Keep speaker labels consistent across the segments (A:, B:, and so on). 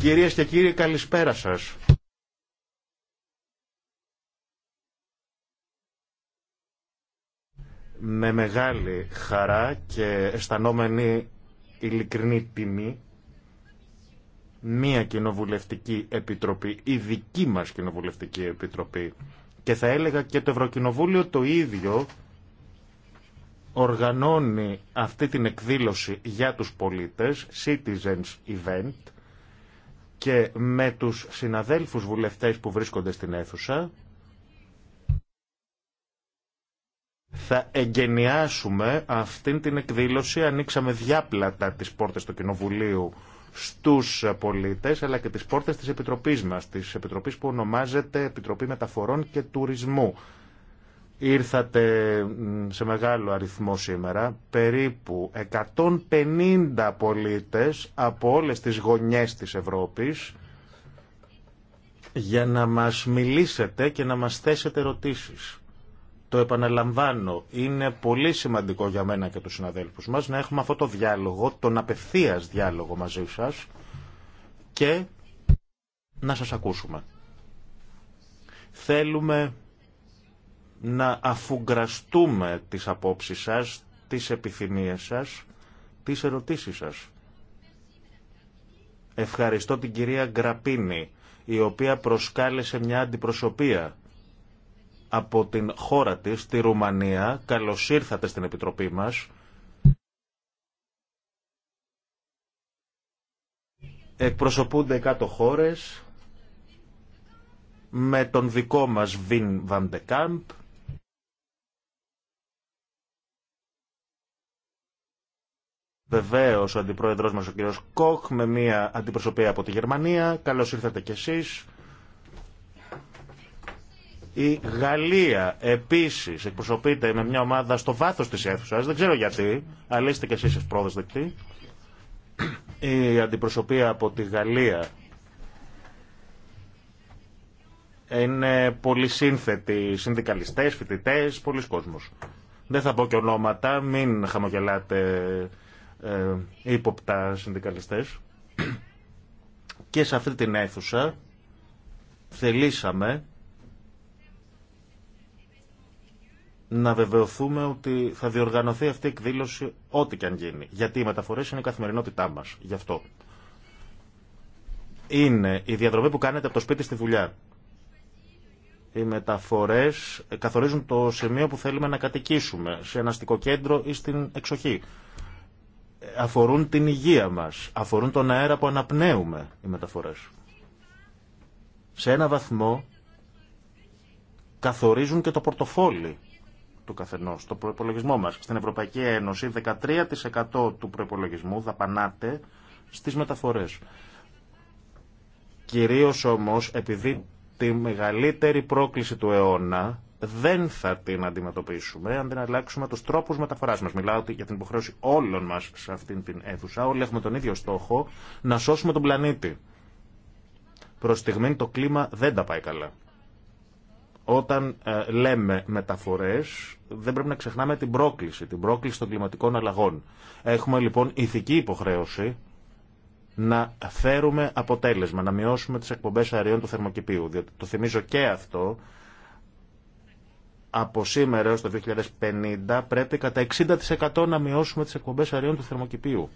A: Κυρίες και κύριοι, καλησπέρα σας. Με μεγάλη χαρά και αισθανόμενη ειλικρινή τιμή, μία κοινοβουλευτική επιτροπή, η δική μας κοινοβουλευτική επιτροπή, και θα έλεγα και το Ευρωκοινοβούλιο το ίδιο οργανώνει αυτή την εκδήλωση για τους πολίτες, Citizens Event, και με τους συναδέλφους βουλευτές που βρίσκονται στην αίθουσα, θα εγκαινιάσουμε αυτήν την εκδήλωση. Ανοίξαμε διάπλατα τις πόρτες του Κοινοβουλίου στους πολίτες, αλλά και τις πόρτες της Επιτροπής μας, της Επιτροπής που ονομάζεται Επιτροπή Μεταφορών και Τουρισμού. Ήρθατε σε μεγάλο αριθμό σήμερα, περίπου 150 πολίτες από όλες τις γωνιές της Ευρώπης για να μας μιλήσετε και να μας θέσετε ερωτήσεις. Το επαναλαμβάνω, είναι πολύ σημαντικό για μένα και τους συναδέλφους μας να έχουμε αυτό το διάλογο, τον απευθείας διάλογο μαζί σας και να σας ακούσουμε. Θέλουμε να αφουγκραστούμε τις απόψεις σας, τις επιθυμίες σας, τις ερωτήσεις σας. Ευχαριστώ την κυρία Γκραπίνη, η οποία προσκάλεσε μια αντιπροσωπεία από την χώρα της, τη Ρουμανία. Καλώς ήρθατε στην Επιτροπή μας. Εκπροσωπούνται κάτω χώρες με τον δικό μας Βιν Βαντεκάμπ, Βεβαίω ο αντιπρόεδρό μα ο κ. Κοκ με μια αντιπροσωπεία από τη Γερμανία. Καλώ ήρθατε κι εσεί. Η Γαλλία επίση εκπροσωπείται με μια ομάδα στο βάθο τη αίθουσα. Δεν ξέρω γιατί, αλλά είστε κι εσεί δεκτή. Η αντιπροσωπεία από τη Γαλλία είναι πολύ σύνθετοι συνδικαλιστές, φοιτητές, πολλοί κόσμος. Δεν θα πω και ονόματα, μην χαμογελάτε ε, ύποπτα συνδικαλιστές και σε αυτή την αίθουσα θελήσαμε να βεβαιωθούμε ότι θα διοργανωθεί αυτή η εκδήλωση ό,τι και αν γίνει. Γιατί οι μεταφορές είναι η καθημερινότητά μας. Γι' αυτό. Είναι η διαδρομή που κάνετε από το σπίτι στη δουλειά. Οι μεταφορές καθορίζουν το σημείο που θέλουμε να κατοικήσουμε, σε ένα αστικό κέντρο ή στην εξοχή αφορούν την υγεία μας, αφορούν τον αέρα που αναπνέουμε οι μεταφορές. Σε ένα βαθμό καθορίζουν και το πορτοφόλι του καθενός, το προπολογισμό μας. Στην Ευρωπαϊκή Ένωση, 13% του προπολογισμού δαπανάται στις μεταφορές. Κυρίως όμως επειδή τη μεγαλύτερη πρόκληση του αιώνα δεν θα την αντιμετωπίσουμε αν δεν αλλάξουμε του τρόπου μεταφορά μα. Μιλάω για την υποχρέωση όλων μα σε αυτήν την αίθουσα. Όλοι έχουμε τον ίδιο στόχο να σώσουμε τον πλανήτη. Προ στιγμή το κλίμα δεν τα πάει καλά. Όταν ε, λέμε μεταφορέ δεν πρέπει να ξεχνάμε την πρόκληση, την πρόκληση των κλιματικών αλλαγών. Έχουμε λοιπόν ηθική υποχρέωση να φέρουμε αποτέλεσμα, να μειώσουμε τι εκπομπέ αερίων του θερμοκηπίου. Διότι το θυμίζω και αυτό από σήμερα έως το 2050 πρέπει κατά 60% να μειώσουμε τις εκπομπές αερίων του θερμοκηπίου.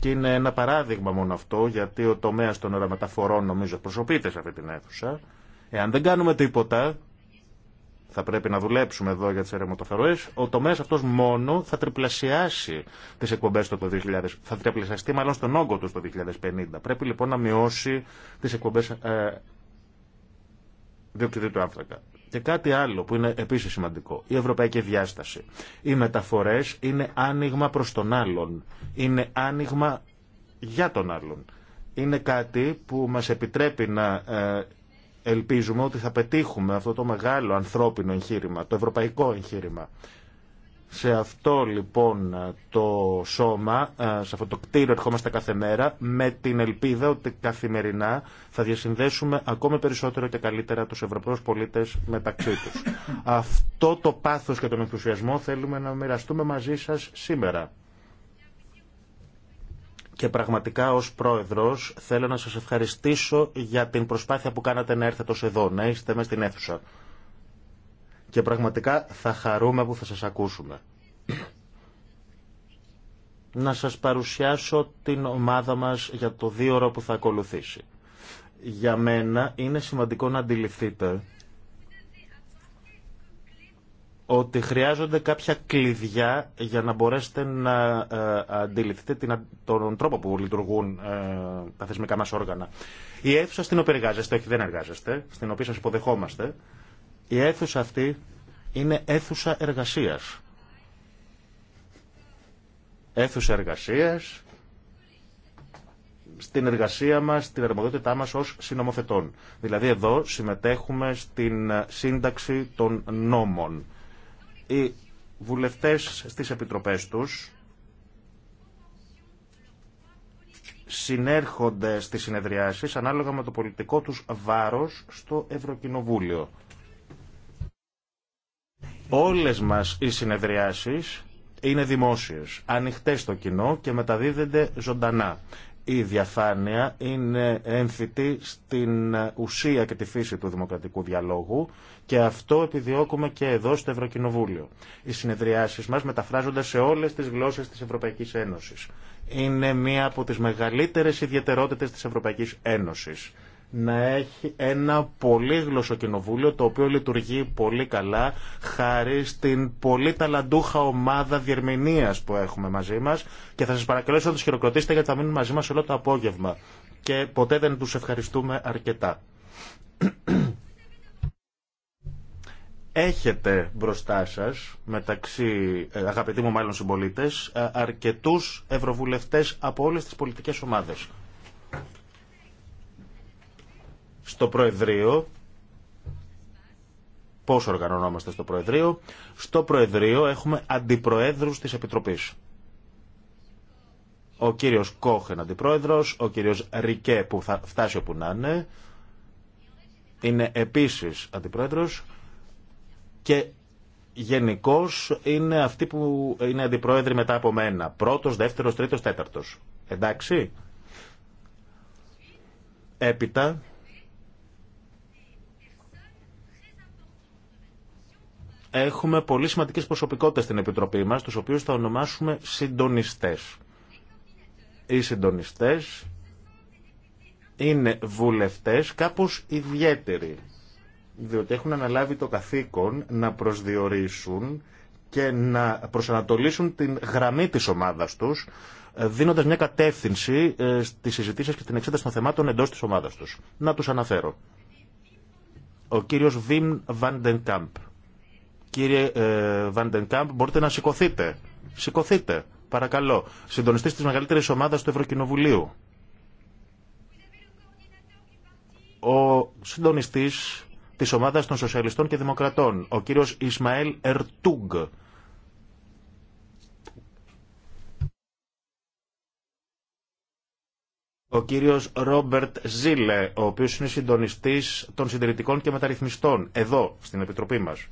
A: Και είναι ένα παράδειγμα μόνο αυτό, γιατί ο τομέας των οραμεταφορών νομίζω προσωπείται σε αυτή την αίθουσα. Εάν δεν κάνουμε τίποτα, θα πρέπει να δουλέψουμε εδώ για τις αερομεταφορές, ο τομέας αυτός μόνο θα τριπλασιάσει τις εκπομπές του το 2000. Θα τριπλασιαστεί μάλλον στον όγκο του το 2050. Πρέπει λοιπόν να μειώσει τις εκπομπές ε, διοξιδίου του άνθρακα. Και κάτι άλλο που είναι επίσης σημαντικό, η ευρωπαϊκή διάσταση. Οι μεταφορές είναι άνοιγμα προς τον άλλον, είναι άνοιγμα για τον άλλον. Είναι κάτι που μας επιτρέπει να ε, ελπίζουμε ότι θα πετύχουμε αυτό το μεγάλο ανθρώπινο εγχείρημα, το ευρωπαϊκό εγχείρημα. Σε αυτό λοιπόν το σώμα, ε, σε αυτό το κτίριο ερχόμαστε κάθε μέρα με την ελπίδα ότι καθημερινά θα διασυνδέσουμε ακόμη περισσότερο και καλύτερα τους Ευρωπαίους πολίτες μεταξύ τους. Αυτό το πάθος και τον ενθουσιασμό θέλουμε να μοιραστούμε μαζί σας σήμερα. Και πραγματικά ως πρόεδρος θέλω να σας ευχαριστήσω για την προσπάθεια που κάνατε να έρθετε ως εδώ, να είστε μέσα στην αίθουσα και πραγματικά θα χαρούμε που θα σας ακούσουμε. Να σας παρουσιάσω την ομάδα μας για το δύο ώρα που θα ακολουθήσει. Για μένα είναι σημαντικό να αντιληφθείτε ότι χρειάζονται κάποια κλειδιά για να μπορέσετε να ε, αντιληφθείτε τον τρόπο που λειτουργούν ε, τα θεσμικά μας όργανα. Η αίθουσα στην οποία εργάζεστε, όχι δεν εργάζεστε, στην οποία σας υποδεχόμαστε, η αίθουσα αυτή είναι αίθουσα εργασίας. Αίθουσα εργασίας, στην εργασία μας, στην αρμοδιότητά μας ως συνομοθετών. Δηλαδή εδώ συμμετέχουμε στην σύνταξη των νόμων. Οι βουλευτές στις επιτροπές τους συνέρχονται στις συνεδριάσεις ανάλογα με το πολιτικό τους βάρος στο Ευρωκοινοβούλιο. Όλες μας οι συνεδριάσεις είναι δημόσιες, ανοιχτές στο κοινό και μεταδίδονται ζωντανά. Η διαφάνεια είναι έμφυτη στην ουσία και τη φύση του δημοκρατικού διαλόγου και αυτό επιδιώκουμε και εδώ στο Ευρωκοινοβούλιο. Οι συνεδριάσεις μας μεταφράζονται σε όλες τις γλώσσες της Ευρωπαϊκής Ένωσης. Είναι μία από τις μεγαλύτερες ιδιαιτερότητες της Ευρωπαϊκής Ένωσης να έχει ένα πολύγλωσσο κοινοβούλιο το οποίο λειτουργεί πολύ καλά χάρη στην πολύ ταλαντούχα ομάδα διερμηνίας που έχουμε μαζί μας και θα σας παρακαλέσω να τους χειροκροτήσετε γιατί θα μείνουν μαζί μας όλο το απόγευμα και ποτέ δεν τους ευχαριστούμε αρκετά. Έχετε μπροστά σας, μεταξύ ε, αγαπητοί μου μάλλον συμπολίτες, ε, αρκετούς ευρωβουλευτές από όλες τις πολιτικές ομάδες στο Προεδρείο, πώς οργανωνόμαστε στο Προεδρείο, στο Προεδρείο έχουμε αντιπροέδρους της Επιτροπής. Ο κύριος Κόχ είναι αντιπρόεδρος, ο κύριος Ρικέ που θα φτάσει όπου να είναι, είναι επίσης αντιπρόεδρος και γενικώ είναι αυτοί που είναι αντιπρόεδροι μετά από μένα. Πρώτος, δεύτερος, τρίτος, τέταρτος. Εντάξει. Έπειτα έχουμε πολύ σημαντικέ προσωπικότητες στην Επιτροπή μας, τους οποίους θα ονομάσουμε συντονιστέ. Οι συντονιστέ είναι βουλευτές κάπω ιδιαίτεροι, διότι έχουν αναλάβει το καθήκον να προσδιορίσουν και να προσανατολίσουν την γραμμή της ομάδας τους, ε, δίνοντας μια κατεύθυνση ε, στις συζητήσεις και την εξέταση των θεμάτων εντός της ομάδας τους. Να τους αναφέρω. Ο κύριος Βιμ Βαντενκάμπ, Κύριε Βαντενκάμπ, μπορείτε να σηκωθείτε. Σηκωθείτε, παρακαλώ. Συντονιστή τη μεγαλύτερη ομάδα του Ευρωκοινοβουλίου. Ο συντονιστή τη ομάδα των Σοσιαλιστών και Δημοκρατών, ο κύριο Ισμαήλ Ερτούγκ. Ο κύριος Ρόμπερτ Ζήλε, ο οποίος είναι συντονιστής των συντηρητικών και μεταρρυθμιστών, εδώ, στην Επιτροπή μας.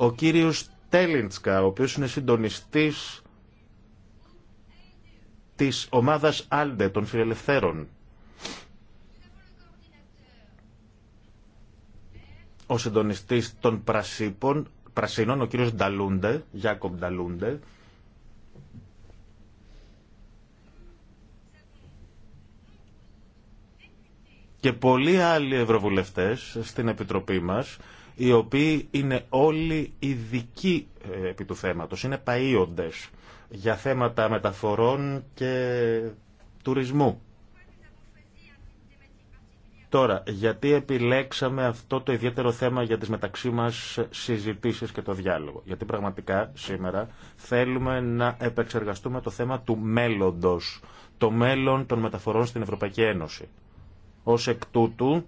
A: Ο κύριος Τέλιντσκα, ο οποίος είναι συντονιστής της ομάδας Άλντε των Φιλελευθέρων. Ο συντονιστής των Πρασίπων, Πρασίνων, ο κύριος Νταλούντε, Γιάκομ Νταλούντε. Και πολλοί άλλοι ευρωβουλευτές στην Επιτροπή μας οι οποίοι είναι όλοι ειδικοί ε, επί του θέματος, είναι παίοντες για θέματα μεταφορών και τουρισμού. Τώρα, γιατί επιλέξαμε αυτό το ιδιαίτερο θέμα για τις μεταξύ μας συζητήσεις και το διάλογο. Γιατί πραγματικά σήμερα θέλουμε να επεξεργαστούμε το θέμα του μέλλοντος, το μέλλον των μεταφορών στην Ευρωπαϊκή Ένωση. Ως εκ τούτου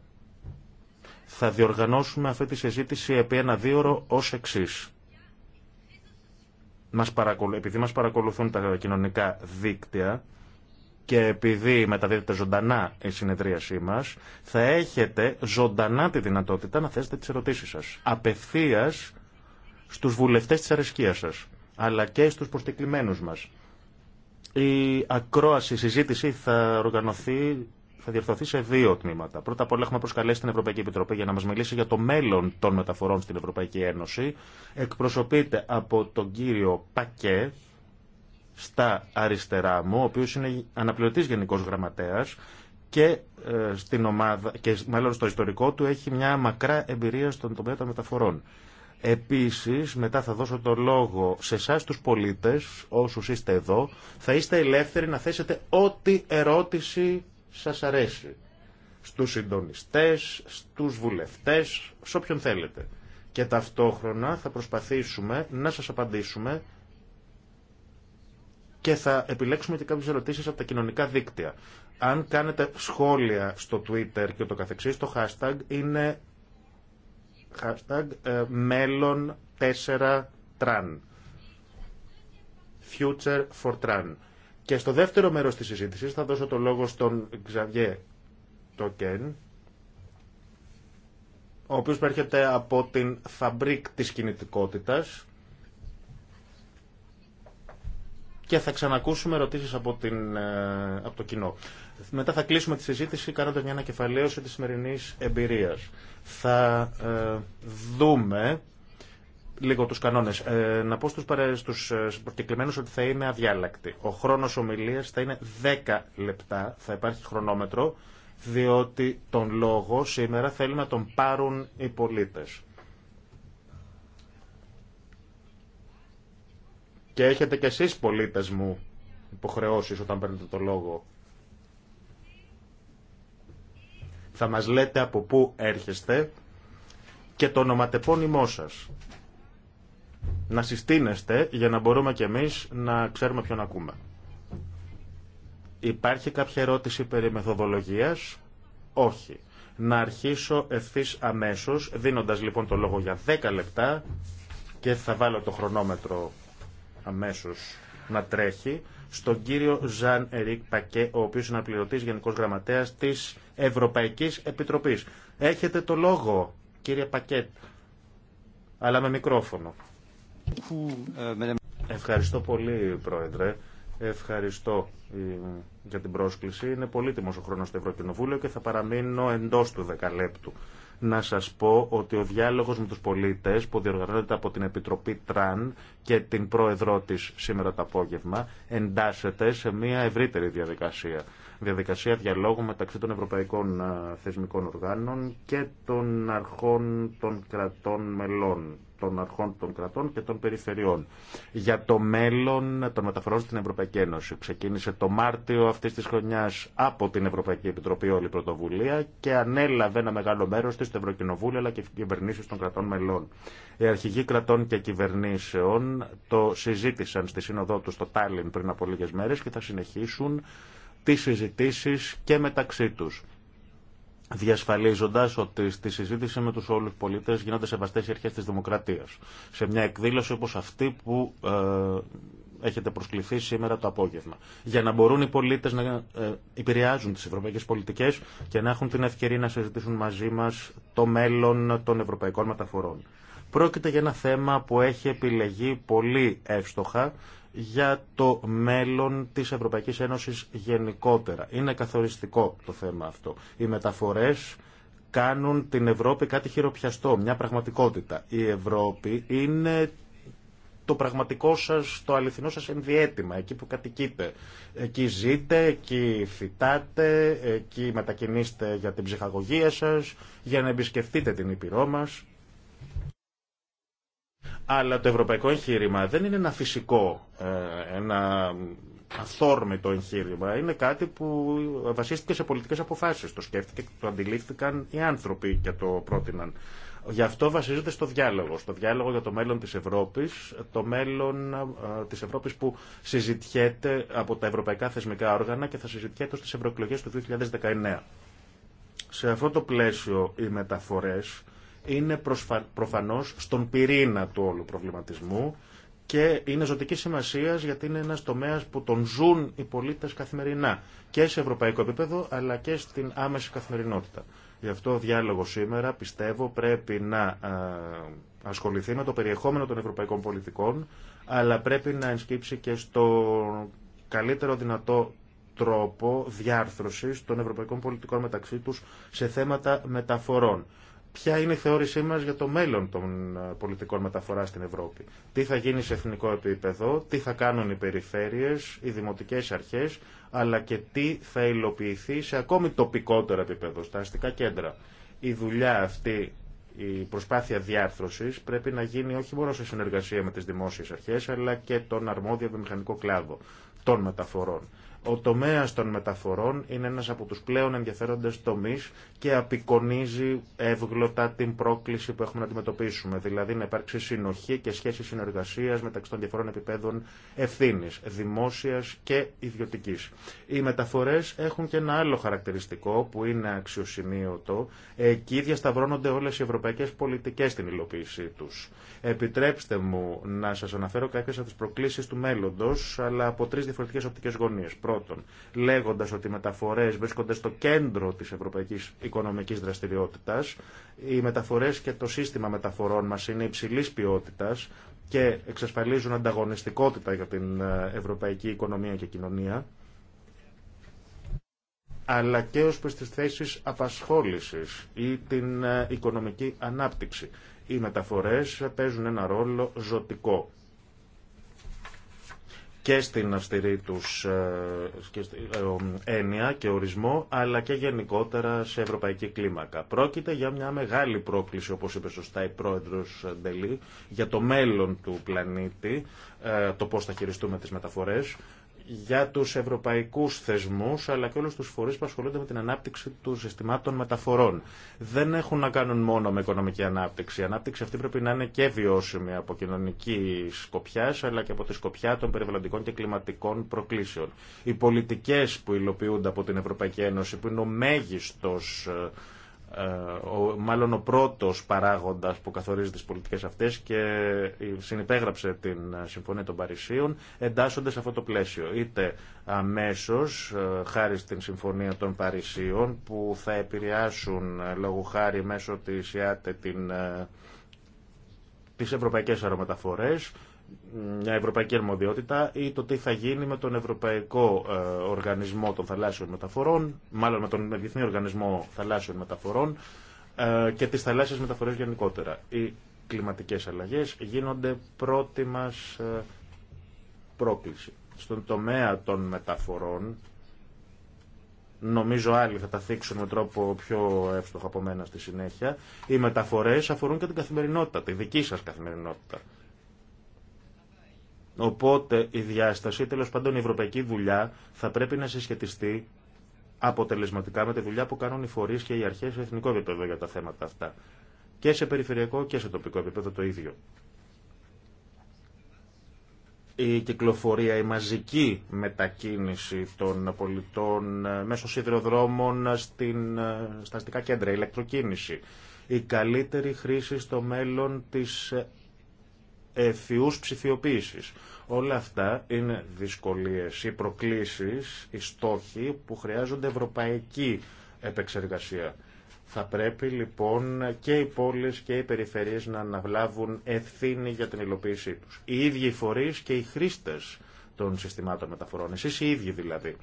A: θα διοργανώσουμε αυτή τη συζήτηση επί ένα δίωρο ως εξής. Μας παρακολου... Επειδή μας παρακολουθούν τα κοινωνικά δίκτυα, και επειδή μεταδίδεται ζωντανά η συνεδρίασή μας, θα έχετε ζωντανά τη δυνατότητα να θέσετε τις ερωτήσεις σας. Απευθείας στους βουλευτές της αρεσκίας σας, αλλά και στους προσκεκλημένους μας. Η ακρόαση, συζήτηση θα οργανωθεί θα διορθωθεί σε δύο τμήματα. Πρώτα απ' όλα έχουμε προσκαλέσει την Ευρωπαϊκή Επιτροπή για να μα μιλήσει για το μέλλον των μεταφορών στην Ευρωπαϊκή Ένωση. Εκπροσωπείται από τον κύριο Πακέ στα αριστερά μου, ο οποίο είναι αναπληρωτή γενικό γραμματέα και, ε, στην και μάλλον στο ιστορικό του έχει μια μακρά εμπειρία στον τομέα των μεταφορών. Επίσης, μετά θα δώσω το λόγο σε εσά τους πολίτες, όσους είστε εδώ, θα είστε ελεύθεροι να θέσετε ό,τι ερώτηση σας αρέσει. Στους συντονιστές, στους βουλευτές, σε όποιον θέλετε. Και ταυτόχρονα θα προσπαθήσουμε να σας απαντήσουμε και θα επιλέξουμε και κάποιες ερωτήσεις από τα κοινωνικά δίκτυα. Αν κάνετε σχόλια στο Twitter και το καθεξής, το hashtag είναι hashtag ε, μέλλον 4 tran. Future for tran. Και στο δεύτερο μέρος της συζήτησης θα δώσω το λόγο στον Ξαβιέ Τοκέν, ο οποίος έρχεται από την φαμπρίκ της κινητικότητας και θα ξανακούσουμε ερωτήσεις από, την, ε, από το κοινό. Μετά θα κλείσουμε τη συζήτηση κάνοντας μια ανακεφαλαίωση της σημερινής εμπειρίας. Θα ε, δούμε λίγο τους κανόνες. Ε, να πω στους, παρε, στους ε, ότι θα είναι αδιάλακτη. Ο χρόνος ομιλίας θα είναι 10 λεπτά, θα υπάρχει χρονόμετρο, διότι τον λόγο σήμερα θέλει να τον πάρουν οι πολίτες. Και έχετε κι εσείς πολίτες μου υποχρεώσεις όταν παίρνετε το λόγο. Θα μας λέτε από πού έρχεστε και το ονοματεπώνυμό σας να συστήνεστε για να μπορούμε κι εμείς να ξέρουμε ποιον ακούμε. Υπάρχει κάποια ερώτηση περί μεθοδολογίας? Όχι. Να αρχίσω ευθύ αμέσως, δίνοντας λοιπόν το λόγο για 10 λεπτά και θα βάλω το χρονόμετρο αμέσως να τρέχει στον κύριο Ζαν Ερικ Πακέ, ο οποίος είναι απληρωτής Γενικός Γραμματέας της Ευρωπαϊκής Επιτροπής. Έχετε το λόγο, κύριε Πακέ, αλλά με μικρόφωνο. Ευχαριστώ πολύ, Πρόεδρε. Ευχαριστώ ε, για την πρόσκληση. Είναι πολύτιμος ο χρόνος στο Ευρωκοινοβούλιο και θα παραμείνω εντός του δεκαλέπτου. Να σας πω ότι ο διάλογος με τους πολίτες που διοργανώνεται από την Επιτροπή Τραν και την Πρόεδρό της σήμερα το απόγευμα εντάσσεται σε μια ευρύτερη διαδικασία. Διαδικασία διαλόγου μεταξύ των ευρωπαϊκών ε, θεσμικών οργάνων και των αρχών των κρατών μελών των αρχών των κρατών και των περιφερειών. Για το μέλλον των μεταφορών στην Ευρωπαϊκή Ένωση. Ξεκίνησε το Μάρτιο αυτή τη χρονιά από την Ευρωπαϊκή Επιτροπή όλη η πρωτοβουλία και ανέλαβε ένα μεγάλο μέρο τη στο Ευρωκοινοβούλιο αλλά και κυβερνήσει των κρατών μελών. Οι αρχηγοί κρατών και κυβερνήσεων το συζήτησαν στη σύνοδό του στο Τάλιν πριν από λίγε μέρε και θα συνεχίσουν τι συζητήσει και μεταξύ του διασφαλίζοντας ότι στη συζήτηση με τους όλους πολίτες γίνονται σεβαστές οι αρχές της δημοκρατίας, Σε μια εκδήλωση όπως αυτή που ε, έχετε προσκληθεί σήμερα το απόγευμα. Για να μπορούν οι πολίτες να ε, επηρεάζουν τις ευρωπαϊκές πολιτικές και να έχουν την ευκαιρία να συζητήσουν μαζί μας το μέλλον των ευρωπαϊκών μεταφορών. Πρόκειται για ένα θέμα που έχει επιλεγεί πολύ εύστοχα για το μέλλον της Ευρωπαϊκής Ένωσης γενικότερα. Είναι καθοριστικό το θέμα αυτό. Οι μεταφορές κάνουν την Ευρώπη κάτι χειροπιαστό, μια πραγματικότητα. Η Ευρώπη είναι το πραγματικό σας, το αληθινό σας ενδιέτημα, εκεί που κατοικείτε. Εκεί ζείτε, εκεί φυτάτε, εκεί μετακινήστε για την ψυχαγωγία σας, για να επισκεφτείτε την Ήπειρό μας. Αλλά το ευρωπαϊκό εγχείρημα δεν είναι ένα φυσικό, ε, ένα αθόρμητο εγχείρημα. Είναι κάτι που βασίστηκε σε πολιτικές αποφάσεις. Το σκέφτηκε, το αντιλήφθηκαν οι άνθρωποι και το πρότειναν. Γι' αυτό βασίζεται στο διάλογο. Στο διάλογο για το μέλλον της Ευρώπης, το μέλλον ε, της Ευρώπης που συζητιέται από τα ευρωπαϊκά θεσμικά όργανα και θα συζητιέται στι ευρωεκλογέ του 2019. Σε αυτό το πλαίσιο οι μεταφορές είναι προφανώς στον πυρήνα του όλου προβληματισμού και είναι ζωτική σημασία γιατί είναι ένα τομέα που τον ζουν οι πολίτε καθημερινά και σε ευρωπαϊκό επίπεδο αλλά και στην άμεση καθημερινότητα. Γι' αυτό ο διάλογο σήμερα πιστεύω πρέπει να ασχοληθεί με το περιεχόμενο των ευρωπαϊκών πολιτικών αλλά πρέπει να ενσκύψει και στο καλύτερο δυνατό τρόπο διάρθρωσης των ευρωπαϊκών πολιτικών μεταξύ τους σε θέματα μεταφορών ποια είναι η θεώρησή μας για το μέλλον των ε, πολιτικών μεταφοράς στην Ευρώπη. Τι θα γίνει σε εθνικό επίπεδο, τι θα κάνουν οι περιφέρειες, οι δημοτικές αρχές, αλλά και τι θα υλοποιηθεί σε ακόμη τοπικότερο επίπεδο, στα αστικά κέντρα. Η δουλειά αυτή, η προσπάθεια διάρθρωσης πρέπει να γίνει όχι μόνο σε συνεργασία με τις δημόσιες αρχές, αλλά και τον αρμόδιο βιομηχανικό κλάδο των μεταφορών. Ο τομέα των μεταφορών είναι ένα από του πλέον ενδιαφέροντε τομεί και απεικονίζει εύγλωτα την πρόκληση που έχουμε να αντιμετωπίσουμε, δηλαδή να υπάρξει συνοχή και σχέση συνεργασία μεταξύ των διαφορών επιπέδων ευθύνη, δημόσια και ιδιωτική. Οι μεταφορέ έχουν και ένα άλλο χαρακτηριστικό που είναι αξιοσημείωτο. Εκεί διασταυρώνονται όλε οι ευρωπαϊκέ πολιτικέ στην υλοποίησή του. Επιτρέψτε μου να σα αναφέρω κάποιε από τι προκλήσει του μέλλοντο, αλλά από τρει διαφορετικέ οπτικέ γωνίες Πρώτον, λέγοντα ότι οι μεταφορέ βρίσκονται στο κέντρο τη ευρωπαϊκή οικονομική δραστηριότητα, οι μεταφορέ και το σύστημα μεταφορών μα είναι υψηλή ποιότητα και εξασφαλίζουν ανταγωνιστικότητα για την ε, ευρωπαϊκή οικονομία και κοινωνία αλλά και ως προς τις θέσεις απασχόλησης ή την ε, οικονομική ανάπτυξη. Οι μεταφορές παίζουν ένα ρόλο ζωτικό και στην αυστηρή τους ε, ε, έννοια και ορισμό, αλλά και γενικότερα σε ευρωπαϊκή κλίμακα. Πρόκειται για μια μεγάλη πρόκληση, όπως είπε σωστά η πρόεδρος Ντελή, για το μέλλον του πλανήτη, ε, το πώς θα χειριστούμε τις μεταφορές για τους ευρωπαϊκούς θεσμούς αλλά και όλους τους φορείς που ασχολούνται με την ανάπτυξη του συστημάτων μεταφορών. Δεν έχουν να κάνουν μόνο με οικονομική ανάπτυξη. Η ανάπτυξη αυτή πρέπει να είναι και βιώσιμη από κοινωνική σκοπιά αλλά και από τη σκοπιά των περιβαλλοντικών και κλιματικών προκλήσεων. Οι πολιτικές που υλοποιούνται από την Ευρωπαϊκή Ένωση που είναι ο μέγιστος ε, ε, ο, μάλλον ο πρώτος παράγοντας που καθορίζει τις πολιτικές αυτές και συνυπέγραψε την ε, Συμφωνία των Παρισίων εντάσσονται σε αυτό το πλαίσιο. Είτε αμέσως ε, χάρη στην Συμφωνία των Παρισίων που θα επηρεάσουν λόγω χάρη μέσω της ΙΑΤΕ την, τις ευρωπαϊκές μια ευρωπαϊκή αρμοδιότητα ή το τι θα γίνει με τον Ευρωπαϊκό ε, Οργανισμό των Θαλάσσιων Μεταφορών, μάλλον με τον Διεθνή Οργανισμό Θαλάσσιων Μεταφορών ε, και τις θαλάσσιες μεταφορές γενικότερα. Οι κλιματικές αλλαγές γίνονται πρώτη μας ε, πρόκληση. Στον τομέα των μεταφορών, νομίζω άλλοι θα τα θίξουν με τρόπο πιο εύστοχο από μένα στη συνέχεια, οι μεταφορές αφορούν και την καθημερινότητα, τη δική σας καθημερινότητα. Οπότε η διάσταση, τέλο πάντων η ευρωπαϊκή δουλειά, θα πρέπει να συσχετιστεί αποτελεσματικά με τη δουλειά που κάνουν οι φορεί και οι αρχέ σε εθνικό επίπεδο για τα θέματα αυτά. Και σε περιφερειακό και σε τοπικό επίπεδο το ίδιο. Η κυκλοφορία, η μαζική μετακίνηση των πολιτών ε, μέσω σιδηροδρόμων ε, στην, ε, στα αστικά κέντρα, ηλεκτροκίνηση, η καλύτερη χρήση στο μέλλον της ευφυούς ψηφιοποίηση. Όλα αυτά είναι δυσκολίες, οι προκλήσεις, οι στόχοι που χρειάζονται ευρωπαϊκή επεξεργασία. Θα πρέπει λοιπόν και οι πόλεις και οι περιφερειές να αναβλάβουν ευθύνη για την υλοποίησή τους. Οι ίδιοι οι φορείς και οι χρήστες των συστημάτων μεταφορών, εσείς οι ίδιοι δηλαδή.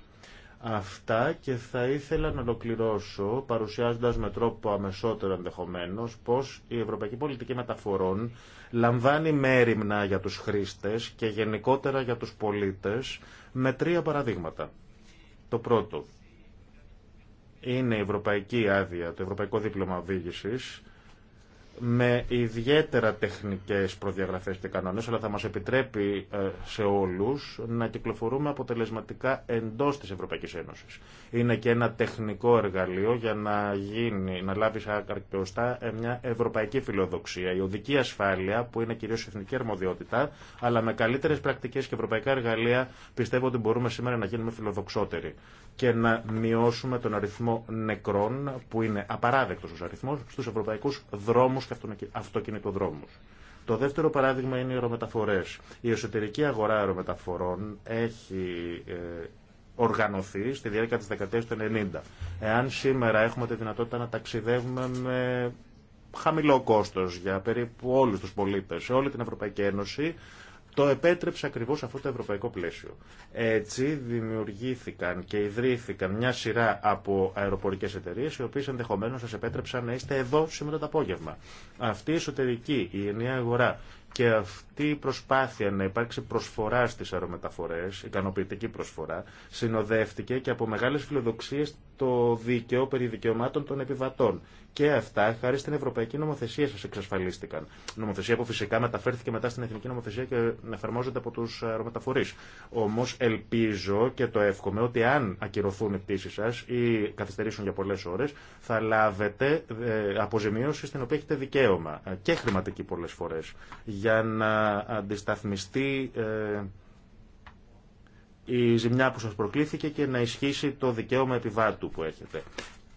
A: Αυτά και θα ήθελα να ολοκληρώσω παρουσιάζοντας με τρόπο αμεσότερο ενδεχομένω πως η Ευρωπαϊκή Πολιτική Μεταφορών λαμβάνει μέρημνα για τους χρήστες και γενικότερα για τους πολίτες με τρία παραδείγματα. Το πρώτο είναι η Ευρωπαϊκή Άδεια, το Ευρωπαϊκό Δίπλωμα Οδήγησης, με ιδιαίτερα τεχνικές προδιαγραφές και κανόνες, αλλά θα μας επιτρέπει ε, σε όλους να κυκλοφορούμε αποτελεσματικά εντός της Ευρωπαϊκής Ένωσης. Είναι και ένα τεχνικό εργαλείο για να, γίνει, να λάβει σαν καρκιωστά ε, μια ευρωπαϊκή φιλοδοξία. Η οδική ασφάλεια, που είναι κυρίως εθνική αρμοδιότητα, αλλά με καλύτερες πρακτικές και ευρωπαϊκά εργαλεία, πιστεύω ότι μπορούμε σήμερα να γίνουμε φιλοδοξότεροι και να μειώσουμε τον αριθμό νεκρών, που είναι απαράδεκτος ο αριθμός, στους ευρωπαϊκούς δρόμους και αυτοκινητοδρόμους. Το δεύτερο παράδειγμα είναι οι αερομεταφορές. Η εσωτερική αγορά αερομεταφορών έχει ε, οργανωθεί στη διάρκεια της δεκαετίας του 90. Εάν σήμερα έχουμε τη δυνατότητα να ταξιδεύουμε με χαμηλό κόστος για περίπου όλους τους πολίτες σε όλη την Ευρωπαϊκή Ένωση, το επέτρεψε ακριβώς αυτό το ευρωπαϊκό πλαίσιο. Έτσι δημιουργήθηκαν και ιδρύθηκαν μια σειρά από αεροπορικές εταιρείες οι οποίες ενδεχομένως σας επέτρεψαν να είστε εδώ σήμερα το απόγευμα. Αυτή η εσωτερική, η ενιαία αγορά και αυτή αυτή η προσπάθεια να υπάρξει προσφορά στις αερομεταφορέ, ικανοποιητική προσφορά, συνοδεύτηκε και από μεγάλε φιλοδοξίε το δίκαιο περί δικαιωμάτων των επιβατών. Και αυτά χάρη στην Ευρωπαϊκή Νομοθεσία σα εξασφαλίστηκαν. Νομοθεσία που φυσικά μεταφέρθηκε μετά στην Εθνική Νομοθεσία και εφαρμόζεται από του αερομεταφορεί. Όμω, ελπίζω και το εύχομαι ότι αν ακυρωθούν οι πτήσει σα ή καθυστερήσουν για πολλέ ώρε, θα λάβετε ε, αποζημίωση στην οποία έχετε δικαίωμα ε, και χρηματική πολλέ φορέ για να να αντισταθμιστεί ε, η ζημιά που σας προκλήθηκε και να ισχύσει το δικαίωμα επιβάτου που έχετε.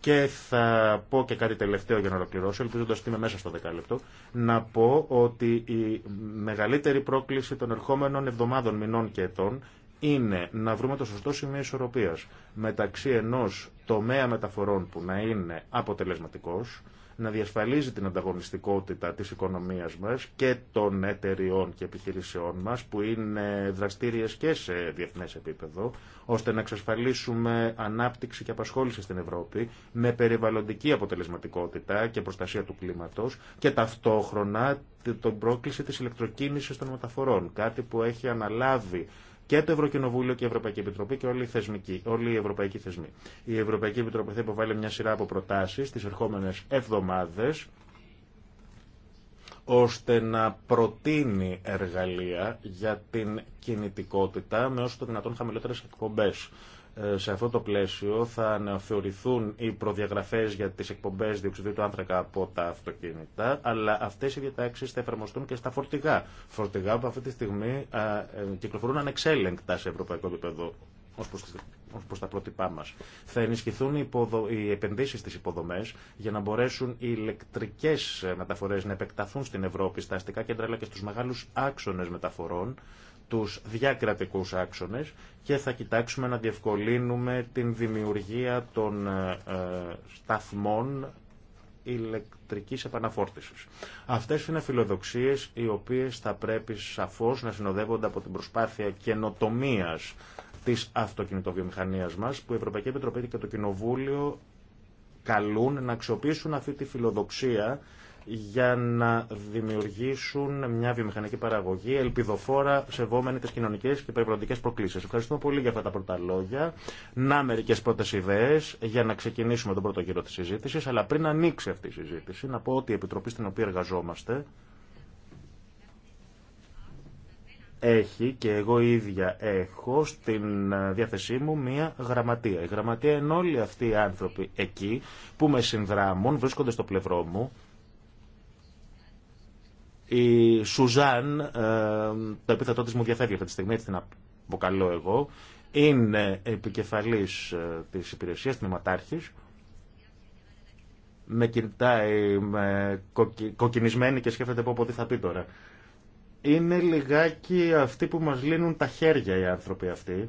A: Και θα πω και κάτι τελευταίο για να ολοκληρώσω, ελπίζοντα ότι είμαι μέσα στο δεκάλεπτο, να πω ότι η μεγαλύτερη πρόκληση των ερχόμενων εβδομάδων, μηνών και ετών είναι να βρούμε το σωστό σημείο ισορροπίας μεταξύ ενός τομέα μεταφορών που να είναι αποτελεσματικός, να διασφαλίζει την ανταγωνιστικότητα της οικονομίας μας και των εταιριών και επιχειρήσεών μας που είναι δραστήριες και σε διεθνές επίπεδο ώστε να εξασφαλίσουμε ανάπτυξη και απασχόληση στην Ευρώπη με περιβαλλοντική αποτελεσματικότητα και προστασία του κλίματος και ταυτόχρονα την πρόκληση της ηλεκτροκίνησης των μεταφορών, κάτι που έχει αναλάβει και το Ευρωκοινοβούλιο και η Ευρωπαϊκή Επιτροπή και όλοι οι, θεσμικοί, όλοι οι ευρωπαϊκοί θεσμοί. Η Ευρωπαϊκή Επιτροπή θα υποβάλει μια σειρά από προτάσει τι ερχόμενε εβδομάδε ώστε να προτείνει εργαλεία για την κινητικότητα με όσο το δυνατόν χαμηλότερες εκπομπές. Ε, σε αυτό το πλαίσιο θα αναθεωρηθούν οι προδιαγραφές για τις εκπομπές διοξιδίου του άνθρακα από τα αυτοκίνητα, αλλά αυτές οι διατάξεις θα εφαρμοστούν και στα φορτηγά. Φορτηγά που αυτή τη στιγμή ε, κυκλοφορούν ανεξέλεγκτα σε ευρωπαϊκό επίπεδο ως προς, ως προς τα πρότυπά μας. Θα ενισχυθούν οι, υποδο, οι επενδύσεις στις υποδομές για να μπορέσουν οι ηλεκτρικές ε, μεταφορές να επεκταθούν στην Ευρώπη, στα αστικά κέντρα αλλά και στους μεγάλους άξονες μεταφορών τους διακρατικούς άξονες και θα κοιτάξουμε να διευκολύνουμε την δημιουργία των ε, ε, σταθμών ηλεκτρικής επαναφόρτησης. Αυτές είναι φιλοδοξίες οι οποίες θα πρέπει σαφώς να συνοδεύονται από την προσπάθεια καινοτομία της αυτοκινητοβιομηχανίας μας που η Ευρωπαϊκή Επιτροπή και το Κοινοβούλιο καλούν να αξιοποιήσουν αυτή τη φιλοδοξία για να δημιουργήσουν μια βιομηχανική παραγωγή ελπιδοφόρα σεβόμενη τι κοινωνικέ και περιβαλλοντικέ προκλήσει. Ευχαριστούμε πολύ για αυτά τα πρώτα λόγια. Να μερικέ πρώτε ιδέε για να ξεκινήσουμε τον πρώτο γύρο τη συζήτηση. Αλλά πριν ανοίξει αυτή η συζήτηση, να πω ότι η Επιτροπή στην οποία εργαζόμαστε έχει και εγώ ίδια έχω στην διάθεσή μου μία γραμματεία. Η γραμματεία είναι όλοι αυτοί οι άνθρωποι εκεί που με συνδράμουν, βρίσκονται στο πλευρό μου η Σουζάν, ε, το επίθετό της μου διαφεύγει αυτή τη στιγμή, έτσι την αποκαλώ εγώ, είναι επικεφαλής ε, της υπηρεσίας, τμήματάρχης, με κοιτάει με κοκκινισμένη και σκέφτεται πω τι θα πει τώρα. Είναι λιγάκι αυτοί που μας λύνουν τα χέρια οι άνθρωποι αυτοί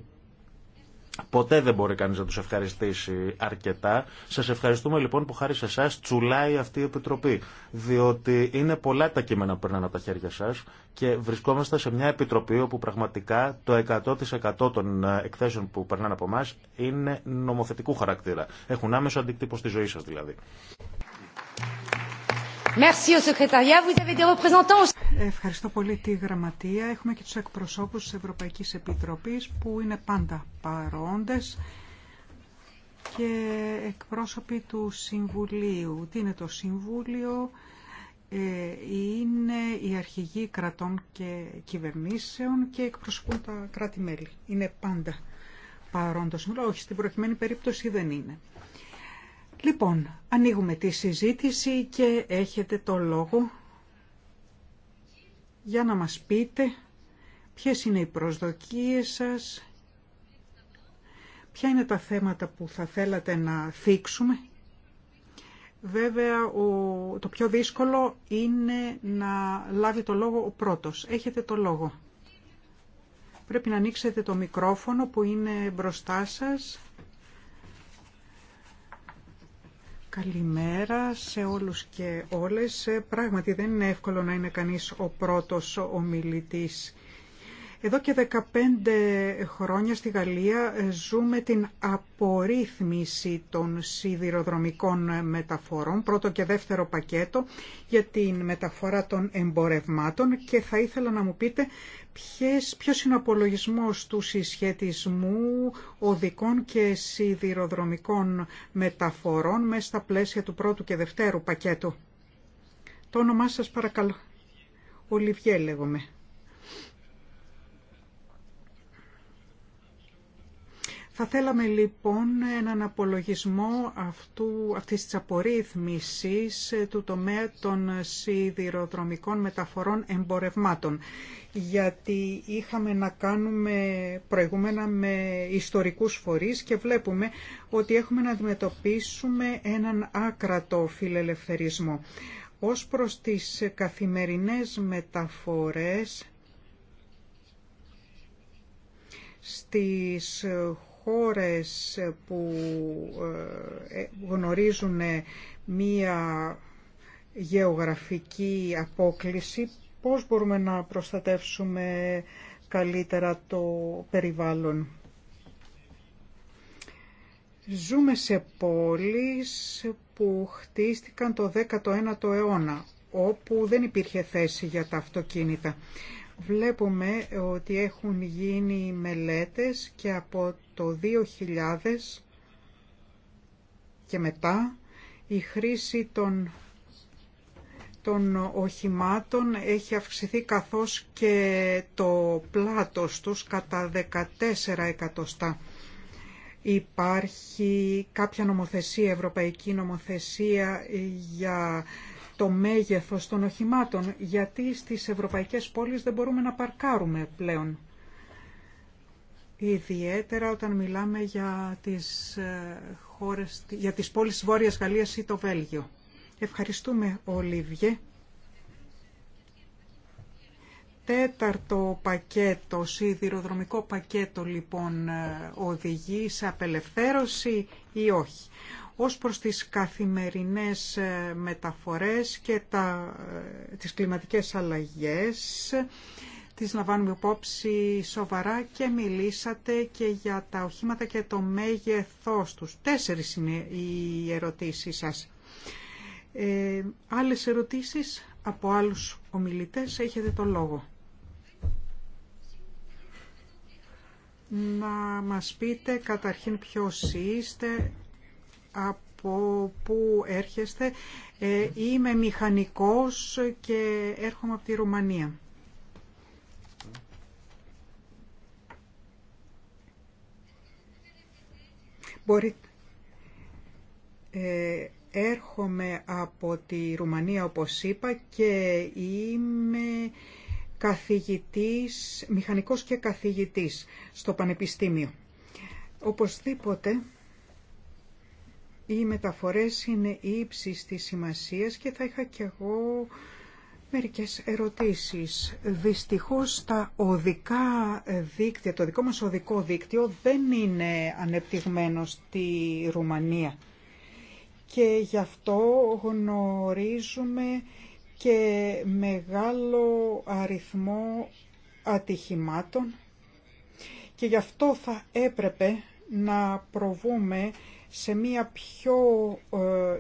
A: Ποτέ δεν μπορεί κανείς να τους ευχαριστήσει αρκετά. Σας ευχαριστούμε λοιπόν που χάρη σε εσά τσουλάει αυτή η Επιτροπή. Διότι είναι πολλά τα κείμενα που περνάνε από τα χέρια σας και βρισκόμαστε σε μια Επιτροπή όπου πραγματικά το 100% των ε, εκθέσεων που περνάνε από εμά είναι νομοθετικού χαρακτήρα. Έχουν άμεσο αντικτύπο στη ζωή σας δηλαδή.
B: Ευχαριστώ πολύ τη Γραμματεία. Έχουμε και τους εκπροσώπους της Ευρωπαϊκής Επιτροπής που είναι πάντα παρόντες και εκπρόσωποι του Συμβουλίου. Τι είναι το Συμβούλιο, ε, είναι η αρχηγοί κρατών και κυβερνήσεων και εκπροσωπούν τα κράτη-μέλη. Είναι πάντα παρόντος. Όχι, στην προηγουμένη περίπτωση δεν είναι. Λοιπόν, ανοίγουμε τη συζήτηση και έχετε το λόγο για να μας πείτε ποιες είναι οι προσδοκίες σας, ποια είναι τα θέματα που θα θέλατε να θίξουμε. Βέβαια, το πιο δύσκολο είναι να λάβει το λόγο ο πρώτος. Έχετε το λόγο. Πρέπει να ανοίξετε το μικρόφωνο που είναι μπροστά σας Καλημέρα σε όλους και όλες. Ε, πράγματι δεν είναι εύκολο να είναι κανείς ο πρώτος ομιλητής εδώ και 15 χρόνια στη Γαλλία ε, ζούμε την απορρίθμιση των σιδηροδρομικών μεταφορών, πρώτο και δεύτερο πακέτο για την μεταφορά των εμπορευμάτων και θα ήθελα να μου πείτε ποιες, ποιος είναι ο απολογισμός του συσχετισμού οδικών και σιδηροδρομικών μεταφορών μέσα στα πλαίσια του πρώτου και δευτέρου πακέτου. Το όνομά σας παρακαλώ. Ολιβιέ λέγομαι. Θα θέλαμε λοιπόν έναν απολογισμό αυτού, αυτής της απορρίθμισης ε, του τομέα των σιδηροδρομικών μεταφορών εμπορευμάτων. Γιατί είχαμε να κάνουμε προηγούμενα με ιστορικούς φορείς και βλέπουμε ότι έχουμε να αντιμετωπίσουμε έναν άκρατο φιλελευθερισμό. Ως προς τις καθημερινές μεταφορές στις χώρες που ε, ε, γνωρίζουν μία γεωγραφική απόκληση, πώς μπορούμε να προστατεύσουμε καλύτερα το περιβάλλον. Ζούμε σε πόλεις που χτίστηκαν το 19ο αιώνα, όπου δεν υπήρχε θέση για τα αυτοκίνητα βλέπουμε ότι έχουν γίνει μελέτες και από το 2000 και μετά η χρήση των, των οχημάτων έχει αυξηθεί καθώς και το πλάτος τους κατά 14 εκατοστά. Υπάρχει κάποια νομοθεσία, ευρωπαϊκή νομοθεσία για το μέγεθος των οχημάτων, γιατί στις ευρωπαϊκές πόλεις δεν μπορούμε να παρκάρουμε πλέον. Ιδιαίτερα όταν μιλάμε για τις, ε, χώρες, για τις πόλεις της Βόρειας Γαλλίας ή το Βέλγιο. Ευχαριστούμε, Ολίβιε. Τέταρτο πακέτο, σιδηροδρομικό πακέτο, λοιπόν, ε, οδηγεί σε απελευθέρωση ή όχι ως προς τις καθημερινές ε, μεταφορές και τα, ε, τις κλιματικές αλλαγές. Τις λαμβάνουμε υπόψη σοβαρά και μιλήσατε και για τα οχήματα και το μέγεθός τους. Τέσσερις είναι οι ερωτήσεις σας. Ε, άλλες ερωτήσεις από άλλους ομιλητές έχετε το λόγο. Να μας πείτε καταρχήν ποιος είστε, από πού έρχεστε. Ε, είμαι μηχανικός και έρχομαι από τη Ρουμανία. Μπορείτε. Ε, έρχομαι από τη Ρουμανία, όπως είπα, και είμαι καθηγητής, μηχανικός και καθηγητής στο Πανεπιστήμιο. Οπωσδήποτε οι μεταφορές είναι ύψης της σημασίας και θα είχα κι εγώ μερικές ερωτήσεις. Δυστυχώς τα οδικά δίκτυα, το δικό μας οδικό δίκτυο δεν είναι ανεπτυγμένο στη Ρουμανία. Και γι' αυτό γνωρίζουμε και μεγάλο αριθμό ατυχημάτων και γι' αυτό θα έπρεπε να προβούμε σε μια πιο ε,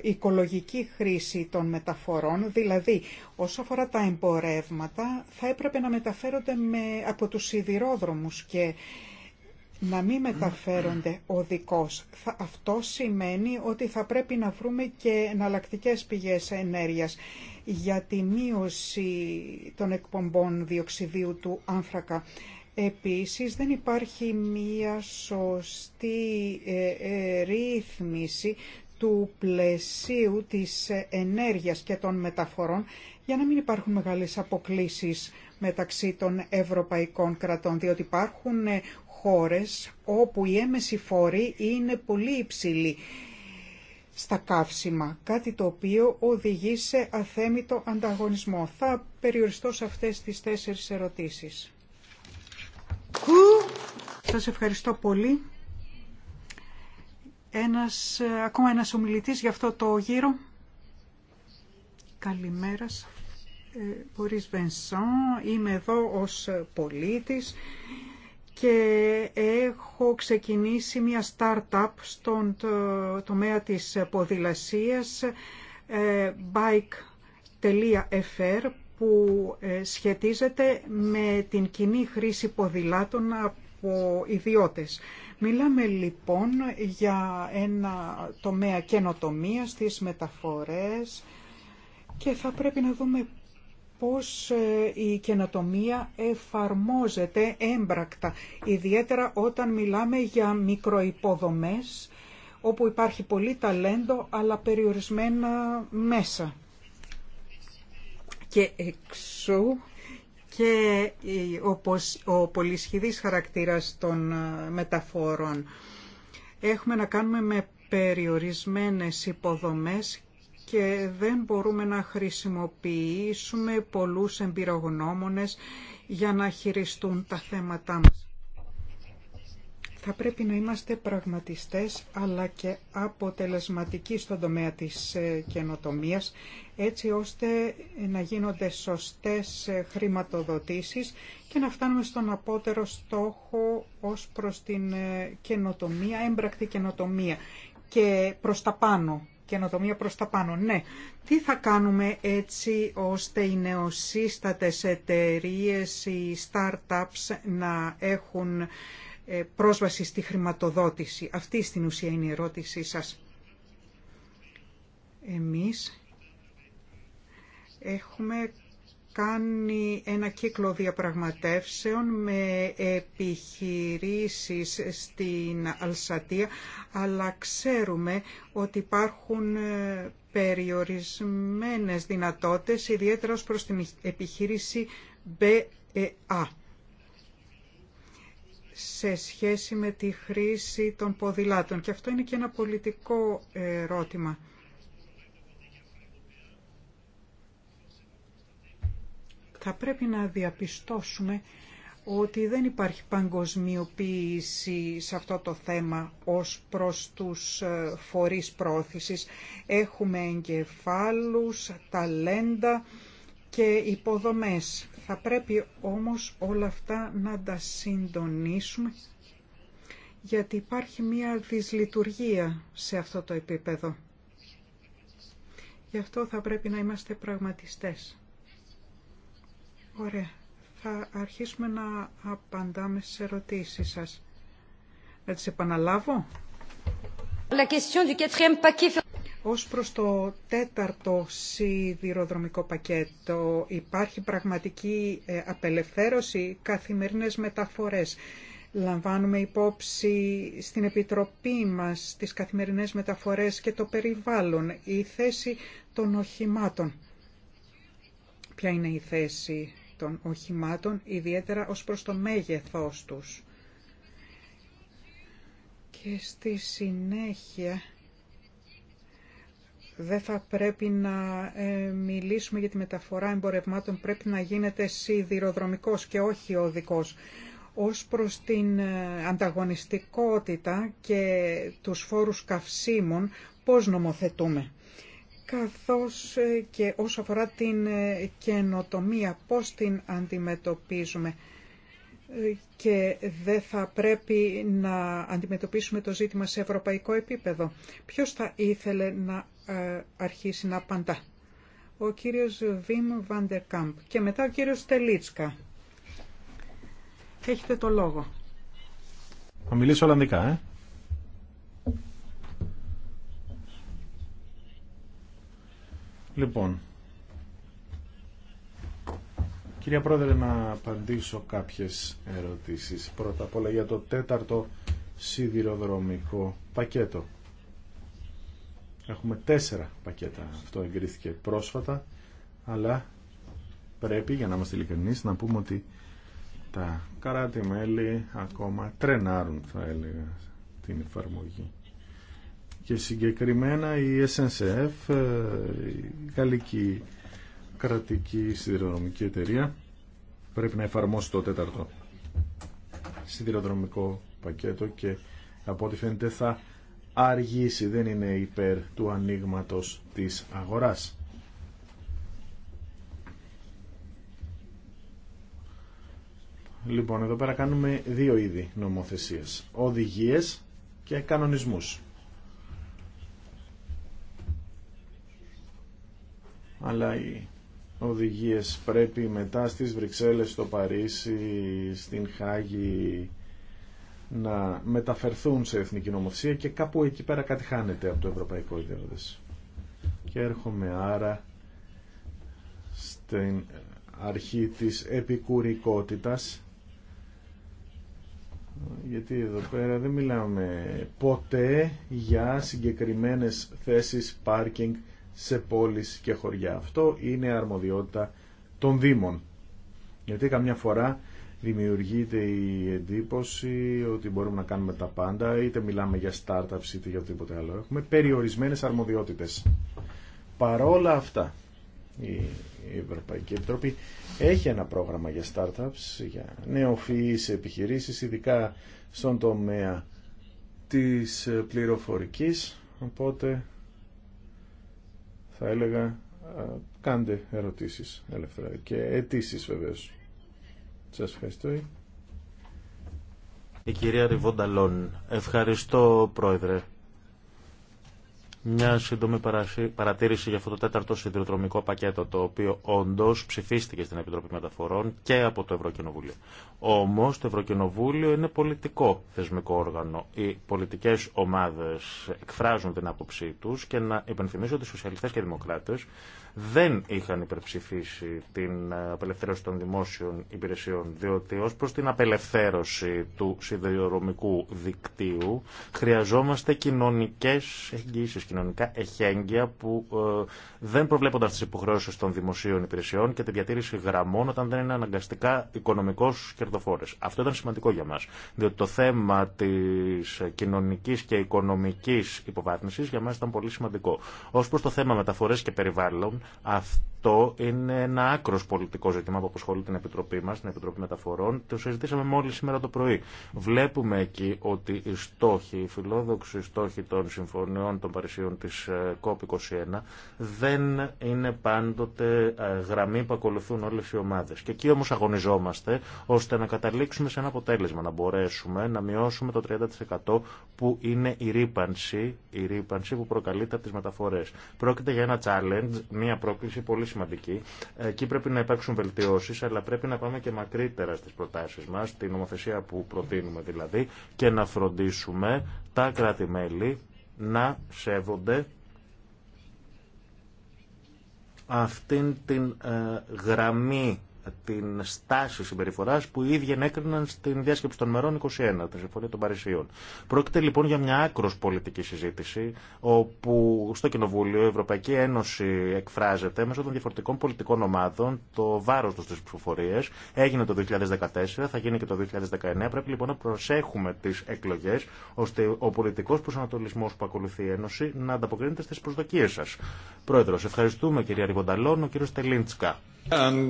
B: οικολογική χρήση των μεταφορών, δηλαδή όσο αφορά τα εμπορεύματα θα έπρεπε να μεταφέρονται με, από τους σιδηρόδρομους και να μην μεταφέρονται οδικώς. Θα, αυτό σημαίνει ότι θα πρέπει να βρούμε και εναλλακτικέ πηγές ενέργειας για τη μείωση των εκπομπών διοξιδίου του άνθρακα Επίσης δεν υπάρχει μία σωστή ε, ε, ρύθμιση του πλαισίου της ενέργειας και των μεταφορών για να μην υπάρχουν μεγάλες αποκλίσεις μεταξύ των ευρωπαϊκών κρατών, διότι υπάρχουν ε, χώρες όπου η έμεση φόρη είναι πολύ υψηλή στα καύσιμα, κάτι το οποίο οδηγεί σε αθέμητο ανταγωνισμό. Θα περιοριστώ σε αυτές τις τέσσερις ερωτήσεις. Σας ευχαριστώ πολύ. Ένας, ακόμα ένας ομιλητής για αυτό το γύρο. Καλημέρα. Μπορείς Βενσάν, είμαι εδώ ως πολίτης και έχω ξεκινήσει μια startup στον τομέα της ποδηλασίας ε, bike.fr που ε, σχετίζεται με την κοινή χρήση ποδηλάτων από ιδιώτες. Μιλάμε λοιπόν για ένα τομέα καινοτομία στις μεταφορές και θα πρέπει να δούμε πώς ε, η καινοτομία εφαρμόζεται έμπρακτα, ιδιαίτερα όταν μιλάμε για μικροϋποδομές όπου υπάρχει πολύ ταλέντο αλλά περιορισμένα μέσα και εξού και ο πολυσχηδής χαρακτήρας των ε, μεταφορών. Έχουμε να κάνουμε με περιορισμένες υποδομές και δεν μπορούμε να χρησιμοποιήσουμε πολλούς εμπειρογνώμονες για να χειριστούν τα θέματά μας. Θα πρέπει να είμαστε πραγματιστές αλλά και αποτελεσματικοί στον τομέα της ε, καινοτομίας έτσι ώστε ε, να γίνονται σωστές ε, χρηματοδοτήσεις και να φτάνουμε στον απότερο στόχο ως προς την καινοτομία, έμπρακτη καινοτομία και προς τα πάνω. Καινοτομία προς τα πάνω, ναι. Τι θα κάνουμε έτσι ώστε οι νεοσύστατες εταιρείες, οι startups να έχουν ε, πρόσβαση στη χρηματοδότηση. Αυτή στην ουσία είναι η ερώτησή σας. Εμείς έχουμε κάνει ένα κύκλο διαπραγματεύσεων με επιχειρήσεις στην Αλσατία, αλλά ξέρουμε ότι υπάρχουν ε, περιορισμένες δυνατότητες, ιδιαίτερα προς την επιχείρηση BEA σε σχέση με τη χρήση των ποδηλάτων. Και αυτό είναι και ένα πολιτικό ερώτημα. Θα πρέπει να διαπιστώσουμε ότι δεν υπάρχει παγκοσμιοποίηση σε αυτό το θέμα ως προς τους ε, φορείς πρόθεσης. Έχουμε εγκεφάλους, ταλέντα, και υποδομές. Θα πρέπει όμως όλα αυτά να τα συντονίσουμε γιατί υπάρχει μία δυσλειτουργία σε αυτό το επίπεδο. Γι' αυτό θα πρέπει να είμαστε πραγματιστές. Ωραία. Θα αρχίσουμε να απαντάμε σε ερωτήσεις σας. Να τις επαναλάβω. La question du ως προς το τέταρτο σιδηροδρομικό πακέτο υπάρχει πραγματική ε, απελευθέρωση καθημερινές μεταφορές. Λαμβάνουμε υπόψη στην Επιτροπή μας τις καθημερινές μεταφορές και το περιβάλλον, η θέση των οχημάτων. Ποια είναι η θέση των οχημάτων, ιδιαίτερα ως προς το μέγεθός τους. Και στη συνέχεια δεν θα πρέπει να ε, μιλήσουμε για τη μεταφορά εμπορευμάτων, πρέπει να γίνεται σιδηροδρομικός και όχι οδικός. Ως προς την ε, ανταγωνιστικότητα και τους φόρους καυσίμων, πώς νομοθετούμε. Καθώς ε, και όσο αφορά την καινοτομία, πώς την αντιμετωπίζουμε και δεν θα πρέπει να αντιμετωπίσουμε το ζήτημα σε ευρωπαϊκό επίπεδο. Ποιος θα ήθελε να ε, αρχίσει να απαντά. Ο κύριος Βίμ Βαντερκάμπ και μετά ο κύριος Τελίτσκα. Έχετε το λόγο.
C: Θα μιλήσω Ολλανδικά, ε. Λοιπόν, κυρία Πρόεδρε, να απαντήσω κάποιες ερωτήσεις. Πρώτα απ' όλα για το τέταρτο σιδηροδρομικό πακέτο. Έχουμε τέσσερα πακέτα. Αυτό εγκρίθηκε πρόσφατα, αλλά πρέπει, για να είμαστε ειλικρινεί, να πούμε ότι τα καράτη-μέλη ακόμα τρενάρουν, θα έλεγα, την εφαρμογή. Και συγκεκριμένα η SNCF, ε, η γαλλική κρατική σιδηροδρομική εταιρεία, πρέπει να εφαρμόσει το τέταρτο σιδηροδρομικό πακέτο και από ό,τι φαίνεται θα αργήσει, δεν είναι υπέρ του ανοίγματο της αγοράς. Λοιπόν, εδώ πέρα κάνουμε δύο είδη νομοθεσίες. Οδηγίες και κανονισμούς. Αλλά οι οδηγίες πρέπει μετά στις Βρυξέλλες, στο Παρίσι, στην Χάγη, να μεταφερθούν σε εθνική νομοθεσία και κάπου εκεί πέρα κάτι χάνεται από το ευρωπαϊκό ιδέο. Και έρχομαι άρα στην αρχή της επικουρικότητας γιατί εδώ πέρα δεν μιλάμε ποτέ για συγκεκριμένες θέσεις πάρκινγκ σε πόλεις και χωριά. Αυτό είναι αρμοδιότητα των Δήμων. Γιατί καμιά φορά δημιουργείται η εντύπωση ότι μπορούμε να κάνουμε τα πάντα, είτε μιλάμε για startups είτε για οτιδήποτε άλλο. Έχουμε περιορισμένες αρμοδιότητες. Παρόλα αυτά, η Ευρωπαϊκή Επιτροπή έχει ένα πρόγραμμα για startups, για νεοφυείς επιχειρήσεις, ειδικά στον τομέα της πληροφορικής, οπότε θα έλεγα κάντε ερωτήσεις ελεύθερα και αιτήσει βεβαίως. Σας ευχαριστώ.
A: Η κυρία Ριβόνταλόν. Ευχαριστώ, Πρόεδρε. Μια σύντομη παρατήρηση για αυτό το τέταρτο σιδηροδρομικό πακέτο, το οποίο όντω ψηφίστηκε στην Επιτροπή Μεταφορών και από το Ευρωκοινοβούλιο. Όμω το Ευρωκοινοβούλιο είναι πολιτικό θεσμικό όργανο. Οι πολιτικέ ομάδε εκφράζουν την άποψή του και να υπενθυμίσω ότι οι σοσιαλιστέ και οι δημοκράτε δεν είχαν υπερψηφίσει την ε, απελευθέρωση των δημόσιων υπηρεσιών, διότι ως προς την απελευθέρωση του σιδηροδρομικού δικτύου χρειαζόμαστε κοινωνικές εγγύησεις, κοινωνικά εχέγγυα που ε, δεν προβλέπονται στις υποχρεώσεις των δημοσίων υπηρεσιών και τη διατήρηση γραμμών όταν δεν είναι αναγκαστικά οικονομικός κερδοφόρες. Αυτό ήταν σημαντικό για μας, διότι το θέμα της κοινωνικής και οικονομικής υποβάθμισης για μας ήταν πολύ σημαντικό. Ως προς το θέμα μεταφορές και περιβάλλον, αυτό είναι ένα άκρο πολιτικό ζήτημα που απασχολεί την Επιτροπή μα, την Επιτροπή Μεταφορών. Το συζητήσαμε μόλι σήμερα το πρωί. Βλέπουμε εκεί ότι οι στόχοι, οι φιλόδοξοι στόχοι των συμφωνιών των Παρισίων τη COP21 ε, δεν είναι πάντοτε ε, γραμμή που ακολουθούν όλε οι ομάδε. Και εκεί όμω αγωνιζόμαστε ώστε να καταλήξουμε σε ένα αποτέλεσμα, να μπορέσουμε να μειώσουμε το 30% που είναι η ρήπανση, η ρήπανση που προκαλείται από τι μεταφορέ. Πρόκειται για ένα challenge, μια πρόκληση πολύ σημαντική. Ε, εκεί πρέπει να υπάρξουν βελτιώσει, αλλά πρέπει να πάμε και μακρύτερα στις προτάσεις μας, την νομοθεσία που προτείνουμε δηλαδή, και να φροντίσουμε τα κράτη-μέλη να σέβονται αυτήν την ε, γραμμή την στάση συμπεριφορά που οι ίδιοι ενέκριναν στην διάσκεψη των μερών 21, την Συμφωνία των Παρισίων. Πρόκειται λοιπόν για μια άκρο πολιτική συζήτηση, όπου στο Κοινοβούλιο η Ευρωπαϊκή Ένωση εκφράζεται μέσω των διαφορετικών πολιτικών ομάδων το βάρο του στι ψηφοφορίε. Έγινε το 2014, θα γίνει και το 2019. Πρέπει λοιπόν να προσέχουμε τι εκλογέ, ώστε ο πολιτικό προσανατολισμό που ακολουθεί η Ένωση να ανταποκρίνεται στι προσδοκίε σα. Πρόεδρο, ευχαριστούμε κυρία Ριβονταλόν, ο κύριο Τελίντσκα. Uh,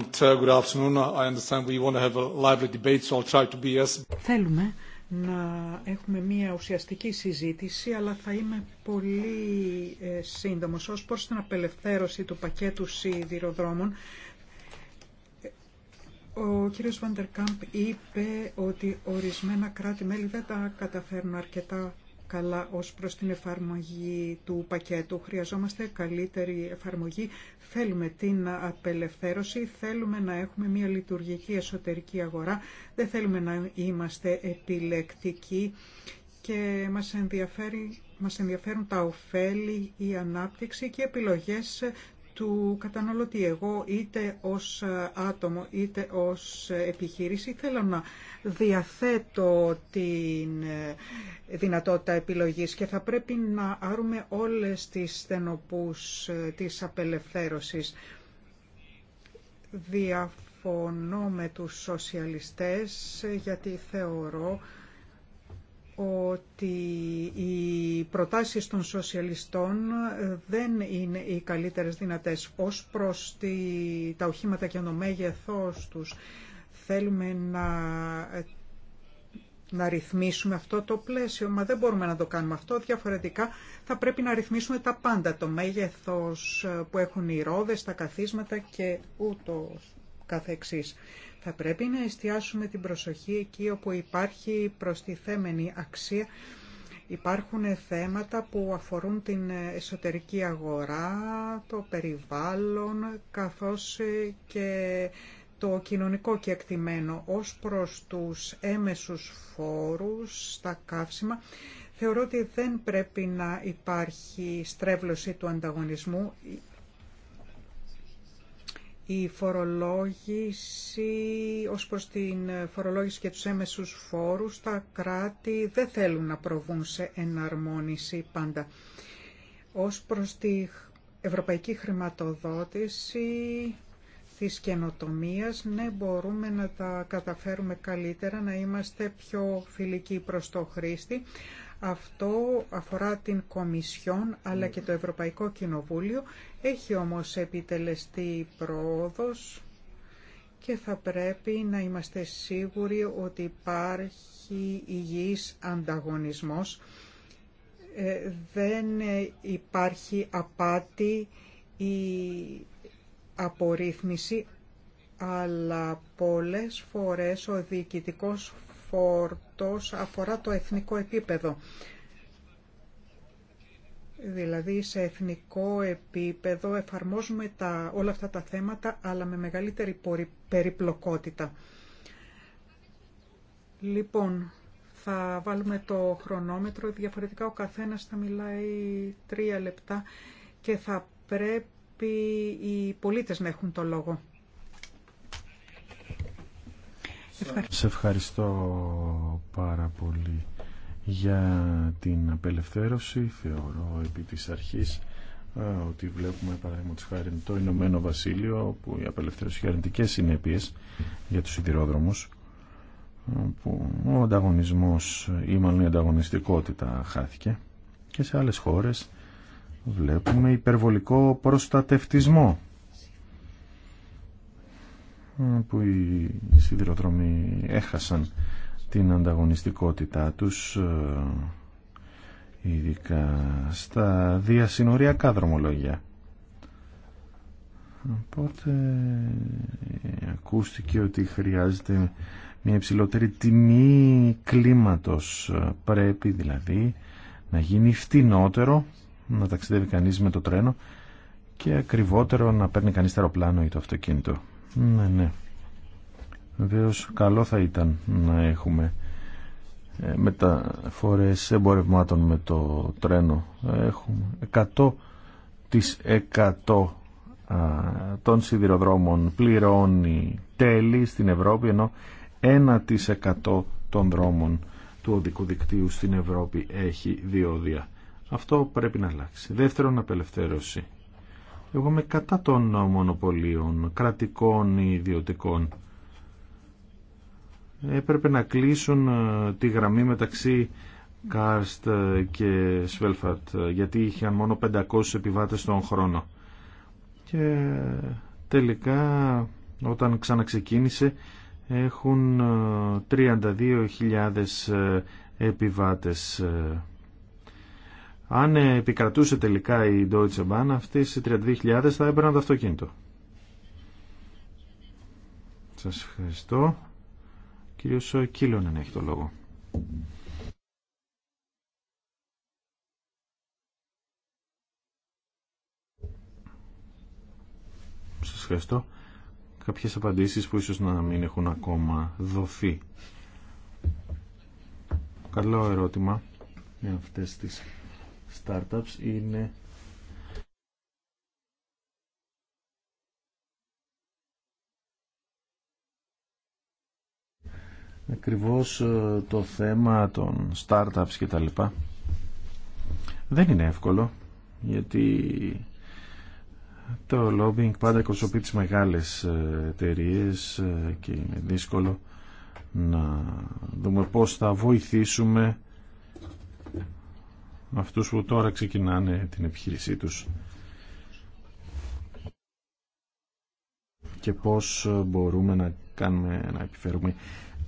B: Θέλουμε να έχουμε μία ουσιαστική συζήτηση, αλλά θα είμαι πολύ σύντομο ε, σύντομος ως προς την απελευθέρωση του πακέτου σιδηροδρόμων. Ο κύριος Βαντερκάμπ είπε ότι ορισμένα κράτη-μέλη δεν τα καταφέρνουν αρκετά καλά ως προς την εφαρμογή του πακέτου. Χρειαζόμαστε καλύτερη εφαρμογή. Θέλουμε την απελευθέρωση, θέλουμε να έχουμε μια λειτουργική εσωτερική αγορά, δεν θέλουμε να είμαστε επιλεκτικοί και μας, ενδιαφέρει, μας ενδιαφέρουν τα ωφέλη, η ανάπτυξη και επιλογές του καταναλωτή. Εγώ είτε ως ε, άτομο είτε ως ε, επιχείρηση θέλω να διαθέτω την ε, δυνατότητα επιλογής και θα πρέπει να άρουμε όλες τις στενοπούς της απελευθέρωσης. Διαφωνώ με τους σοσιαλιστές γιατί θεωρώ ότι οι προτάσεις των σοσιαλιστών δεν είναι οι καλύτερες δυνατές ως προς τη, τα οχήματα και το μέγεθός τους. Θέλουμε να, να ρυθμίσουμε αυτό το πλαίσιο, μα δεν μπορούμε να το κάνουμε αυτό. Διαφορετικά θα πρέπει να ρυθμίσουμε τα πάντα, το μέγεθος που έχουν οι ρόδες, τα καθίσματα και ούτω καθεξής. Θα πρέπει να εστιάσουμε την προσοχή εκεί όπου υπάρχει προστιθέμενη αξία. Υπάρχουν θέματα που αφορούν την εσωτερική αγορά, το περιβάλλον, καθώς ε, και το κοινωνικό κεκτημένο ως προς τους έμεσους φόρους στα καύσιμα. Θεωρώ ότι δεν πρέπει να υπάρχει στρέβλωση του ανταγωνισμού η φορολόγηση ως προς την φορολόγηση και τους έμεσους φόρους, τα κράτη δεν θέλουν να προβούν σε εναρμόνιση πάντα. Ως προς τη ευρωπαϊκή χρηματοδότηση της καινοτομίας, ναι, μπορούμε να τα καταφέρουμε καλύτερα, να είμαστε πιο φιλικοί προς το χρήστη, αυτό αφορά την Κομισιόν αλλά ναι. και το Ευρωπαϊκό Κοινοβούλιο. Έχει όμως επιτελεστεί πρόοδος και θα πρέπει να είμαστε σίγουροι ότι υπάρχει υγιής ανταγωνισμός. Ε, δεν υπάρχει απάτη ή απορρίθμιση, αλλά πολλές φορές ο διοικητικός φόρτος αφορά το εθνικό επίπεδο. Δηλαδή σε εθνικό επίπεδο εφαρμόζουμε τα, όλα αυτά τα θέματα αλλά με μεγαλύτερη περιπλοκότητα. Λοιπόν, θα βάλουμε το χρονόμετρο, διαφορετικά ο καθένας θα μιλάει τρία λεπτά και θα πρέπει οι πολίτες να έχουν το λόγο.
C: Σε ευχαριστώ πάρα πολύ για την απελευθέρωση. Θεωρώ επί της αρχής ότι βλέπουμε παραδείγματος χάρη το Ηνωμένο Βασίλειο που η απελευθέρωση έχει αρνητικές συνέπειες για τους σιδηρόδρομους που ο ανταγωνισμός ή μάλλον η ανταγωνιστικότητα χάθηκε και σε άλλες χώρες βλέπουμε υπερβολικό προστατευτισμό που οι σιδηροδρομοί έχασαν την ανταγωνιστικότητά τους ε, ειδικά στα διασυνοριακά δρομολόγια. Οπότε ε, ακούστηκε ότι χρειάζεται μια υψηλότερη τιμή κλίματος. Ε, πρέπει δηλαδή να γίνει φτηνότερο να ταξιδεύει κανείς με το τρένο και ακριβότερο να παίρνει κανείς αεροπλάνο ή το αυτοκίνητο. Ναι, ναι. Βεβαίω καλό θα ήταν να έχουμε ε, μεταφορές εμπορευμάτων με το τρένο. Έχουμε 100% 100 των σιδηροδρόμων πληρώνει τέλη στην Ευρώπη ενώ 1% των δρόμων του οδικού δικτύου στην Ευρώπη έχει διόδια. Αυτό πρέπει να αλλάξει. Δεύτερον, απελευθέρωση εγώ είμαι κατά των μονοπωλίων, κρατικών ή ιδιωτικών. Έπρεπε να κλείσουν ε, τη γραμμή μεταξύ Κάρστ ε, και Σβέλφατ, ε, γιατί είχαν μόνο 500 επιβάτες τον χρόνο. Και τελικά, όταν ξαναξεκίνησε, έχουν 32.000 επιβάτες αν επικρατούσε τελικά η Deutsche Bahn, αυτές οι 32.000 θα έπαιρναν το αυτοκίνητο. Σας ευχαριστώ. Κύριος Κίλωνεν έχει το λόγο. Σας ευχαριστώ. Κάποιες απαντήσεις που ίσως να μην έχουν ακόμα δοθεί. Καλό ερώτημα για αυτές τις startups είναι ακριβώς ε, το θέμα των startups και τα λοιπά δεν είναι εύκολο γιατί το lobbying πάντα εκπροσωπεί τι μεγάλες ε, εταιρείε ε, και είναι δύσκολο να δούμε πώς θα βοηθήσουμε αυτούς που τώρα ξεκινάνε την επιχείρησή τους και πώς μπορούμε να κάνουμε, να επιφέρουμε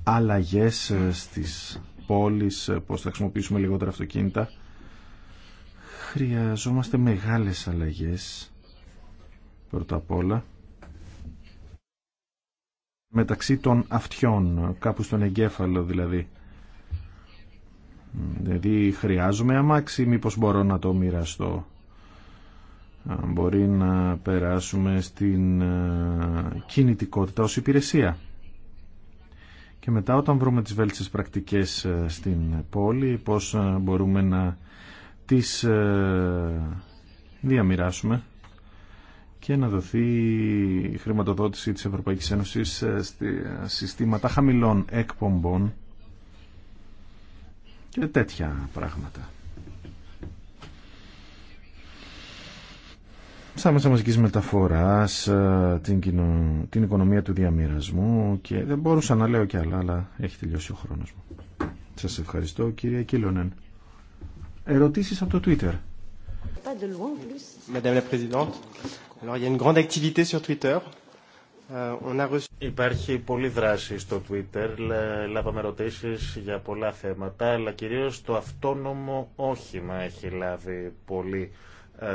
C: αλλαγές στις πόλεις, πώς θα χρησιμοποιήσουμε λιγότερα αυτοκίνητα. Χρειαζόμαστε μεγάλες αλλαγές πρώτα απ' όλα μεταξύ των αυτιών, κάπου στον εγκέφαλο δηλαδή. Δηλαδή χρειάζομαι αμάξι, μήπως μπορώ να το μοιραστώ. Μπορεί να περάσουμε στην κινητικότητα ως υπηρεσία. Και μετά όταν βρούμε τις βέλτιστες πρακτικές στην πόλη, πώς μπορούμε να τις διαμοιράσουμε και να δοθεί η χρηματοδότηση της Ευρωπαϊκής Ένωσης σε συστήματα χαμηλών εκπομπών και τέτοια πράγματα. Σαν μέσα μαζικής μεταφοράς, ε, την, την οικονομία του διαμοιρασμού και δεν μπορούσα να λέω κι άλλα, αλλά έχει τελειώσει ο χρόνος μου. Σας ευχαριστώ κύριε Κίλονεν. Ερωτήσεις από το Twitter.
A: Madame la Présidente, alors il y a une grande activité sur Twitter. Ε, Υπάρχει πολλή δράση στο Twitter. Λάβαμε ερωτήσει για πολλά θέματα, αλλά κυρίω το αυτόνομο όχημα έχει λάβει πολύ. Ε,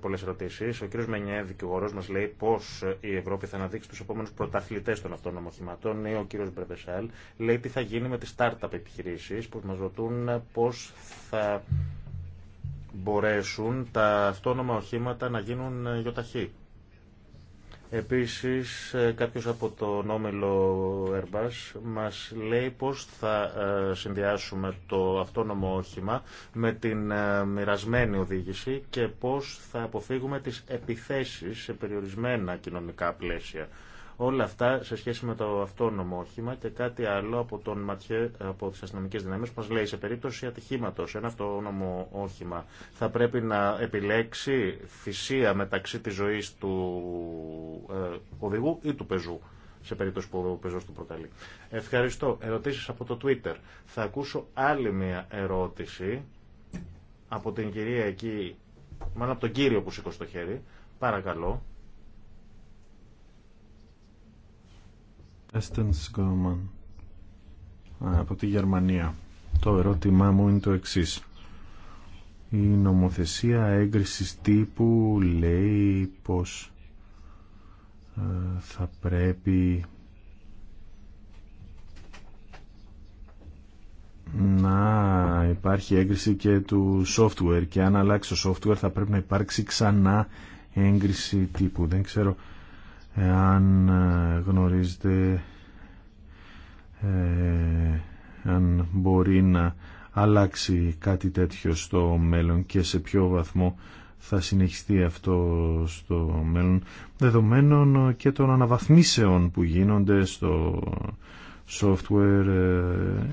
A: πολλές ερωτήσεις. Ο κύριος Μενιέ, δικηγορός, μας λέει πώς η Ευρώπη θα αναδείξει τους επόμενους πρωταθλητές των αυτόνομων οχηματών ο κύριος Μπρεβεσάλ λέει τι θα γίνει με τις startup επιχειρήσεις που μας ρωτούν πώς θα μπορέσουν τα αυτόνομα οχήματα να γίνουν ε, γιοταχή. Επίσης, ε, κάποιος από το νόμιλο Airbus μας λέει πώς θα ε, συνδυάσουμε το αυτόνομο όχημα με την ε, μοιρασμένη οδήγηση και πώς θα αποφύγουμε τις επιθέσεις σε περιορισμένα κοινωνικά πλαίσια. Όλα αυτά σε σχέση με το αυτόνομο όχημα και κάτι άλλο από τον Ματιέ από τι αστυνομικέ δυνάμει που μας λέει σε περίπτωση ατυχήματος ένα αυτόνομο όχημα θα πρέπει να επιλέξει θυσία μεταξύ της ζωής του ε, οδηγού ή του πεζού σε περίπτωση που ο πεζό του προκαλεί. Ευχαριστώ. Ερωτήσει από το Twitter. Θα ακούσω άλλη μια ερώτηση από την κυρία εκεί, μάλλον από τον κύριο που σήκω στο χέρι. Παρακαλώ.
C: από τη Γερμανία. Το ερώτημά μου είναι το εξής. Η νομοθεσία έγκρισης τύπου λέει πως ε, θα πρέπει να υπάρχει έγκριση και του software και αν αλλάξει το software θα πρέπει να υπάρξει ξανά έγκριση τύπου. Δεν ξέρω εάν ε, γνωρίζετε αν ε, μπορεί να αλλάξει κάτι τέτοιο στο μέλλον και σε ποιο βαθμό θα συνεχιστεί αυτό στο μέλλον δεδομένων και των αναβαθμίσεων που γίνονται στο software ε,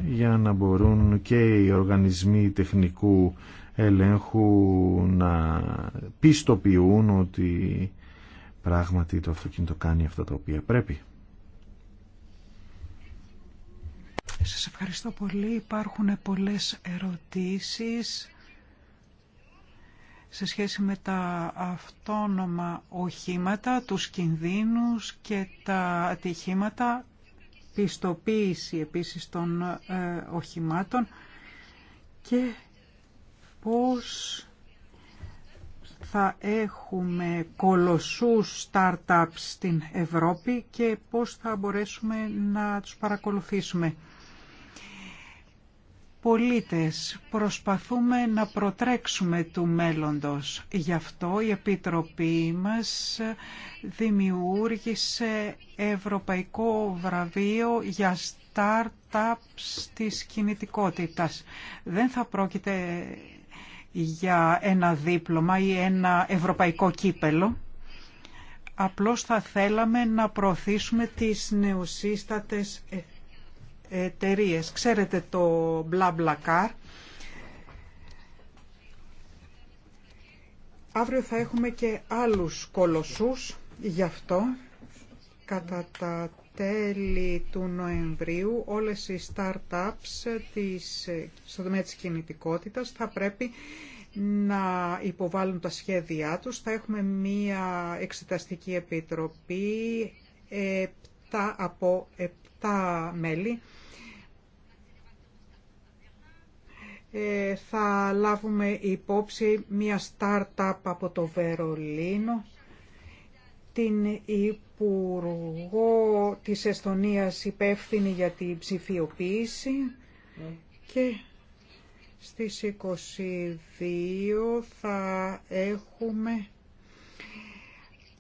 C: για να μπορούν και οι οργανισμοί τεχνικού ελέγχου να πιστοποιούν ότι πράγματι το αυτοκίνητο κάνει αυτά τα οποία πρέπει.
B: Σας ευχαριστώ πολύ. Υπάρχουν πολλές ερωτήσεις σε σχέση με τα αυτόνομα οχήματα, τους κινδύνους και τα ατυχήματα, πιστοποίηση επίσης των ε, οχημάτων και πώς θα έχουμε κολοσσούς startups στην Ευρώπη και πώς θα μπορέσουμε να τους παρακολουθήσουμε. Πολίτες, προσπαθούμε να προτρέξουμε του μέλλοντος. Γι' αυτό η Επιτροπή μας δημιούργησε Ευρωπαϊκό Βραβείο για startups της κινητικότητας. Δεν θα πρόκειται για ένα δίπλωμα ή ένα ευρωπαϊκό κύπελο. Απλώς θα θέλαμε να προωθήσουμε τις νεοσύστατες ε, εταιρείε. Ξέρετε το BlaBlaCar. Αύριο θα έχουμε και άλλους κολοσσούς, γι' αυτό κατά τα τέλη του Νοεμβρίου όλες οι startups της, στο τομέα της κινητικότητας θα πρέπει να υποβάλουν τα σχέδιά τους. Θα έχουμε μία εξεταστική επιτροπή επτά από 7 μέλη. Ε, θα λάβουμε υπόψη μία startup από το Βερολίνο, την Υπουργό της Εστονίας υπεύθυνη για την ψηφιοποίηση και στις 22 θα έχουμε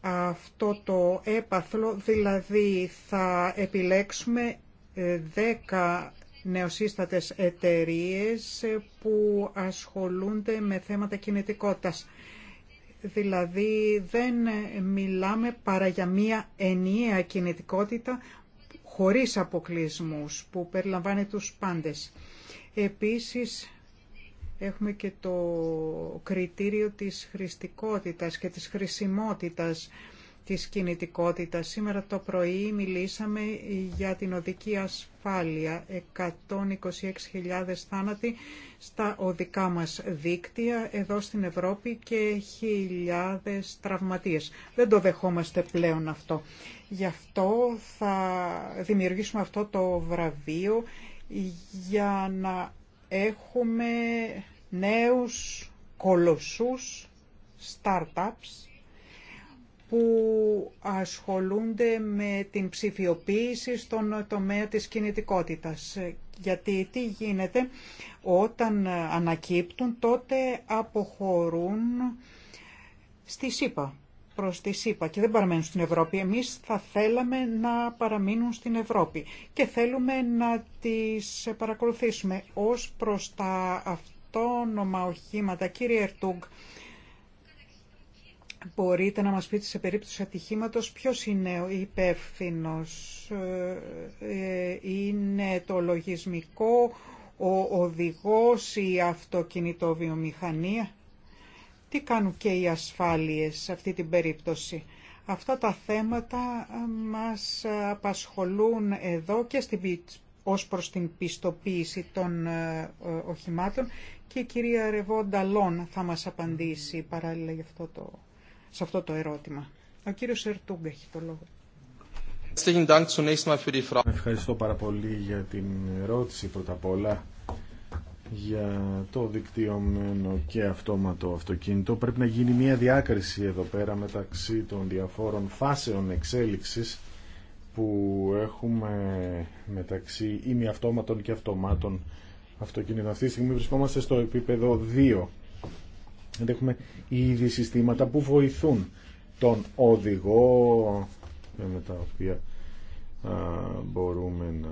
B: αυτό το έπαθλο, δηλαδή θα επιλέξουμε 10 νεοσύστατες εταιρείες που ασχολούνται με θέματα κινητικότητας. Δηλαδή δεν μιλάμε παρά για μία ενιαία κινητικότητα χωρίς αποκλεισμούς που περιλαμβάνει τους πάντες. Επίσης έχουμε και το κριτήριο της χρηστικότητας και της χρησιμότητας της κινητικότητας. Σήμερα το πρωί μιλήσαμε για την οδική ασφάλεια. 126.000 θάνατοι στα οδικά μας δίκτυα εδώ στην Ευρώπη και χιλιάδες τραυματίες. Δεν το δεχόμαστε πλέον αυτό. Γι' αυτό θα δημιουργήσουμε αυτό το βραβείο για να έχουμε νέους κολοσσούς startups που ασχολούνται με την ψηφιοποίηση στον τομέα της κινητικότητας. Γιατί τι γίνεται όταν ανακύπτουν τότε αποχωρούν στη ΣΥΠΑ, προς τη ΣΥΠΑ και δεν παραμένουν στην Ευρώπη. Εμείς θα θέλαμε να παραμείνουν στην Ευρώπη και θέλουμε να τις παρακολουθήσουμε ως προς τα αυτόνομα οχήματα. Κύριε Ερτούγκ, Μπορείτε να μας πείτε σε περίπτωση ατυχήματος ποιος είναι ο υπεύθυνο. Ε, ε, είναι το λογισμικό, ο οδηγός, η αυτοκινητοβιομηχανία. Τι κάνουν και οι ασφάλειες σε αυτή την περίπτωση. Αυτά τα θέματα μας απασχολούν εδώ και στην, ως προς την πιστοποίηση των ε, οχημάτων και η κυρία Ρεβόντα Λόν θα μας απαντήσει παράλληλα γι' αυτό το σε αυτό το ερώτημα. Ο κύριο Ερτούγκ έχει το λόγο.
C: Ευχαριστώ πάρα πολύ για την ερώτηση πρώτα απ' όλα για το δικτύωμένο και αυτόματο αυτοκίνητο. Πρέπει να γίνει μια διάκριση εδώ πέρα μεταξύ των διαφόρων φάσεων εξέλιξης που έχουμε μεταξύ ημιαυτόματων και αυτομάτων αυτοκίνητων. Αυτή τη στιγμή βρισκόμαστε στο επίπεδο 2 έχουμε ήδη συστήματα που βοηθούν τον οδηγό ε, με τα οποία α, μπορούμε να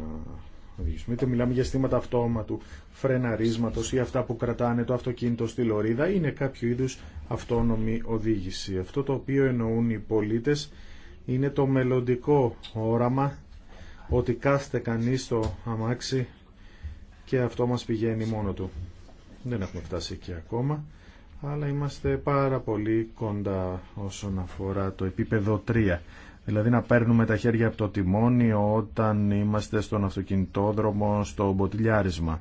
C: οδηγήσουμε. Είτε μιλάμε για στήματα αυτόματου, φρεναρίσματος ή αυτά που κρατάνε το αυτοκίνητο στη λωρίδα είναι κάποιο είδους αυτόνομη οδήγηση. Αυτό το οποίο εννοούν οι πολίτες είναι το μελλοντικό όραμα ότι κάθεται κανείς στο αμάξι και αυτό μας πηγαίνει μόνο του. Δεν έχουμε φτάσει εκεί ακόμα αλλά είμαστε πάρα πολύ κοντά όσον αφορά το επίπεδο 3. Δηλαδή να παίρνουμε τα χέρια από το τιμόνι όταν είμαστε στον αυτοκινητόδρομο, στο μποτιλιάρισμα.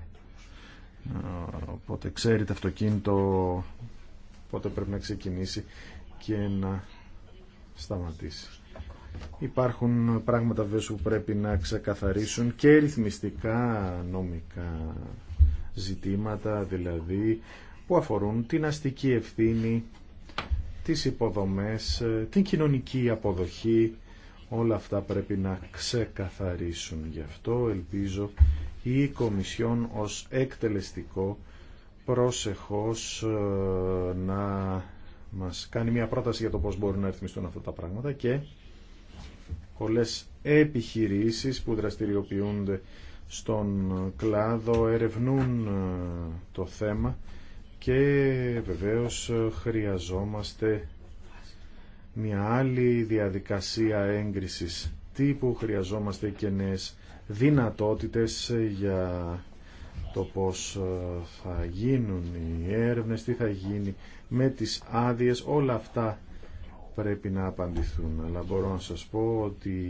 C: Οπότε ξέρει το αυτοκίνητο πότε πρέπει να ξεκινήσει και να σταματήσει. Υπάρχουν πράγματα βέβαια που πρέπει να ξεκαθαρίσουν και ρυθμιστικά νομικά ζητήματα, δηλαδή που αφορούν την αστική ευθύνη, τις υποδομές, ε, την κοινωνική αποδοχή. Όλα αυτά πρέπει να ξεκαθαρίσουν. Γι' αυτό ελπίζω η Κομισιόν ως εκτελεστικό προσεχώς ε, να μας κάνει μια πρόταση για το πώς μπορούν να ρυθμιστούν αυτά τα πράγματα και πολλές επιχειρήσεις που δραστηριοποιούνται στον κλάδο ερευνούν ε, το θέμα και βεβαίως χρειαζόμαστε μια άλλη διαδικασία έγκρισης τύπου, χρειαζόμαστε και νέες δυνατότητες για το πώς ε, θα γίνουν οι έρευνες, τι θα γίνει με τις άδειες, όλα αυτά πρέπει να απαντηθούν. Αλλά μπορώ να σας πω ότι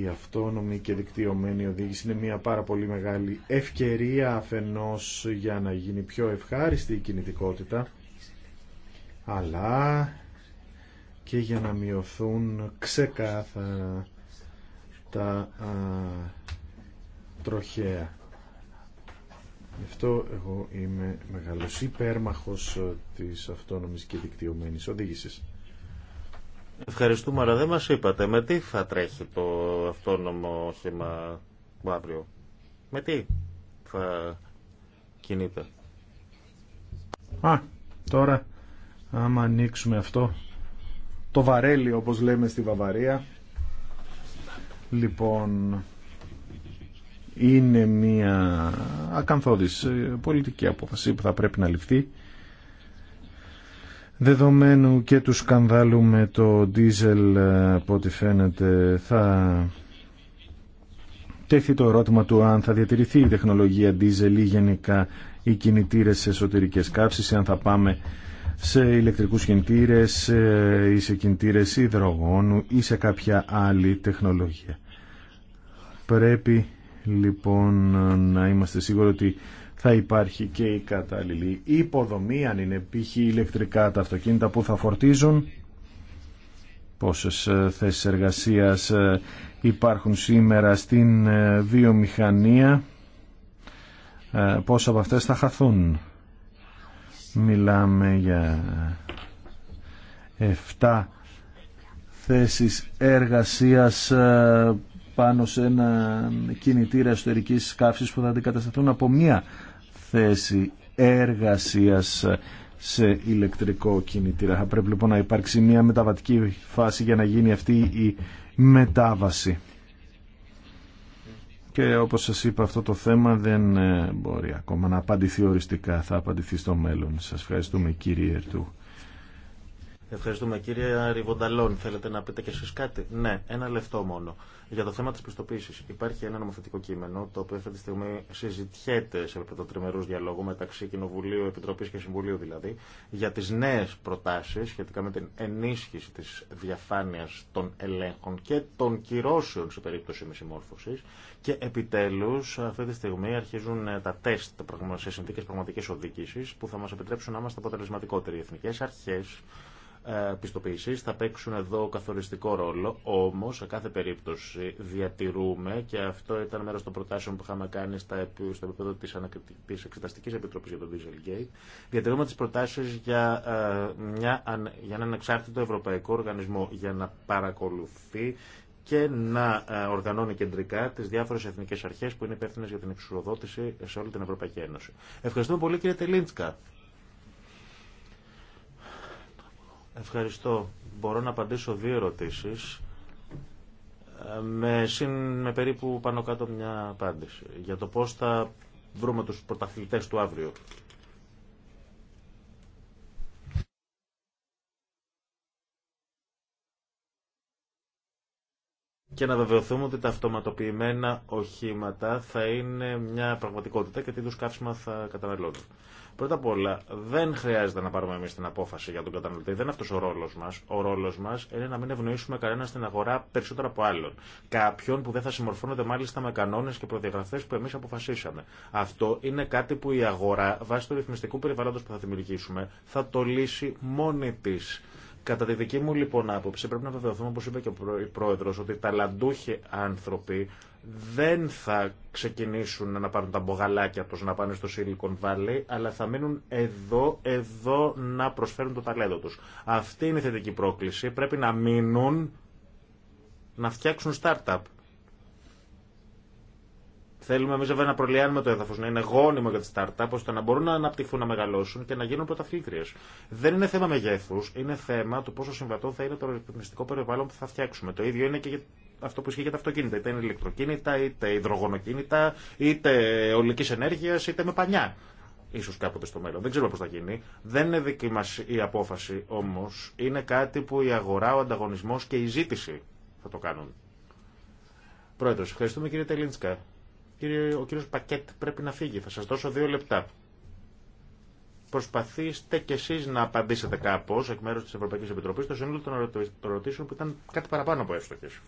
C: η αυτόνομη και δικτυωμένη οδήγηση είναι μια πάρα πολύ μεγάλη ευκαιρία αφενός για να γίνει πιο ευχάριστη η κινητικότητα αλλά και για να μειωθούν ξεκάθαρα τα α, Ευτό Γι' αυτό εγώ είμαι μεγάλος υπέρμαχος ε, της αυτόνομης και δικτυωμένης οδήγησης.
A: Ευχαριστούμε, αλλά δεν μας είπατε με τι θα τρέχει το αυτόνομο όχημα αύριο. Με τι θα κινείται.
C: Α, τώρα άμα ανοίξουμε αυτό το βαρέλι όπως λέμε στη Βαβαρία λοιπόν είναι μια ακαθόδης ε, πολιτική απόφαση που θα πρέπει να ληφθεί Δεδομένου και του σκανδάλου με το ντίζελ, από ό,τι φαίνεται, θα τεθεί το ερώτημα του αν θα διατηρηθεί η τεχνολογία ντίζελ ή γενικά οι κινητήρες σε εσωτερικές αν θα πάμε σε ηλεκτρικούς κινητήρες ε, ή σε κινητήρες υδρογόνου ή σε κάποια άλλη τεχνολογία. Πρέπει λοιπόν να είμαστε σίγουροι ότι θα υπάρχει και η κατάλληλη υποδομή, αν είναι π.χ. ηλεκτρικά τα αυτοκίνητα που θα φορτίζουν, πόσες ε, θέσεις εργασίας ε, υπάρχουν σήμερα στην ε, βιομηχανία, πόσα από αυτές θα χαθούν. Μιλάμε για 7 θέσεις εργασίας πάνω σε ένα κινητήρα εσωτερικής καύσης που θα αντικατασταθούν από μία θέση εργασίας σε ηλεκτρικό κινητήρα. Θα πρέπει λοιπόν να υπάρξει μια μεταβατική φάση για να γίνει αυτή η μετάβαση. Και όπως σας είπα αυτό το θέμα δεν ε, μπορεί ακόμα να απαντηθεί οριστικά, θα απαντηθεί στο μέλλον. Σας ευχαριστούμε κύριε Ερτού.
A: Ευχαριστούμε κύριε Ριβονταλόν. Θέλετε να πείτε και εσεί κάτι. Ναι, ένα λεπτό μόνο. Για το θέμα τη πιστοποίηση. υπάρχει ένα νομοθετικό κείμενο το οποίο αυτή τη στιγμή συζητιέται σε επίπεδο τριμερού διαλόγου μεταξύ Κοινοβουλίου, Επιτροπή και Συμβουλίου δηλαδή για τι νέε προτάσει σχετικά με την ενίσχυση τη διαφάνεια των ελέγχων και των κυρώσεων σε περίπτωση μη και επιτέλου, αυτή τη στιγμή αρχίζουν ε, τα τεστ σε συνθήκε πραγματική οδήγηση που θα μα επιτρέψουν να είμαστε αποτελεσματικότεροι. Οι εθνικές ε, πιστοποίησης θα παίξουν εδώ καθοριστικό ρόλο, όμως σε κάθε περίπτωση διατηρούμε και αυτό ήταν μέρος των προτάσεων που είχαμε κάνει στα, στο επίπεδο της, της Εξεταστικής Επιτροπής για τον Dieselgate, διατηρούμε τις προτάσεις για, ε, μια, για έναν εξάρτητο ευρωπαϊκό οργανισμό για να παρακολουθεί και να ε, οργανώνει κεντρικά τι διάφορε εθνικέ αρχέ που είναι υπεύθυνε για την εξουσιοδότηση σε όλη την Ευρωπαϊκή Ένωση. Ευχαριστούμε πολύ κύριε Τελίντσκα. Ευχαριστώ. Μπορώ να απαντήσω δύο ερωτήσεις ε, με, με περίπου πάνω κάτω μια απάντηση για το πώς θα βρούμε τους πρωταθλητές του αύριο. και να βεβαιωθούμε ότι τα αυτοματοποιημένα οχήματα θα είναι μια πραγματικότητα και τι είδου καύσιμα θα καταναλώνουν. Πρώτα απ' όλα, δεν χρειάζεται να πάρουμε εμεί την απόφαση για τον καταναλωτή. Δεν είναι αυτό ο ρόλο μα. Ο ρόλο μα είναι να μην ευνοήσουμε κανένα στην αγορά περισσότερο από άλλον. Κάποιον που δεν θα συμμορφώνονται μάλιστα με κανόνε και προδιαγραφέ που εμεί αποφασίσαμε. Αυτό είναι κάτι που η αγορά, βάσει του ρυθμιστικού περιβάλλοντο που θα δημιουργήσουμε, θα το λύσει τη Κατά τη δική μου λοιπόν άποψη πρέπει να βεβαιωθούμε, όπω είπε και ο πρόεδρος, ότι οι ταλαντούχοι άνθρωποι δεν θα ξεκινήσουν να πάρουν τα μπογαλάκια τους να πάνε στο Silicon Valley, αλλά θα μείνουν εδώ, εδώ να προσφέρουν το ταλέντο τους. Αυτή είναι η θετική πρόκληση. Πρέπει να μείνουν να φτιάξουν startup Θέλουμε εμεί βέβαια να προλυάνουμε το έδαφο, να είναι γόνιμο για τη startup, ώστε να μπορούν να αναπτυχθούν, να μεγαλώσουν και να γίνουν πρωταθλήτριε. Δεν είναι θέμα μεγέθου, είναι θέμα του πόσο συμβατό θα είναι το ρυθμιστικό περιβάλλον που θα φτιάξουμε. Το ίδιο είναι και αυτό που ισχύει για τα αυτοκίνητα. Είτε είναι ηλεκτροκίνητα, είτε υδρογονοκίνητα, είτε ολική ενέργεια, είτε με πανιά. σω κάποτε στο μέλλον. Δεν ξέρουμε πώ θα γίνει. Δεν είναι δική μα η απόφαση όμω. Είναι κάτι που η αγορά, ο ανταγωνισμό και η ζήτηση θα το κάνουν. Πρόεδρο, ευχαριστούμε κύριε Τελίντσκα ο κύριος Πακέτ πρέπει να φύγει. Θα σας δώσω δύο λεπτά. Προσπαθήστε κι εσείς να απαντήσετε κάπως εκ μέρους της Ευρωπαϊκής Επιτροπής στο σύνολο των ερωτήσεων που ήταν κάτι παραπάνω από εύστοχες.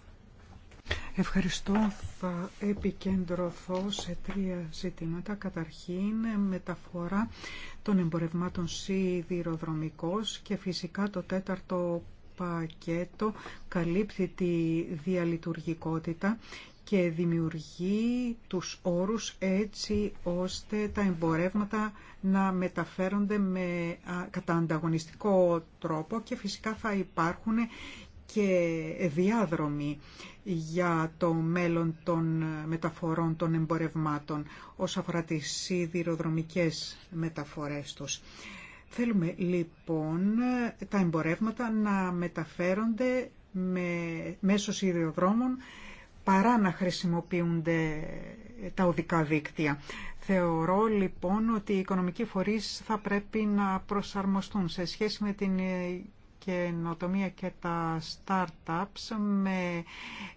B: Ευχαριστώ. Θα επικεντρωθώ σε τρία ζητήματα. Καταρχήν, μεταφορά των εμπορευμάτων σιδηροδρομικός και φυσικά το τέταρτο πακέτο καλύπτει τη διαλειτουργικότητα και δημιουργεί τους όρους έτσι ώστε τα εμπορεύματα να μεταφέρονται με κατά ανταγωνιστικό τρόπο και φυσικά θα υπάρχουν και διάδρομοι για το μέλλον των μεταφορών των εμπορευμάτων όσον αφορά τις σιδηροδρομικές μεταφορές τους. Θέλουμε λοιπόν τα εμπορεύματα να μεταφέρονται με, μέσω σιδηροδρόμων παρά να χρησιμοποιούνται τα οδικά δίκτυα. Θεωρώ λοιπόν ότι οι οικονομικοί φορείς θα πρέπει να προσαρμοστούν σε σχέση με την ε, καινοτομία και τα startups. Με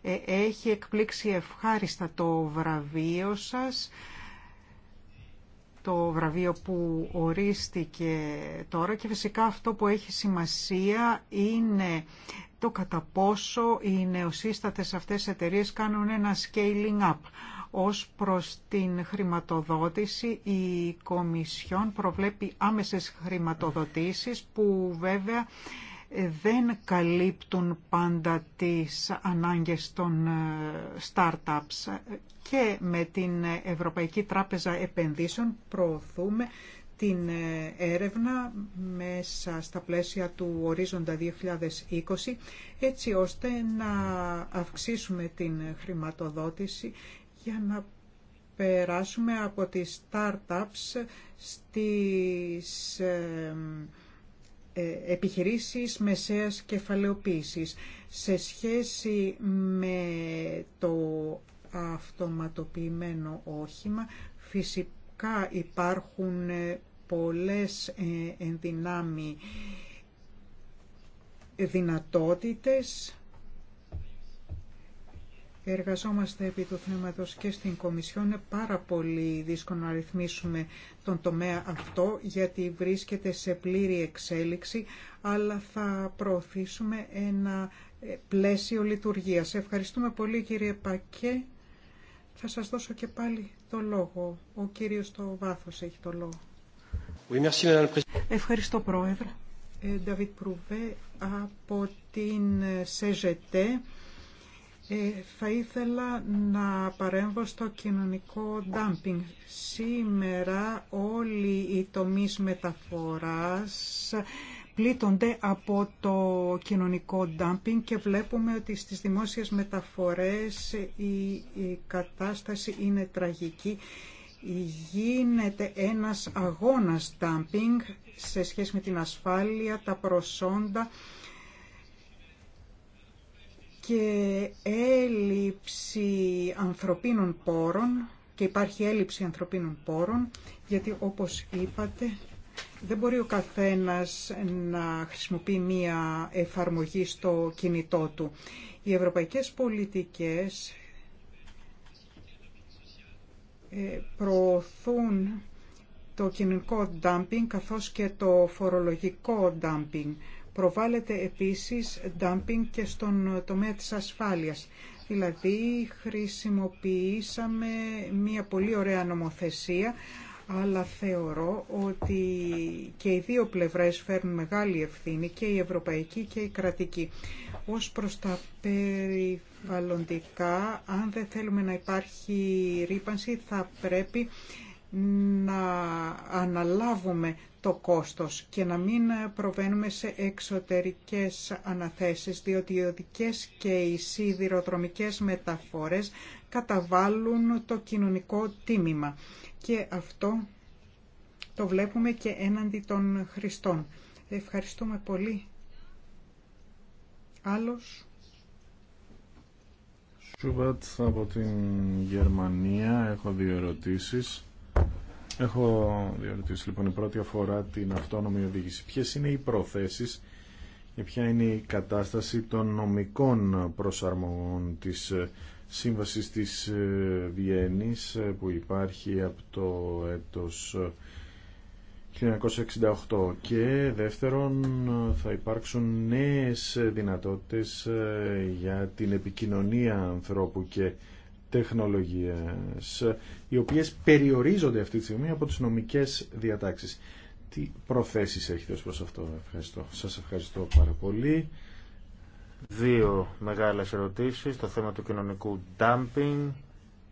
B: ε, έχει εκπλήξει ευχάριστα το βραβείο σας το βραβείο που ορίστηκε τώρα και φυσικά αυτό που έχει σημασία είναι το κατά πόσο οι νεοσύστατες αυτές εταιρείες κάνουν ένα scaling up. Ως προς την χρηματοδότηση, η Κομισιόν προβλέπει άμεσες χρηματοδοτήσεις που βέβαια ε, δεν καλύπτουν πάντα τις ανάγκες των ε, startups και με την Ευρωπαϊκή Τράπεζα Επενδύσεων προωθούμε την ε, έρευνα μέσα στα πλαίσια του ορίζοντα 2020 έτσι ώστε να αυξήσουμε την χρηματοδότηση για να περάσουμε από τις startups στις ε, επιχειρήσεις μεσαίας κεφαλαιοποίησης σε σχέση με το αυτοματοποιημένο όχημα φυσικά υπάρχουν ε, πολλές ε, ενδυνάμει δυνατότητες εργαζόμαστε επί του θέματος και στην Κομισιόν. Είναι πάρα πολύ δύσκολο να ρυθμίσουμε τον τομέα αυτό γιατί βρίσκεται σε πλήρη εξέλιξη αλλά θα προωθήσουμε ένα ε, πλαίσιο λειτουργίας. Ευχαριστούμε πολύ κύριε Πακέ. Θα σας δώσω και πάλι το λόγο. Ο κύριος το βάθος έχει το λόγο. Ευχαριστώ πρόεδρε. Ε, Νταβίτ Προυβέ από την ε, ΣΕΖΕΤΕ ε, θα ήθελα να παρέμβω στο κοινωνικό ντάμπινγκ. Σήμερα όλοι οι τομείς μεταφοράς πλήττονται από το κοινωνικό ντάμπινγκ και βλέπουμε ότι στις δημόσιες μεταφορές η, κατάσταση είναι τραγική. Γίνεται ένας αγώνας ντάμπινγκ σε σχέση με την ασφάλεια, τα προσόντα, και έλλειψη ανθρωπίνων πόρων και υπάρχει έλλειψη ανθρωπίνων πόρων γιατί όπως είπατε δεν μπορεί ο καθένας να χρησιμοποιεί μία εφαρμογή στο κινητό του. Οι ευρωπαϊκές πολιτικές ε, προωθούν το κοινωνικό dumping καθώς και το φορολογικό dumping. Προβάλλεται επίσης dumping και στον τομέα της ασφάλειας. Δηλαδή χρησιμοποιήσαμε μια πολύ ωραία νομοθεσία, αλλά θεωρώ ότι και οι δύο πλευρές φέρνουν μεγάλη ευθύνη, και η ευρωπαϊκή και η κρατική. Ως προς τα περιβαλλοντικά, αν δεν θέλουμε να υπάρχει ρήπανση, θα πρέπει να αναλάβουμε το κόστος και να μην προβαίνουμε σε εξωτερικές αναθέσεις, διότι οι οδικές και οι σιδηροδρομικές μεταφορές καταβάλουν το κοινωνικό τίμημα. Και αυτό το βλέπουμε και έναντι των χρηστών. Ευχαριστούμε πολύ. Άλλος.
C: Σούβατ από την Γερμανία. Έχω δύο ερωτήσεις. Έχω δύο ερωτήσει. Λοιπόν, η πρώτη αφορά την αυτόνομη οδήγηση. Ποιε είναι οι προθέσει και ποια είναι η κατάσταση των νομικών προσαρμογών της ε, Σύμβασης της ε, Βιέννης ε, που υπάρχει από το έτος 1968 και δεύτερον θα υπάρξουν νέες δυνατότητες για την επικοινωνία ανθρώπου και τεχνολογίες οι οποίες περιορίζονται αυτή τη στιγμή από τις νομικές διατάξεις.
A: Τι προθέσεις έχετε ως προς αυτό. Ευχαριστώ. Σας ευχαριστώ πάρα πολύ. Δύο μεγάλες ερωτήσεις το θέμα του κοινωνικού dumping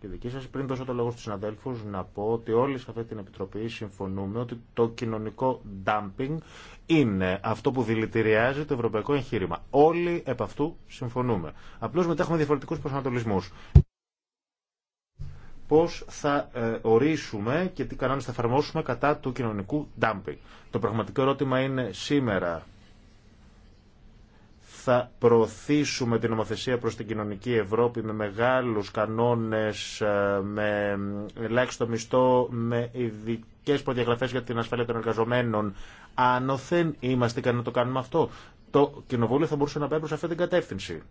A: και δική σας. Πριν δώσω το λόγο στους συναδέλφους να πω ότι όλοι σε αυτή την Επιτροπή συμφωνούμε ότι το κοινωνικό dumping είναι αυτό που δηλητηριάζει το ευρωπαϊκό εγχείρημα. Όλοι επ' αυτού συμφωνούμε. Απλώς μετά έχουμε διαφορετικούς προσανατολισμούς πώς θα ε, ορίσουμε και τι κανόνες θα εφαρμόσουμε κατά του κοινωνικού ντάμπινγκ. Το πραγματικό ερώτημα είναι σήμερα θα προωθήσουμε την νομοθεσία προς την κοινωνική Ευρώπη με μεγάλους κανόνες, ε, με ελάχιστο μισθό, με ειδικέ προδιαγραφές για την ασφάλεια των εργαζομένων. Άνωθεν είμαστε ικανοί να το κάνουμε αυτό. Το Κοινοβούλιο θα μπορούσε να πάει προς αυτή την κατεύθυνση.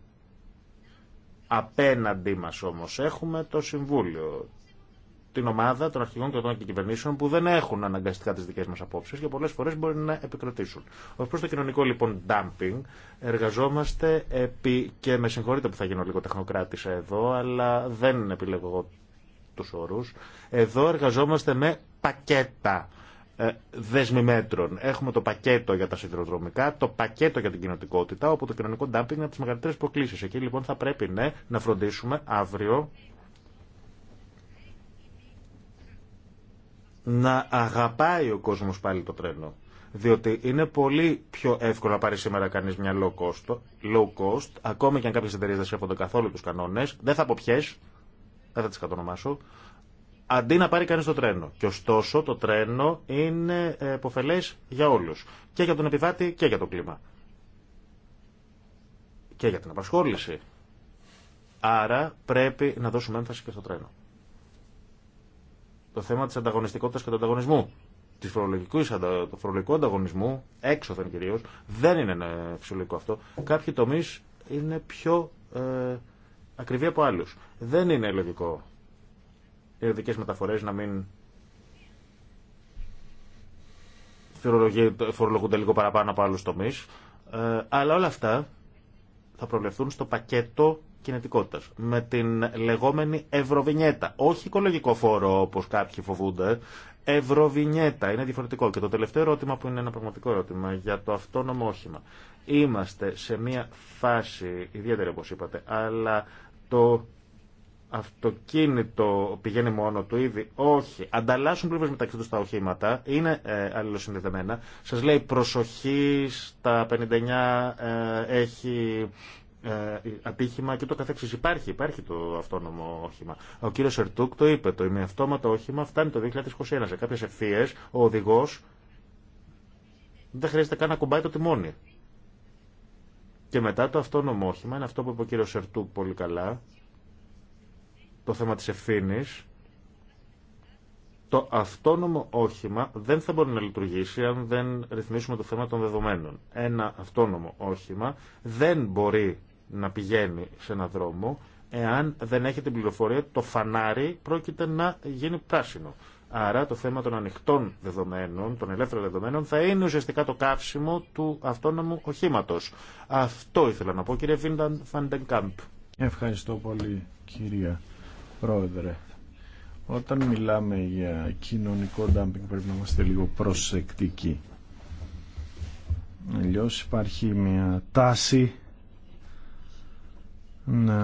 A: Απέναντί μας όμως έχουμε το Συμβούλιο, την ομάδα των αρχηγών και των κυβερνήσεων που δεν έχουν αναγκαστικά τι δικέ μα απόψεις και πολλέ φορέ μπορεί να επικροτήσουν. Ω προ το κοινωνικό λοιπόν dumping, εργαζόμαστε επί. και με συγχωρείτε που θα γίνω λίγο τεχνοκράτησα εδώ, αλλά δεν επιλέγω εγώ του όρου. Εδώ εργαζόμαστε με πακέτα ε, δέσμη Έχουμε το πακέτο για τα σιδηροδρομικά, το πακέτο για την κοινοτικότητα, όπου το κοινωνικό ντάμπινγκ είναι από τι μεγαλύτερε προκλήσει. Εκεί λοιπόν θα πρέπει ναι, να φροντίσουμε αύριο να αγαπάει ο κόσμο πάλι το τρένο. Διότι είναι πολύ πιο εύκολο να πάρει σήμερα κανεί μια low cost, low cost, ακόμη και αν κάποιε εταιρείε δεν σέβονται καθόλου του κανόνε, δεν θα πω ποιε, δεν θα τι κατονομάσω, αντί να πάρει κανείς το τρένο. Και ωστόσο το τρένο είναι ε, εποφελές για όλους. Και για τον επιβάτη και για το κλίμα. Και για την απασχόληση. Άρα πρέπει να δώσουμε έμφαση και στο τρένο. Το θέμα της ανταγωνιστικότητας και του ανταγωνισμού. Της του φορολογικού ανταγωνισμού, έξωθεν κυρίως, δεν είναι φυσιολογικό αυτό. Κάποιοι τομείς είναι πιο ε, ακριβή από άλλους. Δεν είναι λογικό οι μεταφορέ μεταφορές να μην φορολογούνται λίγο παραπάνω από άλλους τομείς. Ε, αλλά όλα αυτά θα προβλεφθούν στο πακέτο κινητικότητα. με την λεγόμενη ευρωβινιέτα. Όχι οικολογικό φόρο όπως κάποιοι φοβούνται. Ευρωβινιέτα είναι διαφορετικό. Και το τελευταίο ερώτημα που είναι ένα πραγματικό ερώτημα για το αυτόνομο όχημα. Είμαστε σε μια φάση ιδιαίτερη όπω είπατε, αλλά το αυτοκίνητο πηγαίνει μόνο του ήδη. Όχι. Ανταλλάσσουν πλήρω μεταξύ του τα οχήματα. Είναι ε, αλληλοσυνδεδεμένα. Σα λέει προσοχή στα 59 ε, έχει ε, ατύχημα και το καθεξής. Υπάρχει, υπάρχει το αυτόνομο όχημα. Ο κύριο Ερτούκ το είπε, το ημιαυτόματο όχημα φτάνει το 2021. Σε κάποιες ευθείες ο οδηγός δεν χρειάζεται καν να κουμπάει το τιμόνι. Και μετά το αυτόνομο όχημα, είναι αυτό που είπε ο κύριο Ερτούκ πολύ καλά, το θέμα της ευθύνη, το αυτόνομο όχημα δεν θα μπορεί να λειτουργήσει αν δεν ρυθμίσουμε το θέμα των δεδομένων. Ένα αυτόνομο όχημα δεν μπορεί να πηγαίνει σε ένα δρόμο εάν δεν έχει την πληροφορία το φανάρι πρόκειται να γίνει πράσινο. Άρα το θέμα των ανοιχτών δεδομένων, των ελεύθερων δεδομένων, θα είναι ουσιαστικά το καύσιμο του αυτόνομου οχήματο. Αυτό ήθελα να πω, κύριε Βίνταν Φαντεγκάμπ.
C: Ευχαριστώ πολύ, κυρία Πρόεδρε, όταν μιλάμε για κοινωνικό ντάμπινγκ πρέπει να είμαστε λίγο προσεκτικοί. Αλλιώ υπάρχει μια τάση να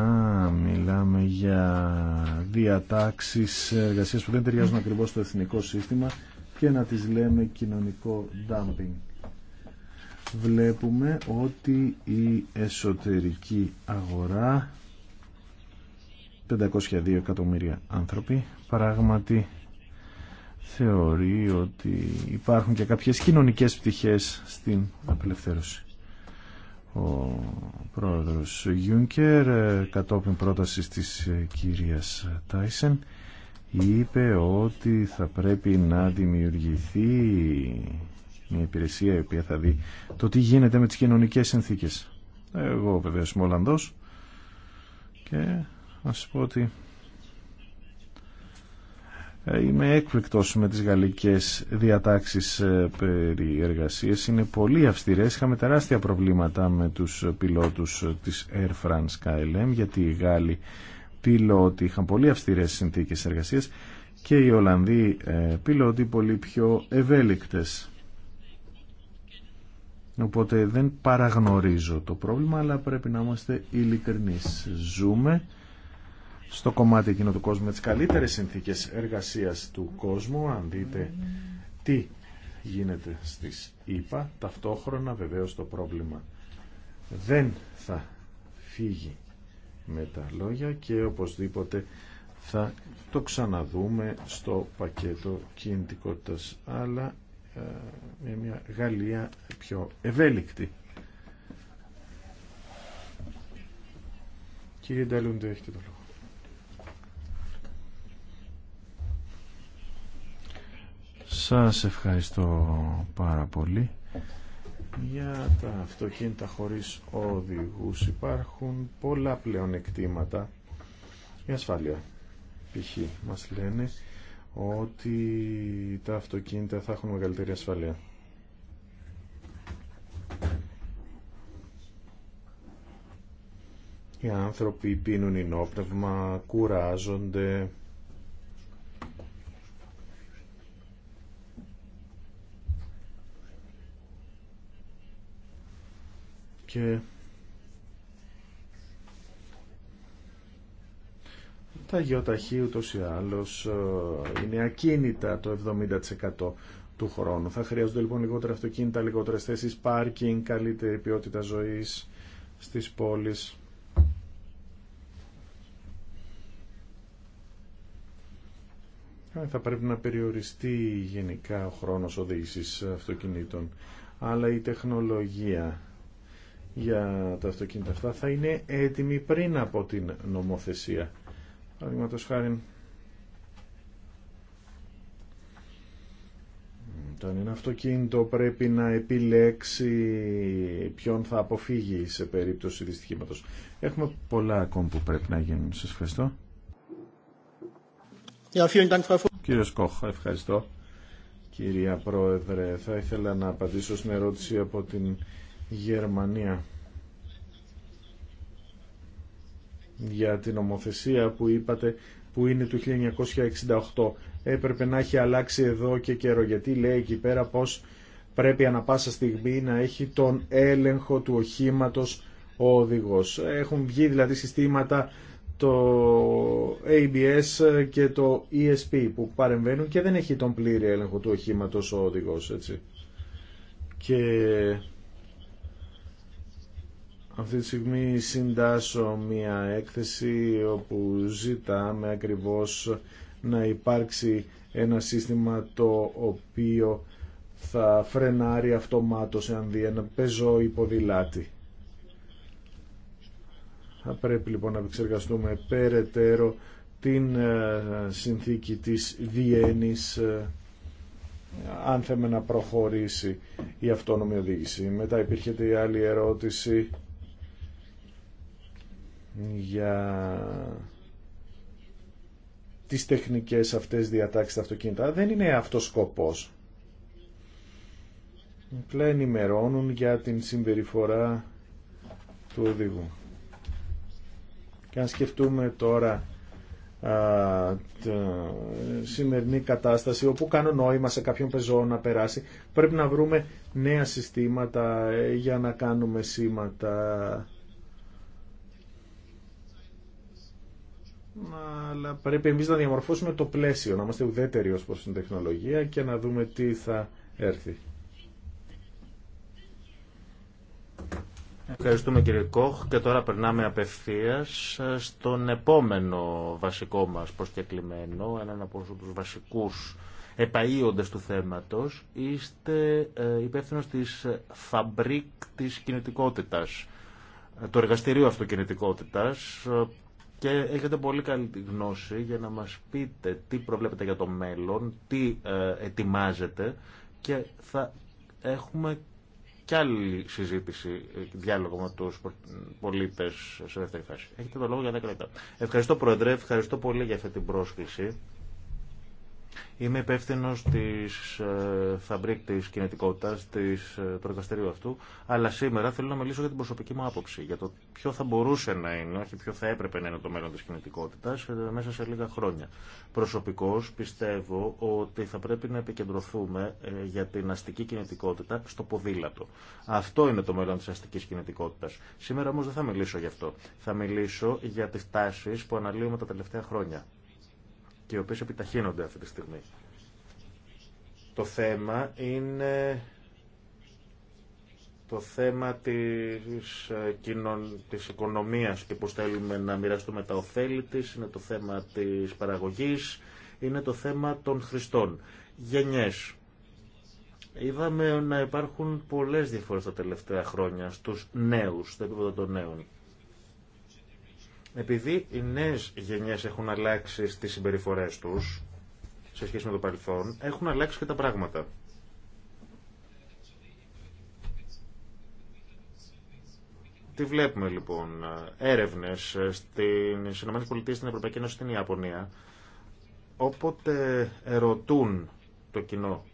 C: μιλάμε για διατάξεις εργασίας που δεν ταιριάζουν ακριβώς στο εθνικό σύστημα και να τις λέμε κοινωνικό dumping. Βλέπουμε ότι η εσωτερική αγορά 502 εκατομμύρια άνθρωποι πράγματι θεωρεί ότι υπάρχουν και κάποιες κοινωνικές πτυχές στην απελευθέρωση. Ο πρόεδρος Γιούνκερ ε, κατόπιν πρότασης της ε, κυρίας Τάισεν είπε ότι θα πρέπει να δημιουργηθεί μια υπηρεσία η οποία θα δει το τι γίνεται με τις κοινωνικές συνθήκες. Εγώ βεβαίως είμαι Ολλανδός και να σας πω ότι ε, είμαι έκπληκτος με τις γαλλικές διατάξεις ε, περί εργασίες. Είναι πολύ αυστηρές. Είχαμε τεράστια προβλήματα με τους πιλότους ε, της Air France KLM γιατί οι Γάλλοι πιλότοι είχαν πολύ αυστηρές συνθήκες εργασίας και οι Ολλανδοί πιλότοι πολύ πιο ευέλικτες. Οπότε δεν παραγνωρίζω το πρόβλημα, αλλά πρέπει να είμαστε ειλικρινείς. Ζούμε στο κομμάτι εκείνο του κόσμου με τις καλύτερες συνθήκες εργασίας του κόσμου αν δείτε τι γίνεται στις ΗΠΑ ταυτόχρονα βεβαίως το πρόβλημα δεν θα φύγει με τα λόγια και οπωσδήποτε θα το ξαναδούμε στο πακέτο κινητικότητας αλλά ε, με μια Γαλλία πιο ευέλικτη. Κύριε Νταλούντε, έχετε το λόγο. Σας ευχαριστώ πάρα πολύ. Για τα αυτοκίνητα χωρίς οδηγούς υπάρχουν πολλά πλέον εκτήματα. Η ασφάλεια π.χ. μας λένε ότι τα αυτοκίνητα θα έχουν μεγαλύτερη ασφαλεία. Οι άνθρωποι πίνουν ενόπνευμα, κουράζονται,
A: και τα γεωταχή
C: ούτως ή άλλως ε, είναι ακίνητα το 70% του χρόνου. Θα χρειάζονται λοιπόν λιγότερα αυτοκίνητα, λιγότερες θέσεις πάρκινγκ, καλύτερη ποιότητα ζωής στις πόλεις. Ε, θα πρέπει να περιοριστεί γενικά ο χρόνος οδήγησης αυτοκινήτων, αλλά η τεχνολογία για τα αυτοκίνητα αυτά θα είναι έτοιμη πριν από την νομοθεσία. Παραδείγματο χάρη όταν ένα αυτοκίνητο πρέπει να επιλέξει ποιον θα αποφύγει σε περίπτωση δυστυχήματος. Έχουμε πολλά ακόμη που πρέπει να γίνουν. Σας ευχαριστώ. Κύριε Σκόχ, ευχαριστώ. Κυρία Πρόεδρε, θα ήθελα να απαντήσω στην ερώτηση από την Γερμανία για την ομοθεσία που είπατε που είναι του 1968 έπρεπε να έχει αλλάξει εδώ και καιρό γιατί λέει εκεί πέρα πως πρέπει ανα πάσα στιγμή να έχει τον έλεγχο του οχήματος ο οδηγός. Έχουν βγει δηλαδή συστήματα το ABS και το ESP που παρεμβαίνουν και δεν έχει τον πλήρη έλεγχο του οχήματος ο οδηγός έτσι. Και αυτή τη στιγμή συντάσω μία έκθεση όπου ζητάμε ακριβώς να υπάρξει ένα σύστημα το οποίο θα φρενάρει αυτομάτως εάν δει ένα πεζό ή ποδηλάτη. Θα πρέπει λοιπόν να επεξεργαστούμε περαιτέρω την ε, συνθήκη της Βιέννης ε, αν θέμε να προχωρήσει η θα πρεπει λοιπον οδήγηση. Μετά υπήρχε η άλλη ερώτηση για τις τεχνικές αυτές διατάξεις στα αυτοκίνητα. Δεν είναι αυτός σκοπός. Απλά ενημερώνουν για την συμπεριφορά του οδηγού. Και αν σκεφτούμε τώρα α, ε, σημερινή κατάσταση όπου κάνω νόημα σε κάποιον πεζό να περάσει πρέπει να βρούμε νέα συστήματα ε, για να κάνουμε σήματα αλλά πρέπει εμείς να διαμορφώσουμε το πλαίσιο, να είμαστε ουδέτεροι ως προς την τεχνολογία και να δούμε τι θα
A: έρθει. Ευχαριστούμε κύριε Κόχ και τώρα περνάμε απευθείας στον επόμενο βασικό μας προσκεκλημένο, έναν από τους βασικούς επαΐοντες του θέματος. Είστε ε, υπεύθυνος της Φαμπρίκ της Κινητικότητας, ε, του εργαστηρίου αυτοκινητικότητας και έχετε πολύ καλή γνώση για να μας πείτε τι προβλέπετε για το μέλλον, τι ε, ετοιμάζετε και θα έχουμε κι άλλη συζήτηση, ε, διάλογο με τους πολίτες σε δεύτερη φάση. Έχετε το λόγο για 10 λεπτά. Ευχαριστώ Πρόεδρε, ευχαριστώ πολύ για αυτή την πρόσκληση. Είμαι υπεύθυνο τη φαμπρίκ ε, τη κινητικότητα, τη ε, αυτού, αλλά σήμερα θέλω να μιλήσω για την προσωπική μου άποψη, για το ποιο θα μπορούσε να είναι, όχι ποιο θα έπρεπε να είναι το μέλλον τη κινητικότητα ε, μέσα σε λίγα χρόνια. Προσωπικώ πιστεύω ότι θα πρέπει να επικεντρωθούμε για την αστική κινητικότητα στο ποδήλατο. Αυτό είναι το μέλλον τη αστική κινητικότητα. Σήμερα όμω δεν θα μιλήσω γι' αυτό. Θα μιλήσω για τι τάσει που αναλύουμε τα τελευταία χρόνια και οι οποίες επιταχύνονται αυτή τη στιγμή. Το θέμα είναι το θέμα της, ε, κοινων, της οικονομίας και πώς θέλουμε να μοιραστούμε τα ωφέλη της, είναι το θέμα της παραγωγής, είναι το θέμα των χρηστών. Γενιές. Είδαμε να υπάρχουν πολλές διαφορές τα τελευταία χρόνια στους νέους, στο επίπεδο των νέων. Επειδή οι νέες γενιές έχουν αλλάξει στις συμπεριφορέ τους, σε σχέση με το παρελθόν, έχουν αλλάξει και τα πράγματα. Τι βλέπουμε λοιπόν, έρευνες στις ΗΠΑ, στην Ευρωπαϊκή στην Ιαπωνία, όποτε ερωτούν το κοινό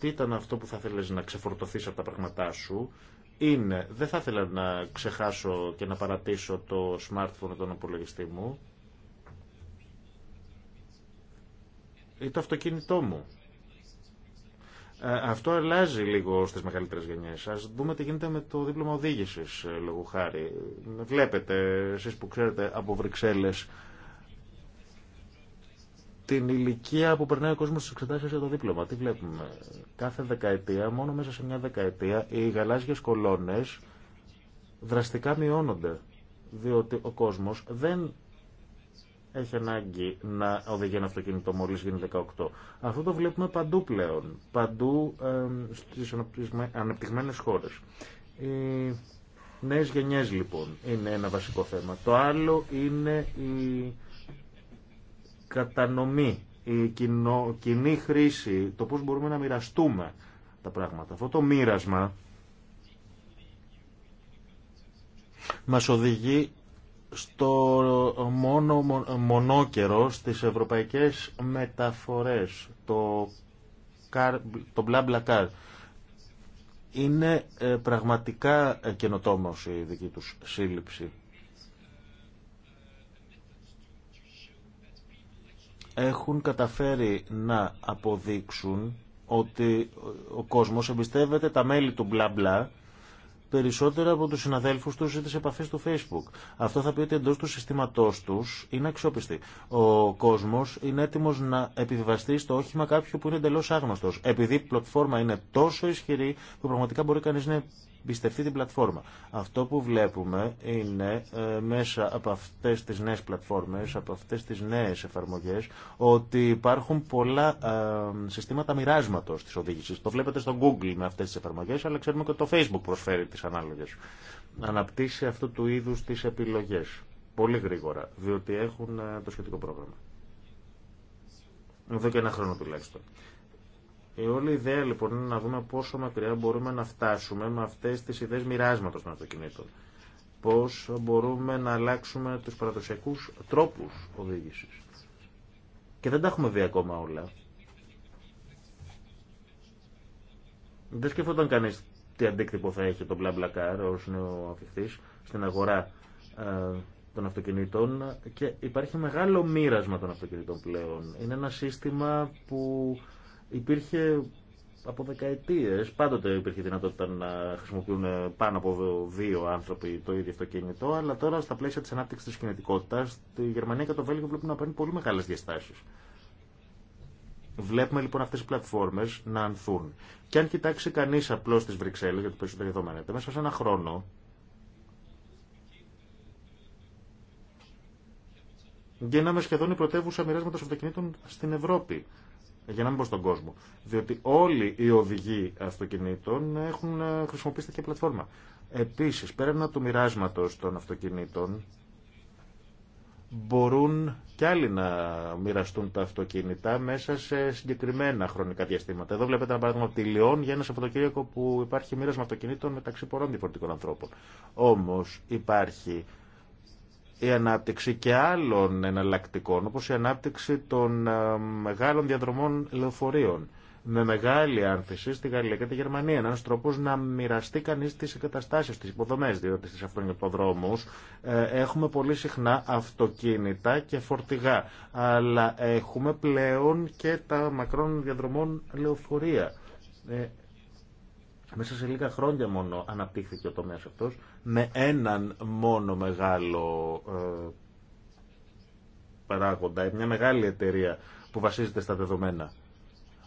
A: τι ήταν αυτό που θα θέλεις να ξεφορτωθείς από τα πράγματά σου, είναι, δεν θα ήθελα να ξεχάσω και να παρατήσω το smartphone τον απολογιστή μου ή το αυτοκίνητό μου. Ε, αυτό αλλάζει λίγο στις μεγαλύτερες γενιές Ας δούμε τι γίνεται με το δίπλωμα οδήγησης ε, λόγου χάρη. Βλέπετε, εσείς που ξέρετε από Βρυξέλλες την ηλικία που περνάει ο κόσμο στι εξετάσει για το δίπλωμα. Τι βλέπουμε. Κάθε δεκαετία, μόνο μέσα σε μια δεκαετία, οι γαλάζιε κολόνε δραστικά μειώνονται. Διότι ο κόσμο δεν έχει ανάγκη να οδηγεί ένα αυτοκίνητο μόλι γίνει 18. Αυτό το βλέπουμε παντού πλέον. Παντού ε, στι ανεπτυγμένε χώρε. Οι νέε γενιέ λοιπόν είναι ένα βασικό θέμα. Το άλλο είναι η κατανομή, η κοινή χρήση, το πώς μπορούμε να μοιραστούμε τα πράγματα. Αυτό το μοίρασμα μας οδηγεί στο μόνο μονόκερο στις ευρωπαϊκές μεταφορές, το, καρ, το μπλα μπλα καρ. Είναι ε, πραγματικά καινοτόμος η δική τους σύλληψη. έχουν καταφέρει να αποδείξουν ότι ο κόσμος εμπιστεύεται τα μέλη του μπλα μπλα περισσότερο από τους συναδέλφους τους ή τις επαφές του Facebook. Αυτό θα πει ότι εντός του συστήματός τους είναι αξιόπιστη. Ο κόσμος είναι έτοιμος να επιβιβαστεί στο όχημα κάποιου που είναι εντελώς άγνωστος. Επειδή η πλατφόρμα είναι τόσο ισχυρή που πραγματικά μπορεί κανείς να εμπιστευτεί την πλατφόρμα. Αυτό που βλέπουμε είναι ε, μέσα από αυτές τις νέες πλατφόρμες, από αυτές τις νέες εφαρμογές, ότι υπάρχουν πολλά ε, συστήματα μοιράσματος της οδήγησης. Το βλέπετε στο Google με αυτές τις εφαρμογές, αλλά ξέρουμε και το Facebook προσφέρει τις ανάλογες. Αναπτύσσει αυτού του είδους τις επιλογές. Πολύ γρήγορα, διότι έχουν ε, το σχετικό πρόγραμμα. Εδώ και ένα χρόνο τουλάχιστον. Ε, η όλη ιδέα λοιπόν είναι να δούμε πόσο μακριά μπορούμε να φτάσουμε με αυτές τις ιδέες μοιράσματο των αυτοκινήτων. Πώς μπορούμε να αλλάξουμε τους παραδοσιακού τρόπους οδήγησης. Και δεν τα έχουμε δει ακόμα όλα. Δεν σκεφτόταν κανείς τι αντίκτυπο θα έχει το BlaBlaCar ω νέο αφιχτή στην αγορά ε, των αυτοκινήτων και υπάρχει μεγάλο μοίρασμα των αυτοκινήτων πλέον. Είναι ένα σύστημα που υπήρχε από δεκαετίες, πάντοτε υπήρχε δυνατότητα να χρησιμοποιούν πάνω από δύο άνθρωποι το ίδιο αυτοκίνητο, αλλά τώρα στα πλαίσια τη ανάπτυξη τη κινητικότητας, τη Γερμανία και το Βέλγιο βλέπουν να παίρνουν πολύ μεγάλε διαστάσει. Βλέπουμε λοιπόν αυτέ οι πλατφόρμε να ανθούν. Και αν κοιτάξει κανεί απλώ τι Βρυξέλλε, γιατί περισσότερο εδώ μένετε, μέσα σε ένα χρόνο γίναμε σχεδόν η πρωτεύουσα μοιράσματο αυτοκινήτων στην Ευρώπη για να μην πω στον κόσμο. Διότι όλοι οι οδηγοί αυτοκινήτων έχουν ε, χρησιμοποιήσει τέτοια πλατφόρμα. Επίσης, πέραν του μοιράσματο των αυτοκινήτων, μπορούν κι άλλοι να μοιραστούν τα αυτοκίνητα μέσα σε συγκεκριμένα χρονικά διαστήματα. Εδώ βλέπετε ένα παράδειγμα από τη Λιόν για ένα Σαββατοκύριακο που υπάρχει μοίρασμα αυτοκινήτων μεταξύ πολλών διαφορετικών ανθρώπων. Όμω υπάρχει η ανάπτυξη και άλλων εναλλακτικών, όπως η ανάπτυξη των ε, μεγάλων διαδρομών λεωφορείων με μεγάλη άνθηση στη Γαλλία και τη Γερμανία. Ένα τρόπο να μοιραστεί κανεί τι εγκαταστάσει, τι υποδομέ, διότι στι αυτοκινητοδρόμου ε, έχουμε πολύ συχνά αυτοκίνητα και φορτηγά. Αλλά έχουμε πλέον και τα μακρών διαδρομών λεωφορεία. Ε, μέσα σε λίγα χρόνια μόνο αναπτύχθηκε ο τομέας αυτός με έναν μόνο μεγάλο ε, παράγοντα, μια μεγάλη εταιρεία που βασίζεται στα δεδομένα.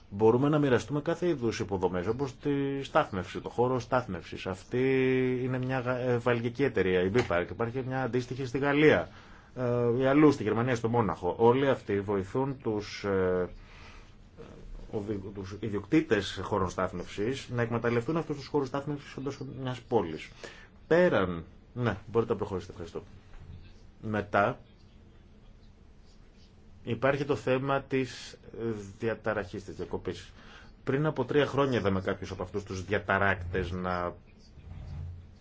A: Μπορούμε να μοιραστούμε κάθε είδου υποδομέ, όπω τη στάθμευση, το χώρο στάθμευση. Αυτή είναι μια ε, βαλγική εταιρεία, η και Υπάρχει μια αντίστοιχη στη Γαλλία, ε, ή αλλού στη Γερμανία, στο Μόναχο. Όλοι αυτοί βοηθούν του ε, του ιδιοκτήτε χώρων στάθμευση να εκμεταλλευτούν αυτούς τους χώρους στάθμευση όντω μια πόλη. Πέραν... Ναι, μπορείτε να προχωρήσετε. Ευχαριστώ. Μετά υπάρχει το θέμα της διαταραχής, της διακοπή. Πριν από τρία χρόνια είδαμε κάποιου από αυτού τους διαταράκτες να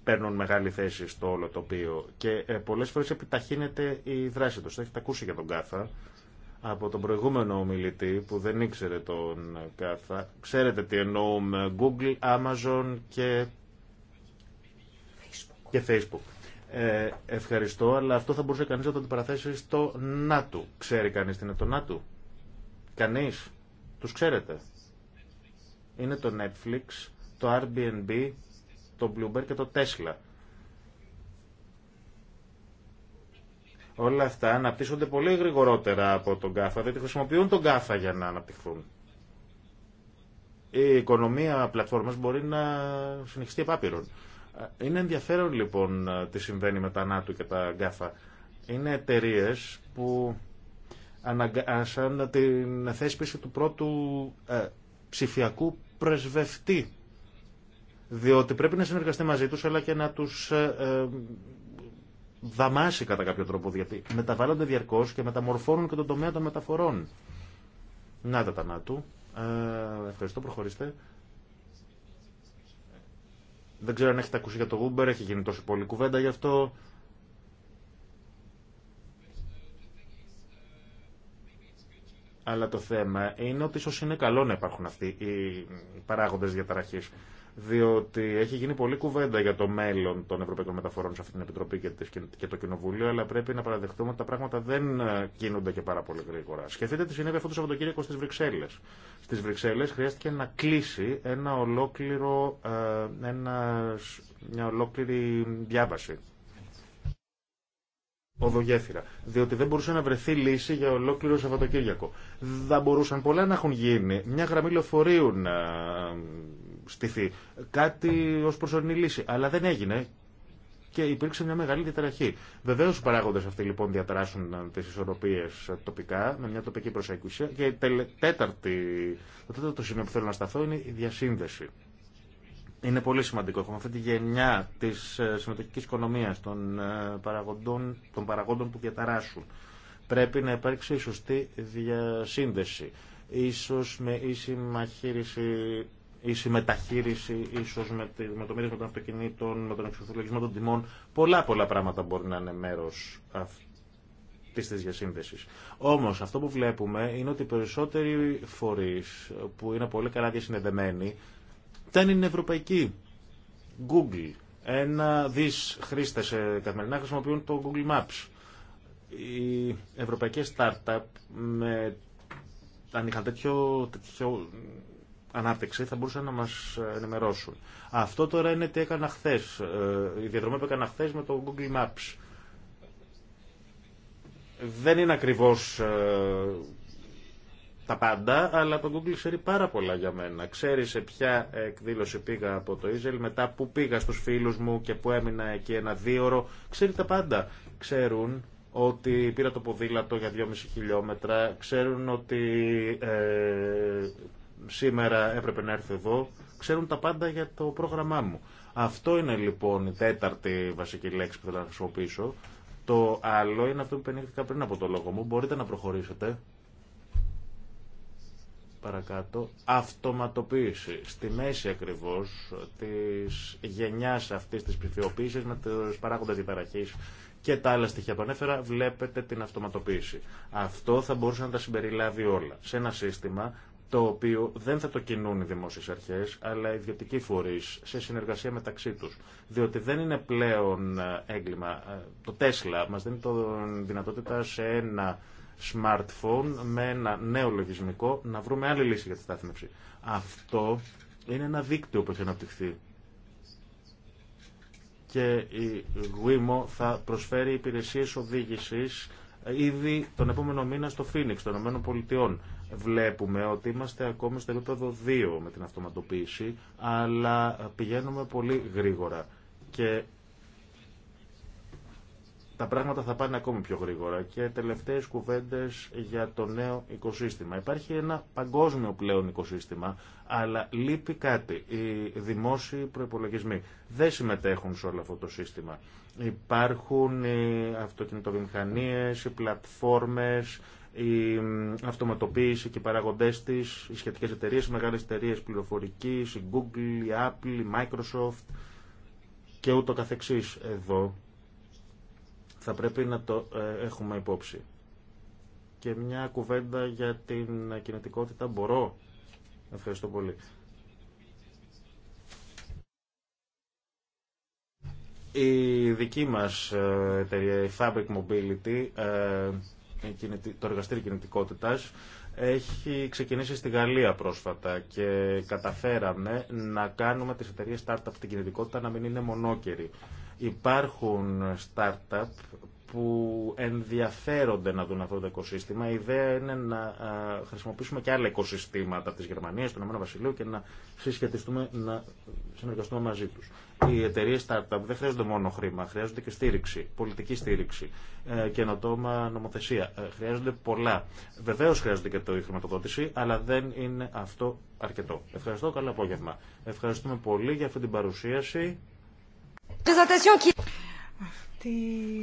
A: παίρνουν μεγάλη θέση στο όλο τοπίο και ε, πολλές φορές επιταχύνεται η δράση τους. έχετε ακούσει για τον Κάθα από τον προηγούμενο ομιλητή που δεν ήξερε τον καθά. Ξέρετε τι εννοούμε Google, Amazon και Facebook. Και Facebook. Ε, ευχαριστώ, αλλά αυτό θα μπορούσε κανείς να το αντιπαραθέσει στο ΝΑΤΟ. Ξέρει κανείς τι είναι το ΝΑΤΟ. Κανείς. Τους ξέρετε. Είναι το Netflix, το Airbnb, το Bloomberg και το Tesla. Όλα αυτά αναπτύσσονται πολύ γρηγορότερα από τον ΚΑΦΑ, διότι χρησιμοποιούν τον ΚΑΦΑ για να αναπτυχθούν. Η οικονομία πλατφόρμας μπορεί να συνεχιστεί επάπειρον. Είναι ενδιαφέρον λοιπόν τι συμβαίνει με τα ΝΑΤΟ και τα ΓΚΑΦΑ. Είναι εταιρείε που αναγκάσαν την θέσπιση του πρώτου ε, ψηφιακού πρεσβευτή. Διότι πρέπει να συνεργαστεί μαζί τους αλλά και να τους ε, ε, δαμάσει κατά κάποιο τρόπο, γιατί μεταβάλλονται διαρκώ και μεταμορφώνουν και τον τομέα των μεταφορών. Να τα τανάτου. Ε, ευχαριστώ, προχωρήστε. Δεν ξέρω αν έχετε ακούσει για το Uber, έχει γίνει τόσο πολύ κουβέντα γι' αυτό. Αλλά το θέμα είναι ότι ίσω είναι καλό να υπάρχουν αυτοί οι παράγοντε διαταραχή διότι έχει γίνει πολλή κουβέντα για το μέλλον των Ευρωπαϊκών Μεταφορών σε αυτή την Επιτροπή και το Κοινοβούλιο, αλλά πρέπει να παραδεχτούμε ότι τα πράγματα δεν ε, κινούνται και πάρα πολύ γρήγορα. Σκεφτείτε τι συνέβη αυτό το Σαββατοκύριακο στι Βρυξέλλε. Στι Βρυξέλλε χρειάστηκε να κλείσει ένα ολόκληρο, ε, ένα, μια ολόκληρη διάβαση οδογέφυρα. Διότι δεν μπορούσε να βρεθεί λύση για ολόκληρο Σαββατοκύριακο. Θα μπορούσαν πολλά να έχουν γίνει. Μια γραμμή λεωφορείου να ε, στηθεί. Κάτι ω προσωρινή λύση. Αλλά δεν έγινε και υπήρξε μια μεγάλη διαταραχή. Βεβαίω οι παράγοντε αυτοί λοιπόν διαταράσσουν τι ισορροπίε τοπικά με μια τοπική προσέγγιση. Και τέταρτη, το τέταρτο σημείο που θέλω να σταθώ είναι η διασύνδεση. Είναι πολύ σημαντικό. Έχουμε αυτή τη γενιά τη ε, συμμετοχική οικονομία, των ε, παραγόντων, των παραγόντων που διαταράσσουν. Πρέπει να υπάρξει σωστή διασύνδεση. Ίσως με ίση μαχήριση η μεταχείριση ίσω με, το μοίρασμα των αυτοκινήτων, με τον εξορθολογισμό των τιμών. Πολλά πολλά πράγματα μπορεί να είναι μέρος αυτή της διασύνδεση. Όμως αυτό που βλέπουμε είναι ότι οι περισσότεροι φορεί που είναι πολύ καλά διασυνδεδεμένοι δεν είναι ευρωπαϊκοί. Google. Ένα δις χρήστες ε, καθημερινά χρησιμοποιούν το Google Maps. Οι ευρωπαϊκέ startup με αν είχαν τέτοιο ανάπτυξη θα μπορούσαν να μας ενημερώσουν. Αυτό τώρα είναι τι έκανα χθε. Ε, η διαδρομή που έκανα χθε με το Google Maps. Δεν είναι ακριβώς ε, τα πάντα, αλλά το Google ξέρει πάρα πολλά για μένα. Ξέρει σε ποια εκδήλωση πήγα από το Ισραήλ, μετά που πήγα στους φίλους μου και που έμεινα εκεί ένα δίωρο. Ξέρει τα πάντα. Ξέρουν ότι πήρα το ποδήλατο για 2,5 χιλιόμετρα, ξέρουν ότι ε, σήμερα έπρεπε να έρθει εδώ, ξέρουν τα πάντα για το πρόγραμμά μου. Αυτό είναι λοιπόν η τέταρτη βασική λέξη που θα χρησιμοποιήσω. Το άλλο είναι αυτό που πενήθηκα πριν από το λόγο μου. Μπορείτε να προχωρήσετε. Παρακάτω. Αυτοματοποίηση. Στη μέση ακριβώ τη γενιά αυτή τη ψηφιοποίηση με του παράγοντε διαταραχή και τα άλλα στοιχεία που ανέφερα, βλέπετε την αυτοματοποίηση. Αυτό θα μπορούσε να τα συμπεριλάβει όλα σε ένα σύστημα το οποίο δεν θα το κινούν οι δημόσιες αρχές, αλλά οι ιδιωτικοί φορείς σε συνεργασία μεταξύ τους. Διότι δεν είναι πλέον ε, έγκλημα. Ε, το Tesla μας δίνει τη δυνατότητα σε ένα smartphone με ένα νέο λογισμικό να βρούμε άλλη λύση για τη στάθμευση. Αυτό είναι ένα δίκτυο που έχει αναπτυχθεί. Και η Wimo θα προσφέρει υπηρεσίες οδήγησης ε, ήδη τον επόμενο μήνα στο Phoenix των ΗΠΑ βλέπουμε ότι είμαστε ακόμη στο επίπεδο 2 με την αυτοματοποίηση, αλλά πηγαίνουμε πολύ γρήγορα. Και τα πράγματα θα πάνε ακόμη πιο γρήγορα. Και τελευταίε κουβέντε για το νέο οικοσύστημα. Υπάρχει ένα παγκόσμιο πλέον οικοσύστημα, αλλά λείπει κάτι. Οι δημόσιοι προπολογισμοί δεν συμμετέχουν σε όλο αυτό το σύστημα. Υπάρχουν οι αυτοκινητοβιομηχανίε, οι πλατφόρμες, η αυτοματοποίηση και οι παραγοντές τη. οι σχετικές εταιρείες, οι μεγάλες εταιρείες πληροφορικής, η Google, η Apple, η Microsoft και ούτω καθεξής εδώ θα πρέπει να το ε, έχουμε υπόψη. Και μια κουβέντα για την κινητικότητα μπορώ. Ευχαριστώ πολύ. Η δική μας ε, εταιρεία, η Fabric Mobility, ε, το εργαστήριο κινητικότητας έχει ξεκινήσει στη Γαλλία πρόσφατα και καταφέραμε να κάνουμε τις εταιρείες startup την κινητικότητα να μην είναι μονοκερη Υπάρχουν startup που ενδιαφέρονται να δουν αυτό το οικοσύστημα. Η ιδέα είναι να χρησιμοποιήσουμε και άλλα οικοσυστήματα της Γερμανίας, του Ηνωμένου Βασιλείου και να συσχετιστούμε, να συνεργαστούμε μαζί τους. Οι εταιρείε startup δεν χρειάζονται μόνο χρήμα, χρειάζονται και στήριξη, πολιτική στήριξη, ε, καινοτόμα νομοθεσία. Ε, χρειάζονται πολλά. Βεβαίω χρειάζονται και το η χρηματοδότηση, αλλά δεν είναι αυτό αρκετό. Ευχαριστώ, καλό απόγευμα. Ευχαριστούμε πολύ για αυτή την παρουσίαση.
B: Αυτή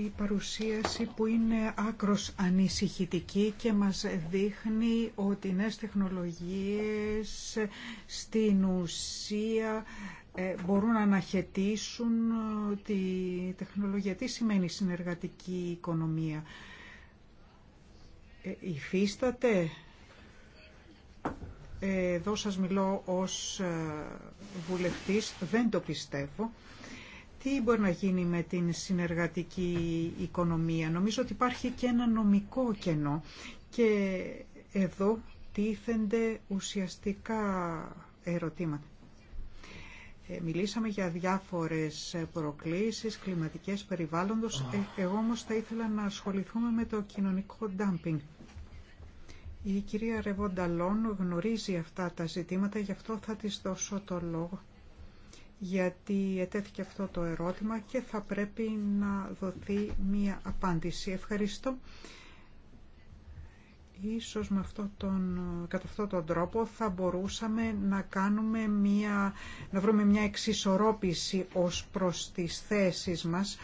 B: η παρουσίαση που είναι άκρος ανησυχητική και μας δείχνει ότι οι νέες τεχνολογίες στην ουσία ε, μπορούν να αναχαιτήσουν τη τεχνολογία. Τι σημαίνει συνεργατική οικονομία. Ε, υφίσταται. Ε, εδώ σας μιλώ ως βουλευτής, δεν το πιστεύω τι μπορεί να γίνει με την συνεργατική οικονομία. Νομίζω ότι υπάρχει και ένα νομικό κενό και εδώ τίθενται ουσιαστικά ερωτήματα. Ε, μιλήσαμε για διάφορες προκλήσεις, κλιματικές περιβάλλοντος. Ε, εγώ όμως θα ήθελα να ασχοληθούμε με το κοινωνικό ντάμπινγκ. Η κυρία Ρεβονταλόν γνωρίζει αυτά τα ζητήματα, γι' αυτό θα της δώσω το λόγο γιατί ετέθηκε αυτό το ερώτημα και θα πρέπει να δοθεί μία απάντηση. Ευχαριστώ. Ίσως με αυτό τον, κατά αυτόν τον τρόπο θα μπορούσαμε να, κάνουμε μια, να βρούμε μια εξισορρόπηση ως προς τις θέσεις μας.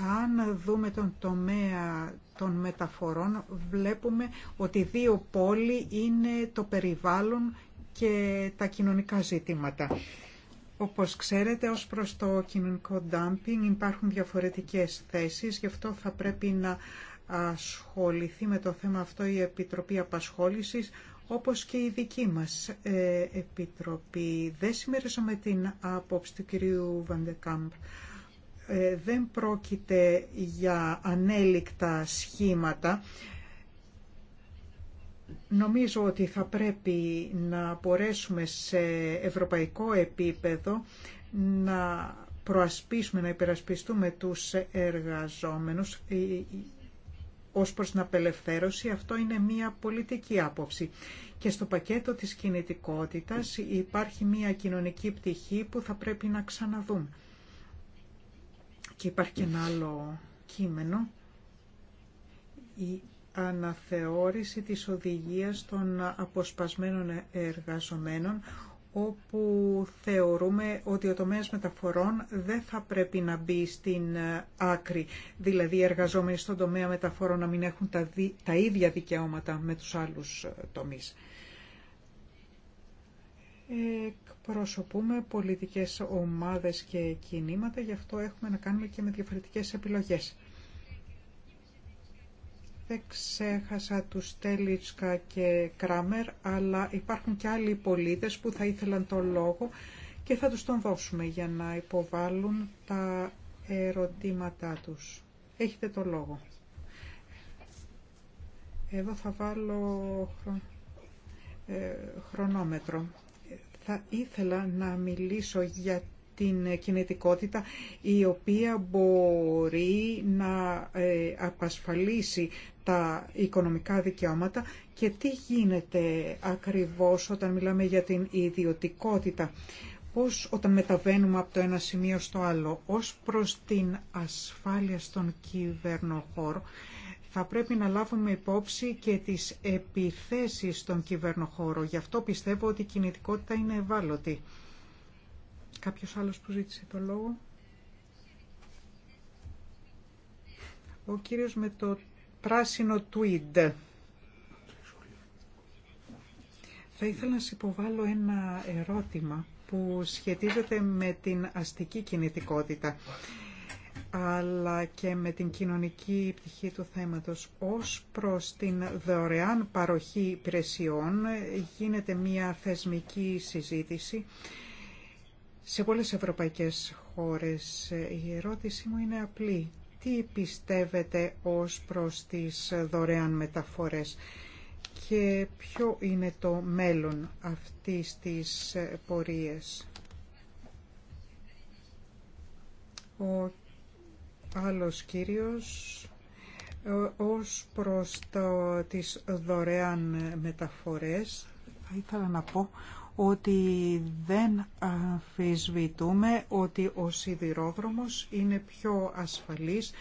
B: Αν δούμε τον τομέα των μεταφορών, βλέπουμε ότι δύο πόλοι είναι το περιβάλλον και τα κοινωνικά ζητήματα. Όπως ξέρετε, ως προς το κοινωνικό ντάμπινγκ υπάρχουν διαφορετικές θέσεις, γι' αυτό θα πρέπει να ασχοληθεί με το θέμα αυτό η Επιτροπή Απασχόλησης, όπως και η δική μας ε, Επιτροπή. Δεν συμμερίζομαι την άποψη του κυρίου Βαντεκάμπ. Ε, δεν πρόκειται για ανέλικτα σχήματα Νομίζω ότι θα πρέπει να μπορέσουμε σε ευρωπαϊκό επίπεδο να προασπίσουμε, να υπερασπιστούμε τους εργαζόμενους ε, ε, ως προς την απελευθέρωση. Αυτό είναι μια πολιτική άποψη. Και στο πακέτο της κινητικότητας υπάρχει μια κοινωνική πτυχή που θα πρέπει να ξαναδούμε. Και υπάρχει και ένα άλλο κείμενο, αναθεώρηση της οδηγίας των αποσπασμένων εργαζομένων όπου θεωρούμε ότι ο τομέας μεταφορών δεν θα πρέπει να μπει στην άκρη. Δηλαδή οι εργαζόμενοι στον τομέα μεταφορών να μην έχουν τα, ίδια δικαιώματα με τους άλλους ε, τομείς. Εκπροσωπούμε πολιτικές ομάδες και κινήματα, γι' αυτό έχουμε να κάνουμε και με διαφορετικές επιλογές. Δεν ξέχασα τους Τέλιτσκα και Κράμερ, αλλά υπάρχουν και άλλοι πολίτες που θα ήθελαν το λόγο και θα τους τον δώσουμε για να υποβάλουν τα ερωτήματά τους. Έχετε το λόγο. Εδώ θα βάλω ε, χρονόμετρο. Θα ήθελα να μιλήσω για την κινητικότητα η οποία μπορεί να ε, απασφαλίσει τα οικονομικά δικαιώματα και τι γίνεται ακριβώς όταν μιλάμε για την ιδιωτικότητα. Πώς όταν μεταβαίνουμε από το ένα σημείο στο άλλο ως προς την ασφάλεια στον κυβερνοχώρο θα πρέπει να λάβουμε υπόψη και τις επιθέσεις στον κυβερνοχώρο. Γι' αυτό πιστεύω ότι η κινητικότητα είναι ευάλωτη. Κάποιος άλλος που ζήτησε το λόγο. Ο κύριος με το πράσινο τουιντ. Θα ήθελα να σας υποβάλω ένα ερώτημα που σχετίζεται με την αστική κινητικότητα αλλά και με την κοινωνική πτυχή του θέματος. Ως προς την δωρεάν παροχή υπηρεσιών γίνεται μια θεσμική συζήτηση σε πολλές ευρωπαϊκές χώρες. Ε, η ερώτησή μου είναι απλή. Τι πιστεύετε ως προς τις δωρεάν μεταφορές και ποιο είναι το μέλλον αυτής της ε, πορείας. Ο άλλος κύριος ε, ως προς το, τις δωρεάν μεταφορές θα ήθελα να πω ότι δεν αμφισβητούμε ότι ο σιδηρόδρομος είναι πιο ασφαλής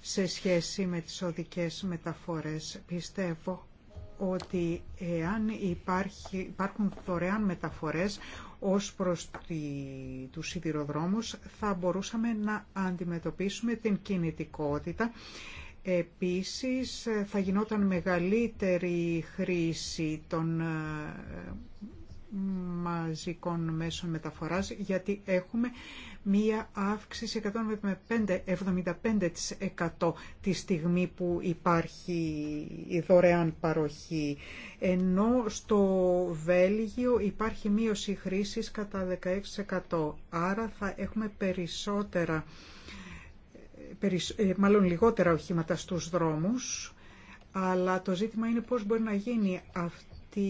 B: σε σχέση με τις οδικές μεταφορές. Πιστεύω ότι εάν υπάρχει, υπάρχουν δωρεάν μεταφορές ως προς τη, τους σιδηροδρόμους θα μπορούσαμε να αντιμετωπίσουμε την κινητικότητα. Επίσης θα γινόταν μεγαλύτερη χρήση των ε, μαζικών μέσων μεταφοράς γιατί έχουμε μία αύξηση 175% τη στιγμή που υπάρχει η δωρεάν παροχή ενώ στο Βέλγιο υπάρχει μείωση χρήσης κατά 16% άρα θα έχουμε περισσότερα ε, μάλλον λιγότερα οχήματα στους δρόμους αλλά το ζήτημα είναι πώς μπορεί να γίνει αυτό τη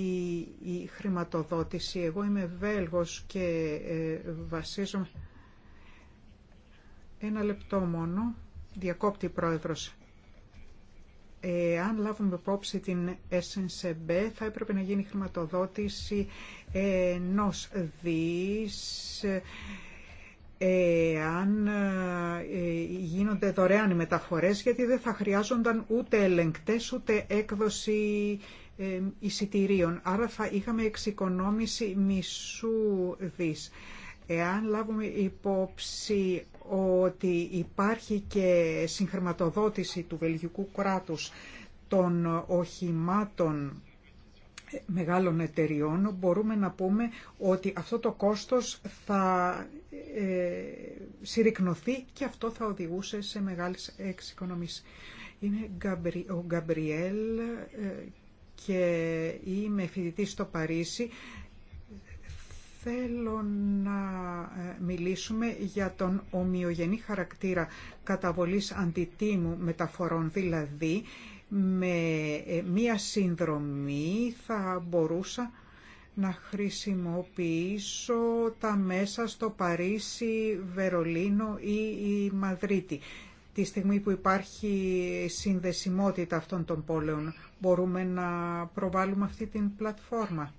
B: η χρηματοδότηση. Εγώ είμαι Βέλγος και ε, βασίζομαι... Ένα λεπτό μόνο. Διακόπτη πρόεδρος. Ε, αν λάβουμε υπόψη την SNCB θα έπρεπε να γίνει χρηματοδότηση ενός δις ε, αν γίνονται δωρεάν οι μεταφορές γιατί δεν θα χρειάζονταν ούτε ελεγκτές ούτε έκδοση εισιτηρίων. Άρα θα είχαμε εξοικονόμηση μισού δις. Εάν λάβουμε υπόψη ότι υπάρχει και συγχρηματοδότηση του βελγικού κράτους των οχημάτων μεγάλων εταιριών, μπορούμε να πούμε ότι αυτό το κόστος θα ε, συρρυκνωθεί και αυτό θα οδηγούσε σε μεγάλες εξοικονομίες. Είναι ο Γκαμπριέλ ε, και είμαι φοιτητή στο Παρίσι, θέλω να ε, μιλήσουμε για τον ομοιογενή χαρακτήρα καταβολής αντιτίμου μεταφορών, δηλαδή με ε, μία συνδρομή θα μπορούσα να χρησιμοποιήσω τα μέσα στο Παρίσι, Βερολίνο ή η Μαδρίτη τη στιγμή που υπάρχει συνδεσιμότητα αυτών των πόλεων. Μπορούμε να προβάλλουμε αυτή την πλατφόρμα.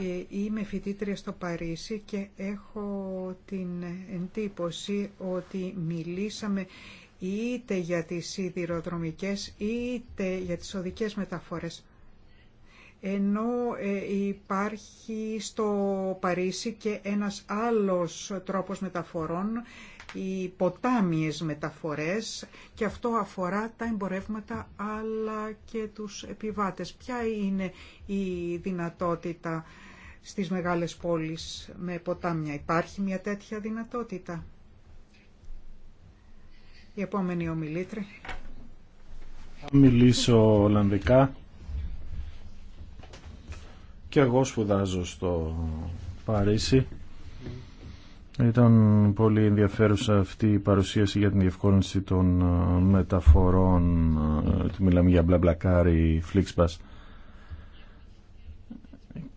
B: Ε, είμαι φοιτήτρια στο Παρίσι και έχω την εντύπωση ότι μιλήσαμε είτε για τις σιδηροδρομικές είτε για τις οδικές μεταφορές. Ενώ ε, υπάρχει στο Παρίσι και ένας άλλος τρόπος μεταφορών οι ποτάμιες μεταφορές και αυτό αφορά τα εμπορεύματα αλλά και τους επιβάτες. Ποια είναι η δυνατότητα στις μεγάλες πόλεις με ποτάμια. Υπάρχει μια τέτοια δυνατότητα. Η επόμενη ομιλήτρια.
C: Θα μιλήσω Ολλανδικά. Και εγώ σπουδάζω στο Παρίσι ήταν πολύ ενδιαφέρουσα αυτή η παρουσίαση για την διευκόλυνση των ε, μεταφορών. Ε, του μιλάμε για μπλαμπλακάρι, φλίξπας.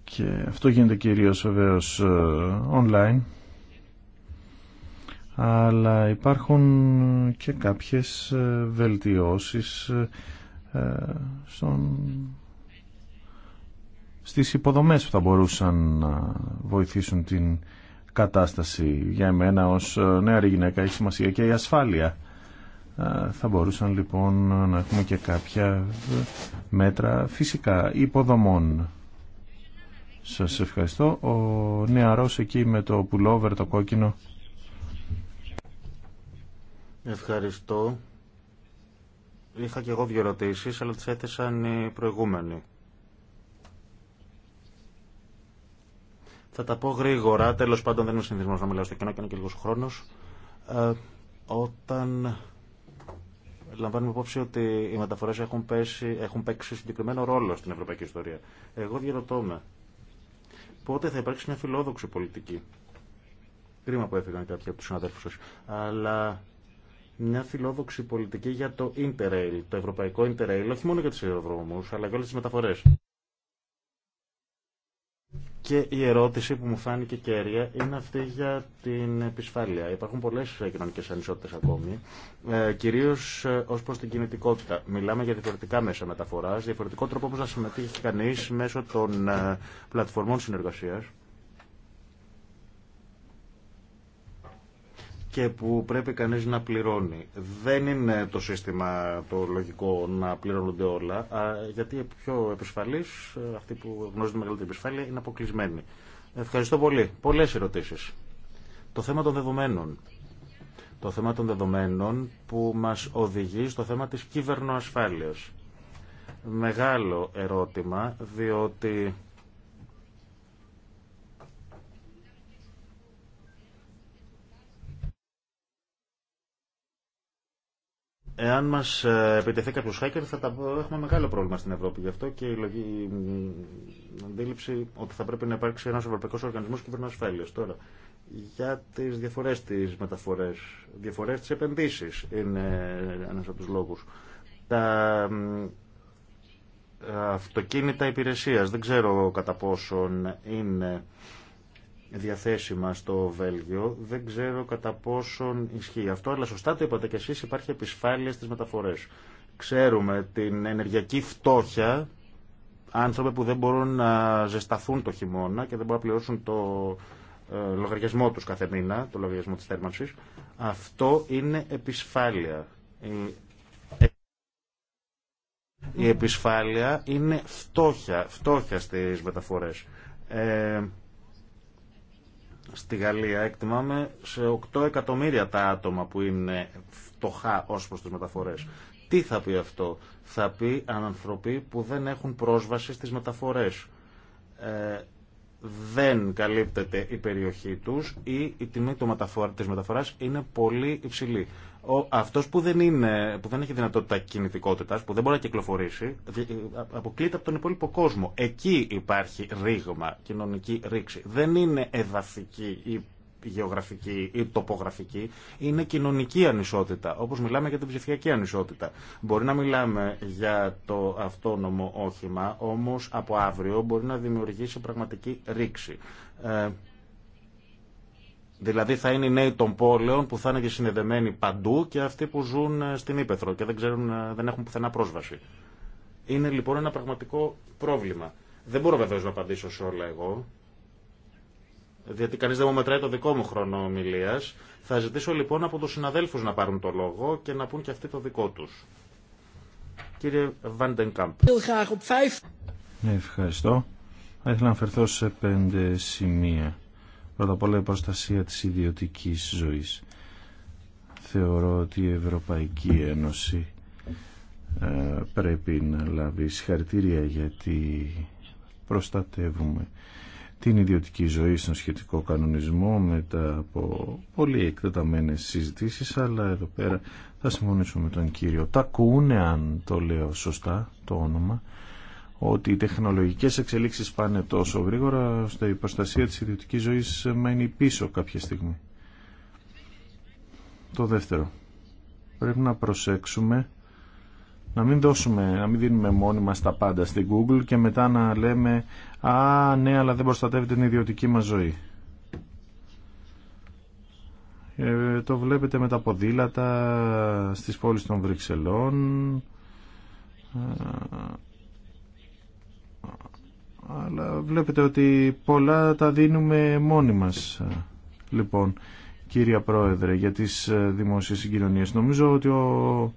C: Και αυτό γίνεται κυρίως βεβαίω ε, online. Αλλά υπάρχουν και κάποιες βελτιώσεις στον στις υποδομές που θα μπορούσαν να βοηθήσουν την κατάσταση. Για εμένα ως ε, νεαρή γυναίκα έχει σημασία και η ασφάλεια. Ε, θα μπορούσαν λοιπόν να έχουμε και κάποια ε, μέτρα φυσικά υποδομών. Σας ευχαριστώ. Ο νεαρός εκεί με το πουλόβερ το κόκκινο.
A: Ευχαριστώ. Είχα και εγώ δύο ερωτήσει, αλλά τις έθεσαν οι προηγούμενοι. Θα τα πω γρήγορα. Τέλο πάντων, δεν είμαι συνηθισμένο να μιλάω στο κοινό και είναι και λίγο χρόνο. Ε, όταν λαμβάνουμε υπόψη ότι οι μεταφορέ έχουν, έχουν παίξει συγκεκριμένο ρόλο στην ευρωπαϊκή ιστορία. Εγώ διαρωτώ με πότε θα υπάρξει μια φιλόδοξη πολιτική. Κρίμα που έφυγαν κάποιοι από του συναδέλφου σα. Αλλά μια φιλόδοξη πολιτική για το Interrail, το ευρωπαϊκό Interrail, όχι μόνο για του αεροδρόμου, αλλά και όλε τι μεταφορέ. Και η ερώτηση που μου φάνηκε κέρια είναι αυτή για την επισφάλεια. Υπάρχουν πολλέ ε, κοινωνικέ ανισότητε ακόμη, ε, κυρίω ε, ω προ την κινητικότητα. Μιλάμε για διαφορετικά μέσα μεταφορά, διαφορετικό τρόπο όπω να συμμετείχε κανεί μέσω των πλατφορμών συνεργασία και που πρέπει κανείς να πληρώνει. Δεν είναι το σύστημα το λογικό να πληρώνονται όλα, γιατί πιο επισφαλείς, αυτοί που γνωρίζουν μεγαλύτερη επισφάλεια, είναι αποκλεισμένοι. Ευχαριστώ πολύ. Πολλές ερωτήσεις. Το θέμα των δεδομένων. Το θέμα των δεδομένων που μας οδηγεί στο θέμα της κυβερνοασφάλειας. Μεγάλο ερώτημα, διότι Εάν μας ε, επιτεθεί κάποιος hacker θα έχουμε μεγάλο πρόβλημα στην Ευρώπη. Γι' αυτό και η, λογική... αντίληψη ότι θα πρέπει να υπάρξει ένας Ευρωπαϊκός Οργανισμός Κυβερνοασφάλειας. Τώρα, για τις διαφορέ τη μεταφορές, διαφορέ τη επενδύση είναι ένα από του λόγου. Τα αυτοκίνητα υπηρεσίας, δεν ξέρω κατά πόσον είναι διαθέσιμα στο Βέλγιο. Δεν ξέρω κατά πόσον ισχύει αυτό, αλλά σωστά το είπατε και εσείς υπάρχει επισφάλεια στις μεταφορές. Ξέρουμε την ενεργειακή φτώχεια, άνθρωποι που δεν μπορούν να ζεσταθούν το χειμώνα και δεν μπορούν να πληρώσουν το ε, λογαριασμό τους κάθε μήνα, το λογαριασμό της θέρμανσης. Αυτό είναι επισφάλεια. Η επισφάλεια είναι φτώχεια, φτώχεια στις μεταφορές. Ε, στη Γαλλία εκτιμάμε σε 8 εκατομμύρια τα άτομα που είναι φτωχά ω προ τι μεταφορές. Τι θα πει αυτό. Θα πει ανθρωποί που δεν έχουν πρόσβαση στις μεταφορές. Ε, δεν καλύπτεται η περιοχή τους ή η τιμή τη μεταφορά, της μεταφοράς είναι πολύ υψηλή αυτός που δεν, είναι, που δεν έχει δυνατότητα κινητικότητα που δεν μπορεί να κυκλοφορήσει, αποκλείται από τον υπόλοιπο κόσμο. Εκεί υπάρχει ρήγμα, κοινωνική ρήξη. Δεν είναι εδαφική ή γεωγραφική ή τοπογραφική, είναι κοινωνική ανισότητα, όπως μιλάμε για την ψηφιακή ανισότητα. Μπορεί να μιλάμε για το αυτόνομο όχημα, όμως από αύριο μπορεί να δημιουργήσει πραγματική ρήξη. Ε, Δηλαδή θα είναι οι νέοι των πόλεων που θα είναι και συνδεδεμένοι παντού και αυτοί που ζουν ε, στην Ήπεθρο και δεν, ξέρουν, ε, δεν έχουν πουθενά πρόσβαση. Είναι λοιπόν ένα πραγματικό πρόβλημα. Δεν μπορώ βεβαίω να απαντήσω σε όλα εγώ, διότι κανεί δεν μου μετράει το δικό μου χρόνο ομιλία. Θα ζητήσω λοιπόν από του συναδέλφου να πάρουν το λόγο και να πούν και αυτοί το δικό του. Κύριε Βαντενκάμπ.
C: Ευχαριστώ. Θα ήθελα να αφαιρθώ σε πέντε σημεία. Πρώτα απ' όλα η προστασία της ιδιωτικής ζωής. Θεωρώ ότι η Ευρωπαϊκή Ένωση ε, πρέπει να λάβει συγχαρητήρια γιατί προστατεύουμε την ιδιωτική ζωή στον σχετικό κανονισμό μετά από πολύ εκτεταμένες συζητήσεις αλλά εδώ πέρα θα συμφωνήσω με τον κύριο Τακούνε αν το λέω σωστά το όνομα ότι οι τεχνολογικές εξελίξεις πάνε τόσο γρήγορα ώστε η προστασία της ιδιωτικής ζωής μένει πίσω κάποια στιγμή. Το δεύτερο. Πρέπει να προσέξουμε να μην, δώσουμε, να μην δίνουμε μόνοι μας τα πάντα στην Google και μετά να λέμε «Α, ναι, αλλά δεν προστατεύεται την ιδιωτική μας ζωή». Ε, το βλέπετε με τα ποδήλατα στις πόλεις των Βρυξελών αλλά βλέπετε ότι πολλά τα δίνουμε μόνοι μας λοιπόν κύρια Πρόεδρε για τις ε, δημόσιες συγκοινωνίες νομίζω ότι ο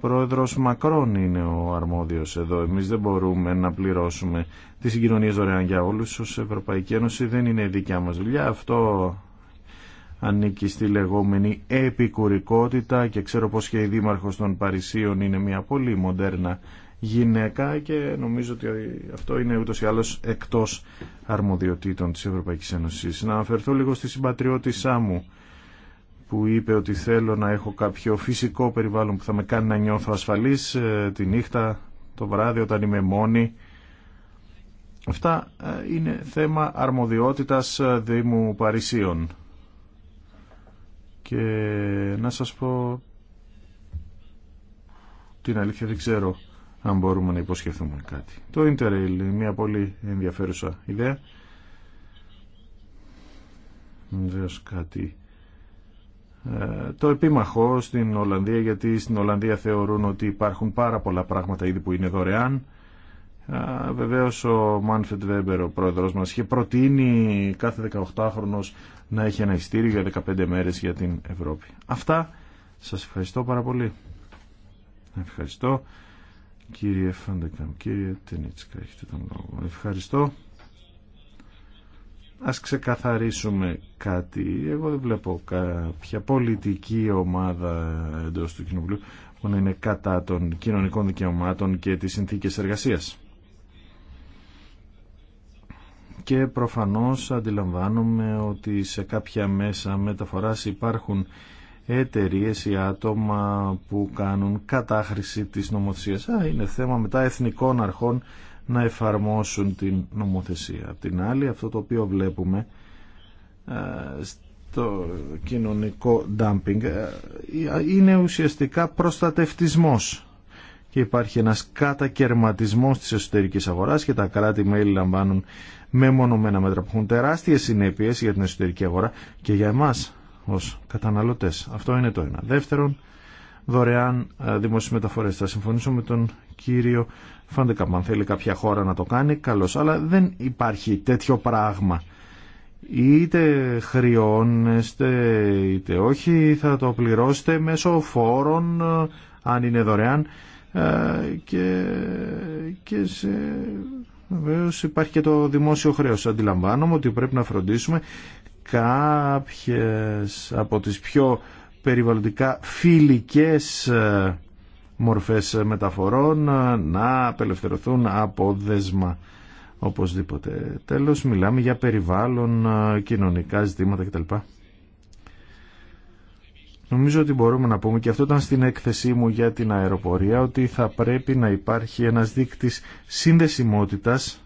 C: Πρόεδρος Μακρόν είναι ο αρμόδιος εδώ εμείς δεν μπορούμε να πληρώσουμε τις συγκοινωνίες δωρεάν για όλους ως Ευρωπαϊκή Ένωση δεν είναι η δικιά μας δουλειά αυτό ανήκει στη λεγόμενη επικουρικότητα και ξέρω πως και η Δήμαρχος των Παρισίων είναι μια πολύ μοντέρνα γυναίκα και νομίζω ότι αυτό είναι ούτως ή άλλως εκτός αρμοδιοτήτων της Ευρωπαϊκής Ένωσης. Να αναφερθώ λίγο στη συμπατριώτησά μου που είπε ότι θέλω να έχω κάποιο φυσικό περιβάλλον που θα με κάνει να νιώθω ασφαλής ε, τη νύχτα, το βράδυ όταν είμαι μόνη. Αυτά ε, είναι θέμα αρμοδιότητας ε, Δήμου Παρισίων. Και να σας πω την αλήθεια δεν ξέρω αν μπορούμε να υποσχεθούμε κάτι. Το Interrail είναι μια πολύ ενδιαφέρουσα ιδέα. Βεβαίως κάτι ε, το επίμαχο στην Ολλανδία γιατί στην Ολλανδία θεωρούν ότι υπάρχουν πάρα πολλά πράγματα ήδη που είναι δωρεάν ε, βεβαίως ο Μάνφετ Βέμπερ ο πρόεδρος μας είχε προτείνει κάθε 18χρονος να έχει ένα ειστήριο για 15 μέρες για την Ευρώπη αυτά σας ευχαριστώ πάρα πολύ ευχαριστώ Κύριε Φαντεκάμ, κύριε Τενίτσικα, έχετε τον λόγο. Ευχαριστώ. Ας ξεκαθαρίσουμε κάτι. Εγώ δεν βλέπω κάποια πολιτική ομάδα εντός του Κοινοβουλίου που να είναι κατά των κοινωνικών δικαιωμάτων και τις συνθήκες εργασίας. Και προφανώς αντιλαμβάνομαι ότι σε κάποια μέσα μεταφοράς υπάρχουν εταιρείε ή άτομα που κάνουν κατάχρηση της νομοθεσίας. Α, είναι θέμα μετά εθνικών αρχών να εφαρμόσουν την νομοθεσία. Απ' την άλλη, αυτό το οποίο βλέπουμε ε, στο κοινωνικό dumping ε, είναι ουσιαστικά προστατευτισμός και υπάρχει ένας κατακαιρματισμός της εσωτερικής αγοράς και τα κράτη-μέλη λαμβάνουν μεμονωμένα μέτρα που έχουν τεράστιες συνέπειες για την εσωτερική αγορά και για εμάς ως καταναλωτές. Αυτό είναι το ένα. Δεύτερον, δωρεάν ε, δημόσιες μεταφορές. Θα συμφωνήσω με τον κύριο Φαντεκαμπ. Αν θέλει κάποια χώρα να το κάνει, καλώς. Αλλά δεν υπάρχει τέτοιο πράγμα. Είτε χρειώνεστε είτε όχι, θα το πληρώσετε μέσω φόρων, ε, αν είναι δωρεάν. Ε, και, και σε... Βεβαίω υπάρχει και το δημόσιο χρέο. Αντιλαμβάνομαι ότι πρέπει να φροντίσουμε κάποιες από τις πιο περιβαλλοντικά φιλικές ε, μορφές μεταφορών ε, να απελευθερωθούν από δέσμα οπωσδήποτε. Τέλος μιλάμε για περιβάλλον, ε, κοινωνικά ζητήματα κτλ. Νομίζω ότι μπορούμε να πούμε και αυτό ήταν στην έκθεσή μου για την αεροπορία ότι θα πρέπει να υπάρχει ένας δείκτης συνδεσιμότητας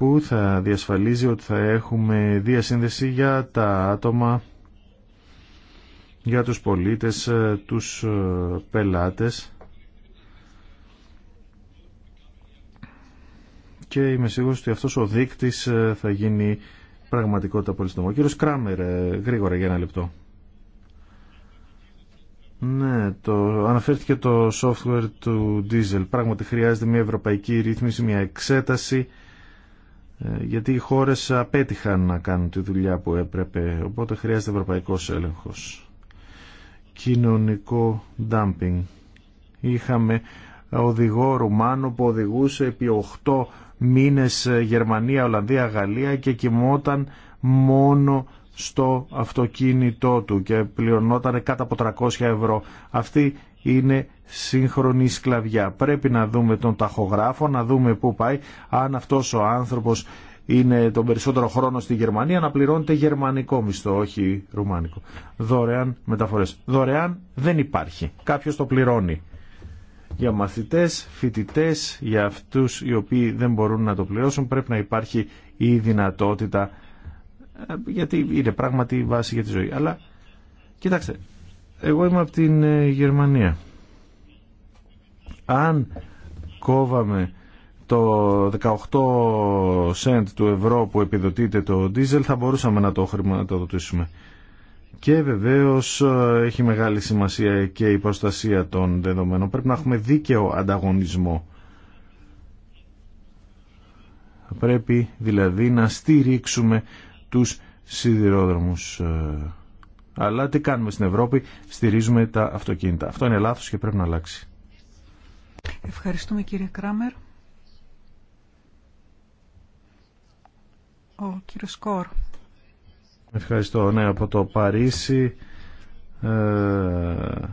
C: που θα διασφαλίζει ότι θα έχουμε διασύνδεση για τα άτομα, για τους πολίτες, ε, τους ε, πελάτες και είμαι σίγουρο ότι αυτός ο δείκτης ε, θα γίνει πραγματικότητα πολύ σύντομα. Κύριος Κράμερ, γρήγορα για ένα λεπτό. Ναι, το, αναφέρθηκε το software του Diesel. Πράγματι χρειάζεται μια ευρωπαϊκή ρύθμιση, μια εξέταση ε, γιατί οι χώρες απέτυχαν να κάνουν τη δουλειά που έπρεπε, οπότε χρειάζεται ευρωπαϊκός έλεγχος. Κοινωνικό dumping. Είχαμε οδηγό Ρουμάνο που οδηγούσε επί 8 μήνες Γερμανία, Ολλανδία, Γαλλία και κοιμόταν μόνο στο αυτοκίνητό του και πληρωνόταν κάτω από 300 ευρώ. Αυτή είναι σύγχρονη σκλαβιά. Πρέπει να δούμε τον ταχογράφο, να δούμε πού πάει, αν αυτός ο άνθρωπος είναι τον περισσότερο χρόνο στη Γερμανία να πληρώνεται γερμανικό μισθό, όχι ρουμάνικο. Δωρεάν μεταφορές. Δωρεάν δεν υπάρχει. Κάποιος το πληρώνει. Για μαθητές, φοιτητές, για αυτούς οι οποίοι δεν μπορούν να το πληρώσουν πρέπει να υπάρχει η δυνατότητα ε, γιατί είναι πράγματι βάση για τη ζωή. Αλλά κοιτάξτε, εγώ είμαι από την ε, Γερμανία. Αν κόβαμε το 18 cent του ευρώ που επιδοτείται το ντίζελ θα μπορούσαμε να το χρηματοδοτήσουμε. Και βεβαίως ε, έχει μεγάλη σημασία και η προστασία των δεδομένων. Πρέπει να έχουμε δίκαιο ανταγωνισμό. Πρέπει δηλαδή να στηρίξουμε τους σιδηρόδρομους. Ε, αλλά τι κάνουμε στην Ευρώπη, στηρίζουμε τα αυτοκίνητα. Αυτό είναι λάθος και πρέπει να αλλάξει.
B: Ευχαριστούμε κύριε Κράμερ. Ο κύριος Κόρ.
C: Ευχαριστώ. Ναι, από το Παρίσι ε,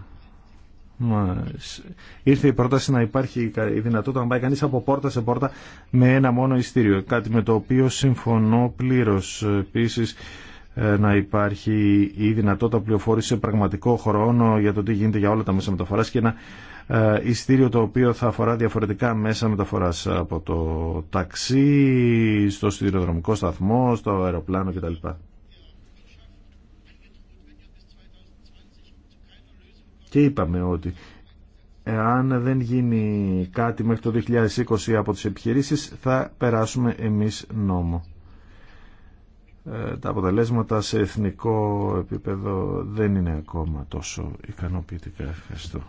C: ήρθε η πρόταση να υπάρχει η δυνατότητα να πάει κανείς από πόρτα σε πόρτα με ένα μόνο ειστήριο. Κάτι με το οποίο συμφωνώ πλήρως. Επίσης, ε, να υπάρχει η δυνατότητα πληροφόρηση σε πραγματικό χρόνο για το τι γίνεται για όλα τα μέσα μεταφορά και να ε, ειστήριο το οποίο θα αφορά διαφορετικά μέσα μεταφοράς από το ταξί, στο σιδηροδρομικό σταθμό, στο αεροπλάνο κτλ. Και είπαμε ότι εάν δεν γίνει κάτι μέχρι το 2020 από τις επιχειρήσεις θα περάσουμε εμείς νόμο. Ε, τα αποτελέσματα σε εθνικό επίπεδο δεν είναι ακόμα τόσο ικανοποιητικά. Ευχαριστώ.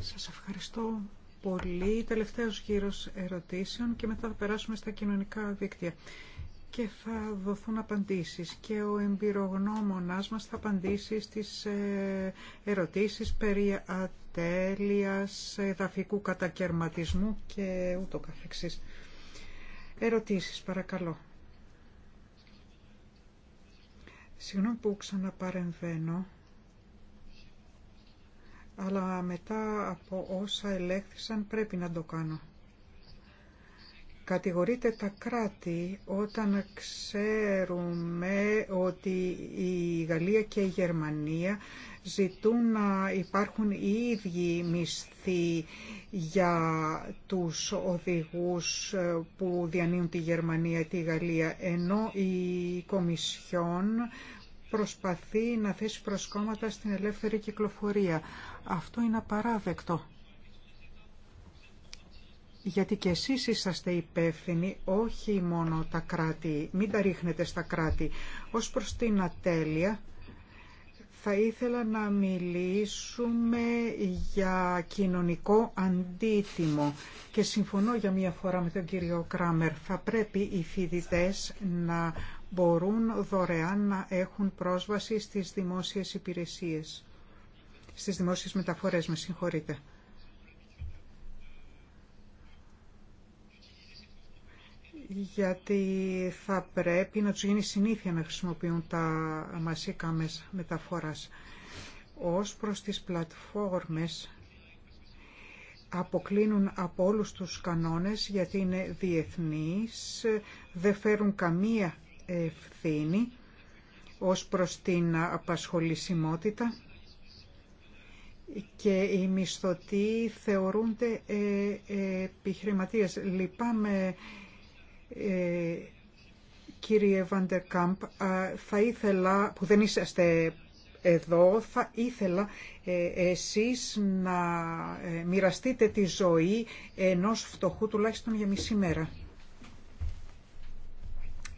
B: Σας ευχαριστώ πολύ. Τελευταίος γύρος ερωτήσεων και μετά θα περάσουμε στα κοινωνικά δίκτυα και θα δοθούν απαντήσεις και ο εμπειρογνώμονάς μας θα απαντήσει στις ε, ερωτήσεις περί ατέλειας, εδαφικού κατακαιρματισμού και ούτω καθεξής. Ερωτήσεις παρακαλώ. Συγγνώμη που ξαναπαρεμβαίνω αλλά μετά από όσα ελέγχθησαν πρέπει να το κάνω. Κατηγορείται τα κράτη όταν ξέρουμε ότι η Γαλλία και η Γερμανία ζητούν να υπάρχουν οι ίδιοι μισθοί για τους οδηγούς ε, που διανύουν τη Γερμανία και τη Γαλλία, ενώ η Κομισιόν προσπαθεί να θέσει προσκόμματα στην ελεύθερη κυκλοφορία. Αυτό είναι απαράδεκτο. Γιατί και εσείς είσαστε υπεύθυνοι, όχι μόνο τα κράτη, μην τα ρίχνετε στα κράτη. Ως προς την ατέλεια, θα ήθελα να μιλήσουμε για κοινωνικό αντίτιμο και συμφωνώ για μία φορά με τον κύριο Κράμερ. Θα πρέπει οι φοιτητέ να μπορούν δωρεάν να έχουν πρόσβαση στις δημόσιες υπηρεσίες, στις δημόσιες μεταφορές, με συγχωρείτε. γιατί θα πρέπει να τους γίνει συνήθεια να χρησιμοποιούν τα μασίκα μεταφοράς. Ως προς τις πλατφόρμες αποκλίνουν από όλους τους κανόνες γιατί είναι διεθνείς, δεν φέρουν καμία ευθύνη ως προς την απασχολησιμότητα και οι μισθωτοί θεωρούνται ε, επιχειρηματίε. Λυπάμαι, ε, κύριε Βαντερκάμπ, θα ήθελα, που δεν είσαστε εδώ, θα ήθελα ε, εσείς να μοιραστείτε τη ζωή ενός φτωχού τουλάχιστον για μισή μέρα.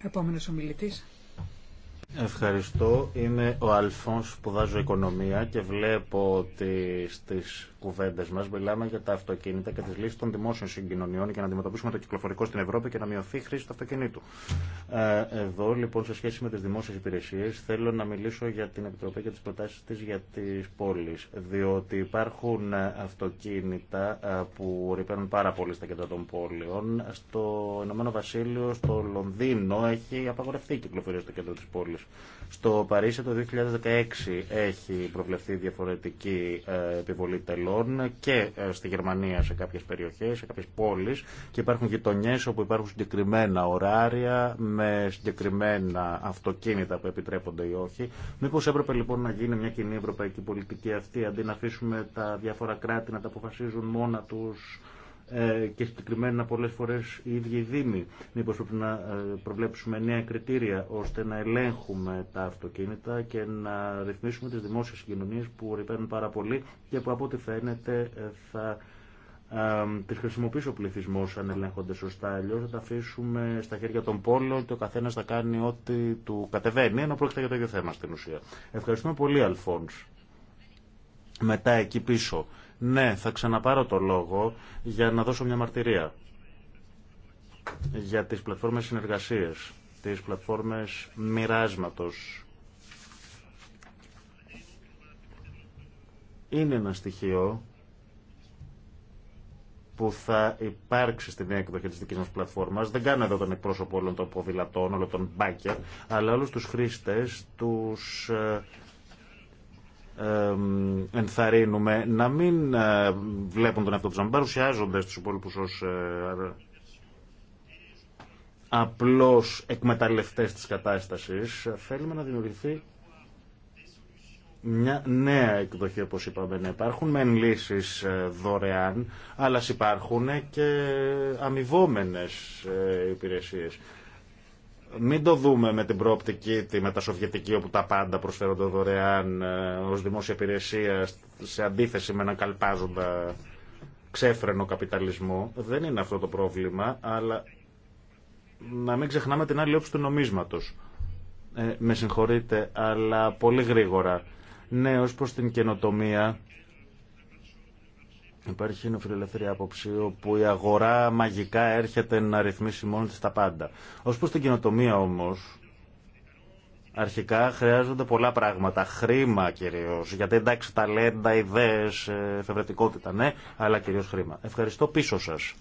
B: Επόμενος ομιλητής.
A: Ευχαριστώ. Είμαι ο Αλφόν, σπουδάζω οικονομία και βλέπω ότι στις κουβέντε μα μιλάμε για τα αυτοκίνητα και τι λύσει των δημόσιων συγκοινωνιών για να αντιμετωπίσουμε το κυκλοφορικό στην Ευρώπη και να μειωθεί η χρήση του αυτοκινήτου. Ε, εδώ λοιπόν σε σχέση με τι δημόσιε υπηρεσίε θέλω να μιλήσω για την Επιτροπή και τι προτάσει τη για τι πόλει. Διότι υπάρχουν αυτοκίνητα ε, που ρηπαίνουν πάρα πολύ στα κέντρα των πόλεων. Στο Ηνωμένο Βασίλειο, στο Λονδίνο έχει απαγορευτεί η κυκλοφορία στο κέντρο τη πόλη. Στο Παρίσι το 2016 έχει προβλεφθεί διαφορετική ε, επιβολή τελών και ε, στη Γερμανία σε κάποιες περιοχές, σε κάποιες πόλεις και υπάρχουν γειτονιές όπου υπάρχουν συγκεκριμένα ωράρια με συγκεκριμένα αυτοκίνητα που επιτρέπονται ή όχι. Μήπως έπρεπε λοιπόν να γίνει μια κοινή ευρωπαϊκή πολιτική αυτή αντί να αφήσουμε τα διάφορα κράτη να τα αποφασίζουν μόνα τους ε, και συγκεκριμένα πολλέ φορέ οι ίδιοι οι Δήμοι. Μήπω πρέπει να ε, προβλέψουμε νέα κριτήρια ώστε να ελέγχουμε τα αυτοκίνητα και να ρυθμίσουμε τι δημόσιε κοινωνίε που ρηπαίνουν πάρα πολύ και που από ό,τι φαίνεται ε, θα τις χρησιμοποιήσει ο πληθυσμό αν ελέγχονται σωστά. Αλλιώ θα τα αφήσουμε στα χέρια των πόλων και ο καθένα θα κάνει ό,τι του κατεβαίνει, ενώ πρόκειται για το ίδιο θέμα στην ουσία. Ευχαριστούμε πολύ, Αλφόν. Μετά εκεί πίσω ναι, θα ξαναπάρω το λόγο για να δώσω μια μαρτυρία για τις πλατφόρμες συνεργασίες, τις πλατφόρμες μοιράσματος. Είναι ένα στοιχείο που θα υπάρξει στη νέα εκδοχή τη δική μα πλατφόρμα. Δεν κάνω εδώ τον εκπρόσωπο όλων των ποδηλατών, όλων των μπάκερ, αλλά όλου του χρήστε, του ε, ενθαρρύνουμε να μην ε, βλέπουν τον εαυτό τους, να μην παρουσιάζονται στους υπόλοιπους ως ε, απλώς εκμεταλλευτές της κατάστασης. Θέλουμε να δημιουργηθεί μια νέα εκδοχή, όπως είπαμε, να υπάρχουν μεν λύσεις ε, δωρεάν, αλλά υπάρχουν και αμοιβόμενες υπηρεσίες μην το δούμε με την προοπτική τη μετασοβιετική όπου τα πάντα προσφέρονται δωρεάν ε, ως δημόσια υπηρεσία σε αντίθεση με έναν καλπάζοντα ξέφρενο καπιταλισμό. Δεν είναι αυτό το πρόβλημα, αλλά να μην ξεχνάμε την άλλη όψη του νομίσματος. Ε, με συγχωρείτε, αλλά πολύ γρήγορα. Ναι, ως προς την καινοτομία Υπάρχει η νοφιλελευθερία άποψη όπου η αγορά μαγικά έρχεται να ρυθμίσει μόνη της τα πάντα. Ως προς την κοινοτομία όμως, αρχικά χρειάζονται πολλά πράγματα. Χρήμα κυρίως, γιατί εντάξει ταλέντα, ιδέες, ε, εφευρετικότητα, ναι, αλλά κυρίως χρήμα. Ευχαριστώ πίσω σας.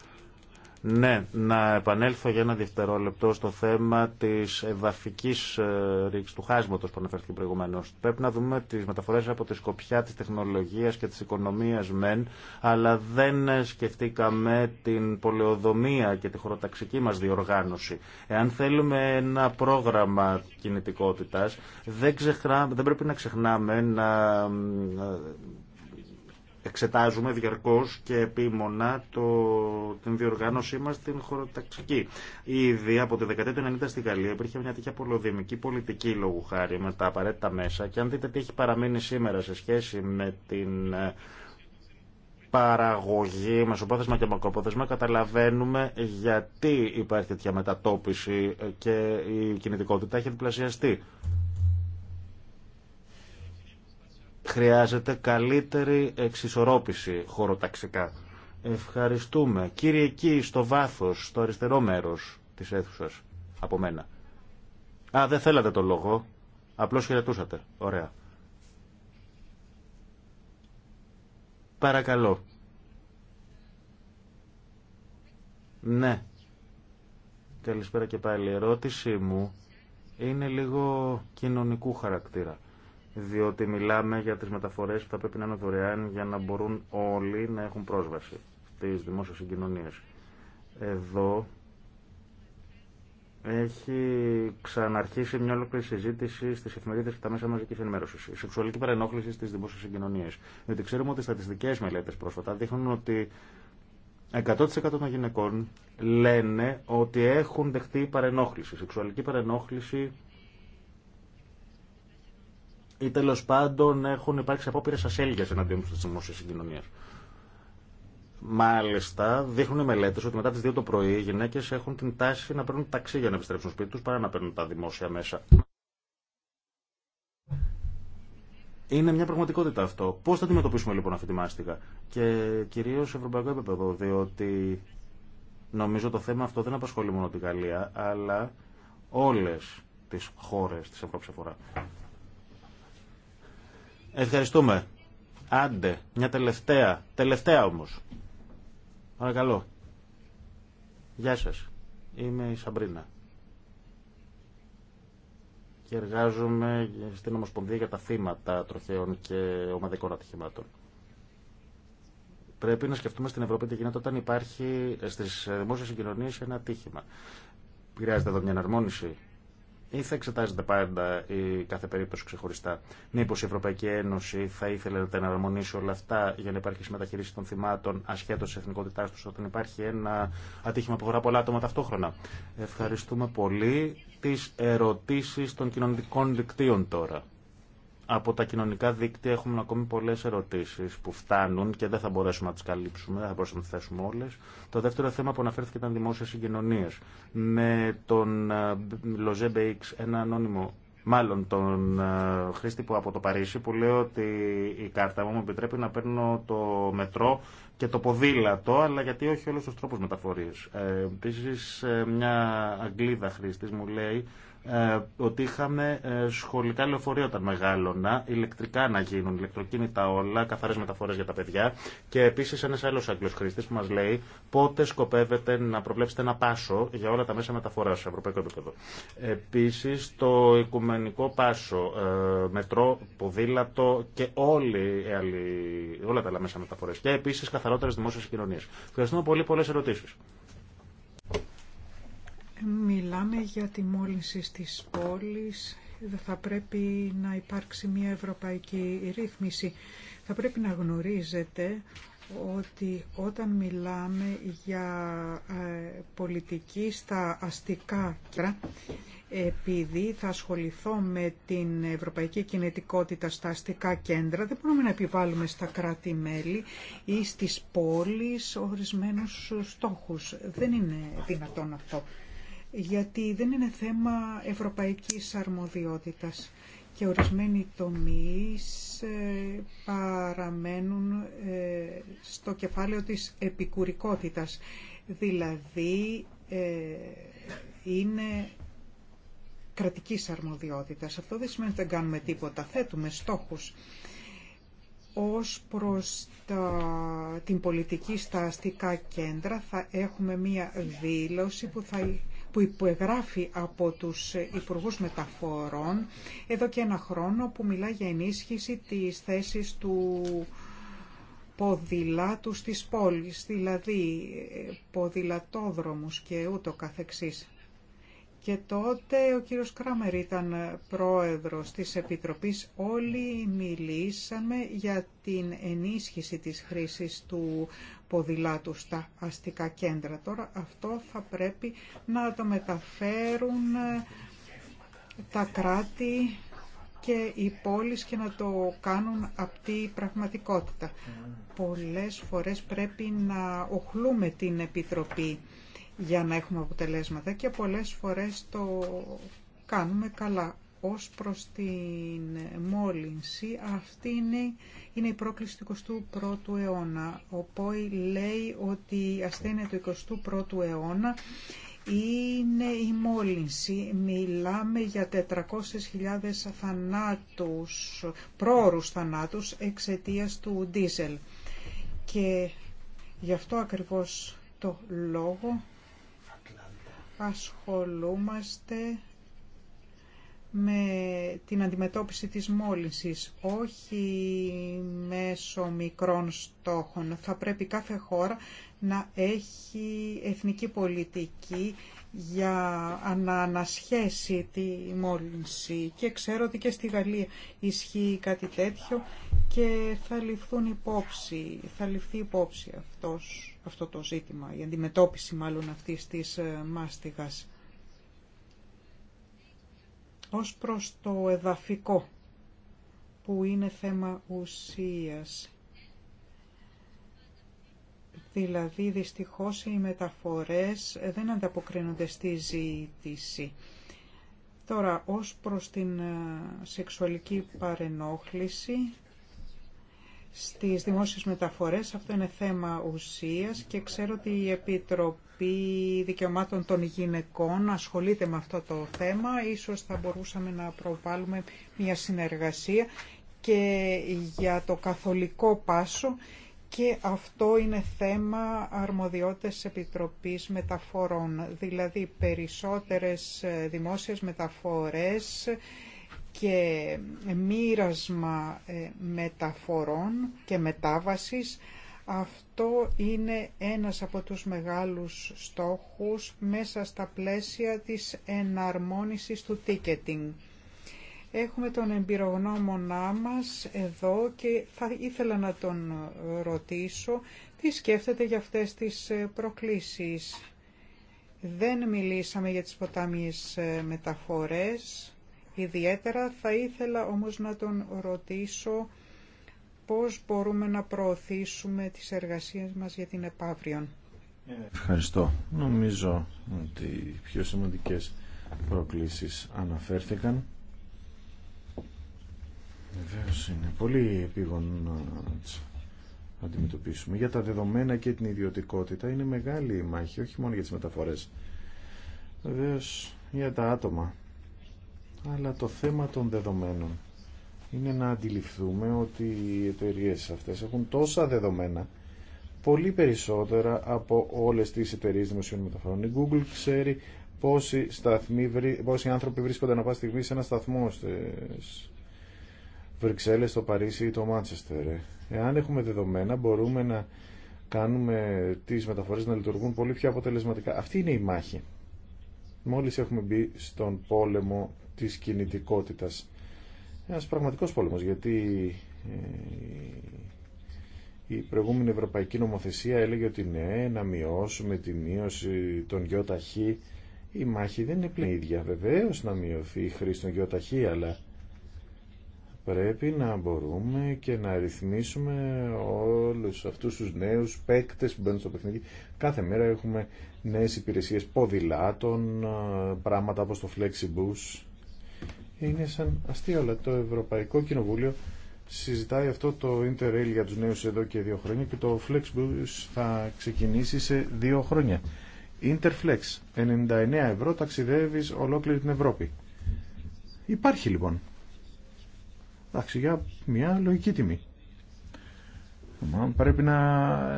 A: Ναι, να επανέλθω για ένα δευτερόλεπτο στο θέμα τη εδαφική ε, ρήξη του χάσματο που αναφέρθηκε προηγουμένω. Πρέπει να δούμε τι μεταφορέ από τη σκοπιά τη τεχνολογία και τη οικονομία μεν, αλλά δεν σκεφτήκαμε την πολεοδομία και τη χωροταξική μα διοργάνωση. Εάν θέλουμε ένα πρόγραμμα κινητικότητα, δεν, δεν πρέπει να ξεχνάμε να εξετάζουμε διαρκώ και επίμονα το, την διοργάνωσή μας στην χωροταξική. Ήδη από τη δεκαετία του 90 στη Γαλλία υπήρχε μια τέτοια πολυδημική πολιτική λόγου χάρη με τα απαραίτητα μέσα και αν δείτε τι έχει παραμείνει σήμερα σε σχέση με την ε, παραγωγή μεσοπόθεσμα και μακροπόθεσμα καταλαβαίνουμε γιατί υπάρχει τέτοια μετατόπιση και η κινητικότητα έχει διπλασιαστεί. Χρειάζεται καλύτερη εξισορρόπηση χωροταξικά. Ευχαριστούμε. Κύριε εκεί, στο βάθος, στο αριστερό μέρος της αίθουσας, από μένα. Α, δεν θέλατε το λόγο. Απλώς χαιρετούσατε. Ωραία. Παρακαλώ. Ναι. Καλησπέρα και πάλι. Η ερώτησή μου είναι λίγο κοινωνικού χαρακτήρα διότι μιλάμε για τις μεταφορές που θα πρέπει να είναι δωρεάν για να μπορούν όλοι να έχουν πρόσβαση στις δημόσιες συγκοινωνίες. Εδώ έχει ξαναρχίσει μια ολόκληρη συζήτηση στι εφημερίδε και τα μέσα μαζική ενημέρωση. Η σεξουαλική παρενόχληση στι δημόσιε συγκοινωνίε. Διότι ξέρουμε ότι στατιστικέ μελέτε πρόσφατα δείχνουν ότι 100% των γυναικών λένε ότι έχουν δεχτεί παρενόχληση, σεξουαλική παρενόχληση ή τέλο πάντων έχουν υπάρξει απόπειρε ασέλγια εναντίον τη δημόσια συγκοινωνία. Μάλιστα, δείχνουν οι μελέτε ότι μετά τι 2 το πρωί οι γυναίκε έχουν την τάση να παίρνουν ταξί για να επιστρέψουν σπίτι του παρά να παίρνουν τα δημόσια μέσα. Είναι μια πραγματικότητα αυτό. Πώ θα αντιμετωπίσουμε λοιπόν αυτή τη μάστιγα και κυρίω σε ευρωπαϊκό επίπεδο, διότι νομίζω το θέμα αυτό δεν απασχολεί μόνο την Γαλλία, αλλά όλε τι χώρε τη Ευρώπη Ευχαριστούμε. Άντε, μια τελευταία. Τελευταία όμως. Παρακαλώ. Γεια σας. Είμαι η Σαμπρίνα. Και εργάζομαι στην Ομοσπονδία για τα θύματα τροχαίων και ομαδικών ατυχημάτων. Πρέπει να σκεφτούμε στην Ευρώπη τι γίνεται όταν υπάρχει στις δημόσιες συγκοινωνίες ένα ατύχημα. Χρειάζεται εδώ μια εναρμόνιση ή θα εξετάζεται πάντα η κάθε περίπτωση ξεχωριστά. Μήπω η Ευρωπαϊκή Ένωση θα ήθελε να τα εναρμονίσει όλα αυτά για να υπάρχει συμμεταχειρήση των θυμάτων ασχέτω τη εθνικότητά του όταν υπάρχει ένα ατύχημα που αφορά πολλά άτομα ταυτόχρονα. Ευχαριστούμε πολύ. Τι ερωτήσει των κοινωνικών δικτύων τώρα. Από τα κοινωνικά δίκτυα έχουμε ακόμη πολλέ ερωτήσει που φτάνουν και δεν θα μπορέσουμε να τι καλύψουμε, δεν θα μπορέσουμε να τι θέσουμε όλε. Το δεύτερο θέμα που αναφέρθηκε ήταν δημόσια συγκοινωνίε. Με τον ε, Λοζέ Μπέιξ, ένα ανώνυμο μάλλον τον ε, χρήστη που από το Παρίσι που λέει ότι η κάρτα μου επιτρέπει να παίρνω το μετρό και το ποδήλατο, αλλά γιατί όχι όλους τους τρόπους μεταφορή. Ε, επίσης, ε, μια Αγγλίδα χρήστη μου λέει ε, ότι είχαμε ε, σχολικά λεωφορεία όταν μεγάλωνα, ηλεκτρικά να γίνουν, ηλεκτροκίνητα όλα, καθαρέ μεταφορέ για τα παιδιά και επίσης ένας άλλος Άγγλος χρήστη που μας λέει πότε σκοπεύετε να προβλέψετε ένα πάσο για όλα τα μέσα μεταφορά σε ευρωπαϊκό επίπεδο. Επίσης το οικουμενικό πάσο, ε, μετρό, ποδήλατο και όλοι, όλα τα άλλα μέσα μεταφορέ. και επίσης καθαρότερε δημόσιε κοινωνίε. Ευχαριστούμε πολύ. Πολλέ ερωτήσει.
B: Μιλάμε για τη μόλυνση στις πόλεις. Θα πρέπει να υπάρξει μια ευρωπαϊκή ρύθμιση. Θα πρέπει να γνωρίζετε ότι όταν μιλάμε για ε, πολιτική στα αστικά κέντρα, επειδή θα ασχοληθώ με την ευρωπαϊκή κινητικότητα στα αστικά κέντρα, δεν μπορούμε να επιβάλλουμε στα κράτη-μέλη ή στις πόλεις ορισμένους στόχους. Δεν είναι δυνατόν αυτό, γιατί δεν είναι θέμα ευρωπαϊκής αρμοδιότητας και ορισμένοι τομείς ε, παραμένουν ε, στο κεφάλαιο της επικουρικότητας. Δηλαδή ε, είναι κρατικής αρμοδιότητας. Αυτό δεν σημαίνει ότι δεν κάνουμε τίποτα. Θέτουμε στόχους ως προς την πολιτική στα αστικά κέντρα θα έχουμε μία δήλωση που θα που υπογράφει από τους Υπουργούς Μεταφορών εδώ και ένα χρόνο που μιλά για ενίσχυση της θέσης του ποδηλάτου στις πόλεις, δηλαδή ποδηλατόδρομους και ούτω καθεξής. Και τότε ο κύριος Κράμερ ήταν πρόεδρος της Επιτροπής. Όλοι μιλήσαμε για την ενίσχυση της χρήσης του ποδηλάτου στα αστικά κέντρα. Τώρα αυτό θα πρέπει να το μεταφέρουν τα κράτη και οι πόλεις και να το κάνουν απτή πραγματικότητα. Πολλές φορές πρέπει να οχλούμε την Επιτροπή για να έχουμε αποτελέσματα και πολλές φορές το κάνουμε καλά. Ως προς την μόλυνση, αυτή είναι, είναι η πρόκληση του 21ου αιώνα. Ο Πόη λέει ότι η ασθένεια του 21ου αιώνα είναι η μόλυνση. Μιλάμε για 400.000 θανάτους, πρόωρους θανάτους εξαιτίας του ντίζελ. Και γι' αυτό ακριβώς το λόγο ασχολούμαστε με την αντιμετώπιση της μόλυνσης, όχι μέσω μικρών στόχων. Θα πρέπει κάθε χώρα να έχει εθνική πολιτική για ανανασχέση τη μόλυνση και ξέρω ότι και στη Γαλλία ισχύει κάτι τέτοιο και θα ληφθούν υπόψη, θα ληφθεί υπόψη αυτός, αυτό το ζήτημα, η αντιμετώπιση μάλλον αυτής της ε, μάστιγας. Ως προς το εδαφικό που είναι θέμα ουσίας Δηλαδή δυστυχώς οι μεταφορές δεν ανταποκρίνονται στη ζήτηση. Τώρα, ως προς την ε, σεξουαλική παρενόχληση στις δημόσιες μεταφορές, αυτό είναι θέμα ουσίας και ξέρω ότι η Επιτροπή Δικαιωμάτων των Γυναικών ασχολείται με αυτό το θέμα. Ίσως θα μπορούσαμε να προβάλλουμε μια συνεργασία και για το καθολικό πάσο και αυτό είναι θέμα αρμοδιότητας Επιτροπής Μεταφορών, δηλαδή περισσότερες ε, δημόσιες μεταφορές και μοίρασμα ε, μεταφορών και μετάβασης. Αυτό είναι ένας από τους μεγάλους στόχους μέσα στα πλαίσια της εναρμόνισης του ticketing. Έχουμε τον εμπειρογνώμονά μας εδώ και θα ήθελα να τον ρωτήσω τι σκέφτεται για αυτές τις προκλήσεις. Δεν μιλήσαμε για τις ποτάμιες μεταφορές ιδιαίτερα. Θα ήθελα όμως να τον ρωτήσω πώς μπορούμε να προωθήσουμε τις εργασίες μας για την επαύριον.
C: Ευχαριστώ. Νομίζω ότι οι πιο σημαντικές προκλήσεις αναφέρθηκαν. Βεβαίω είναι πολύ επίγον να αντιμετωπίσουμε. Για τα δεδομένα και την ιδιωτικότητα είναι μεγάλη η μάχη, όχι μόνο για τις μεταφορές. Βεβαίω για τα άτομα. Αλλά το θέμα των δεδομένων είναι να αντιληφθούμε ότι οι εταιρείε αυτές έχουν τόσα δεδομένα πολύ περισσότερα από όλες τις εταιρείε δημοσίων μεταφορών. Η Google ξέρει πόσοι, σταθμοί, άνθρωποι βρίσκονται να πάει στιγμή σε ένα σταθμό στις Βρυξέλλες, το Παρίσι ή το Μάντσεστερ. Ε. Εάν έχουμε δεδομένα μπορούμε να κάνουμε τις μεταφορές να λειτουργούν πολύ πιο αποτελεσματικά. Αυτή είναι η μάχη. Μόλις έχουμε μπει στον πόλεμο της κινητικότητας. Ένας πραγματικός πόλεμος γιατί ε, η προηγούμενη ευρωπαϊκή νομοθεσία έλεγε ότι ναι, να μειώσουμε τη μείωση των γιοταχή. Η μάχη δεν είναι πλέον ίδια. Βεβαίως να μειωθεί η χρήση των γιοταχή, αλλά πρέπει να μπορούμε και να ρυθμίσουμε όλους αυτούς τους νέους παίκτες που μπαίνουν στο παιχνίδι. Κάθε μέρα έχουμε νέες υπηρεσίες ποδηλάτων, πράγματα όπως το Flexibus. Είναι σαν αστείο, αλλά το Ευρωπαϊκό Κοινοβούλιο συζητάει αυτό το Interrail για τους νέους εδώ και δύο χρόνια και το Flexibus θα ξεκινήσει σε δύο χρόνια. Interflex, 99 ευρώ ταξιδεύεις ολόκληρη την Ευρώπη. Υπάρχει λοιπόν Εντάξει, για μια λογική τιμή. Πρέπει να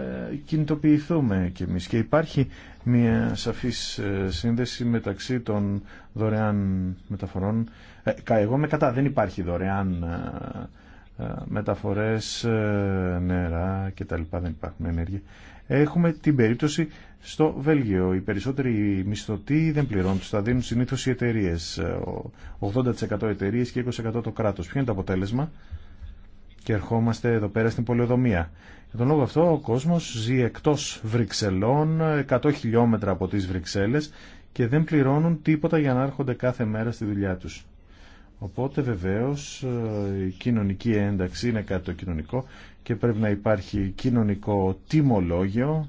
C: ε, κινητοποιηθούμε κι εμείς. Και υπάρχει μια σαφής ε, σύνδεση μεταξύ των δωρεάν μεταφορών. Ε, εγώ με κατά, δεν υπάρχει δωρεάν μεταφορές, νερά λοιπά. Δεν υπάρχουν ενέργεια. Έχουμε την περίπτωση στο Βέλγιο. Οι περισσότεροι μισθωτοί δεν πληρώνουν, Τους τα δίνουν συνήθω οι εταιρείε. 80% εταιρείε και 20% το κράτος. Ποιο είναι το αποτέλεσμα, και ερχόμαστε εδώ πέρα στην πολεοδομία. Για τον λόγο αυτό ο κόσμος ζει εκτός Βρυξελών, 100 χιλιόμετρα από τις Βρυξέλλες και δεν πληρώνουν τίποτα για να έρχονται κάθε μέρα στη δουλειά τους. Οπότε βεβαίως ε, η κοινωνική ένταξη είναι κάτι το κοινωνικό και πρέπει να υπάρχει κοινωνικό τιμολόγιο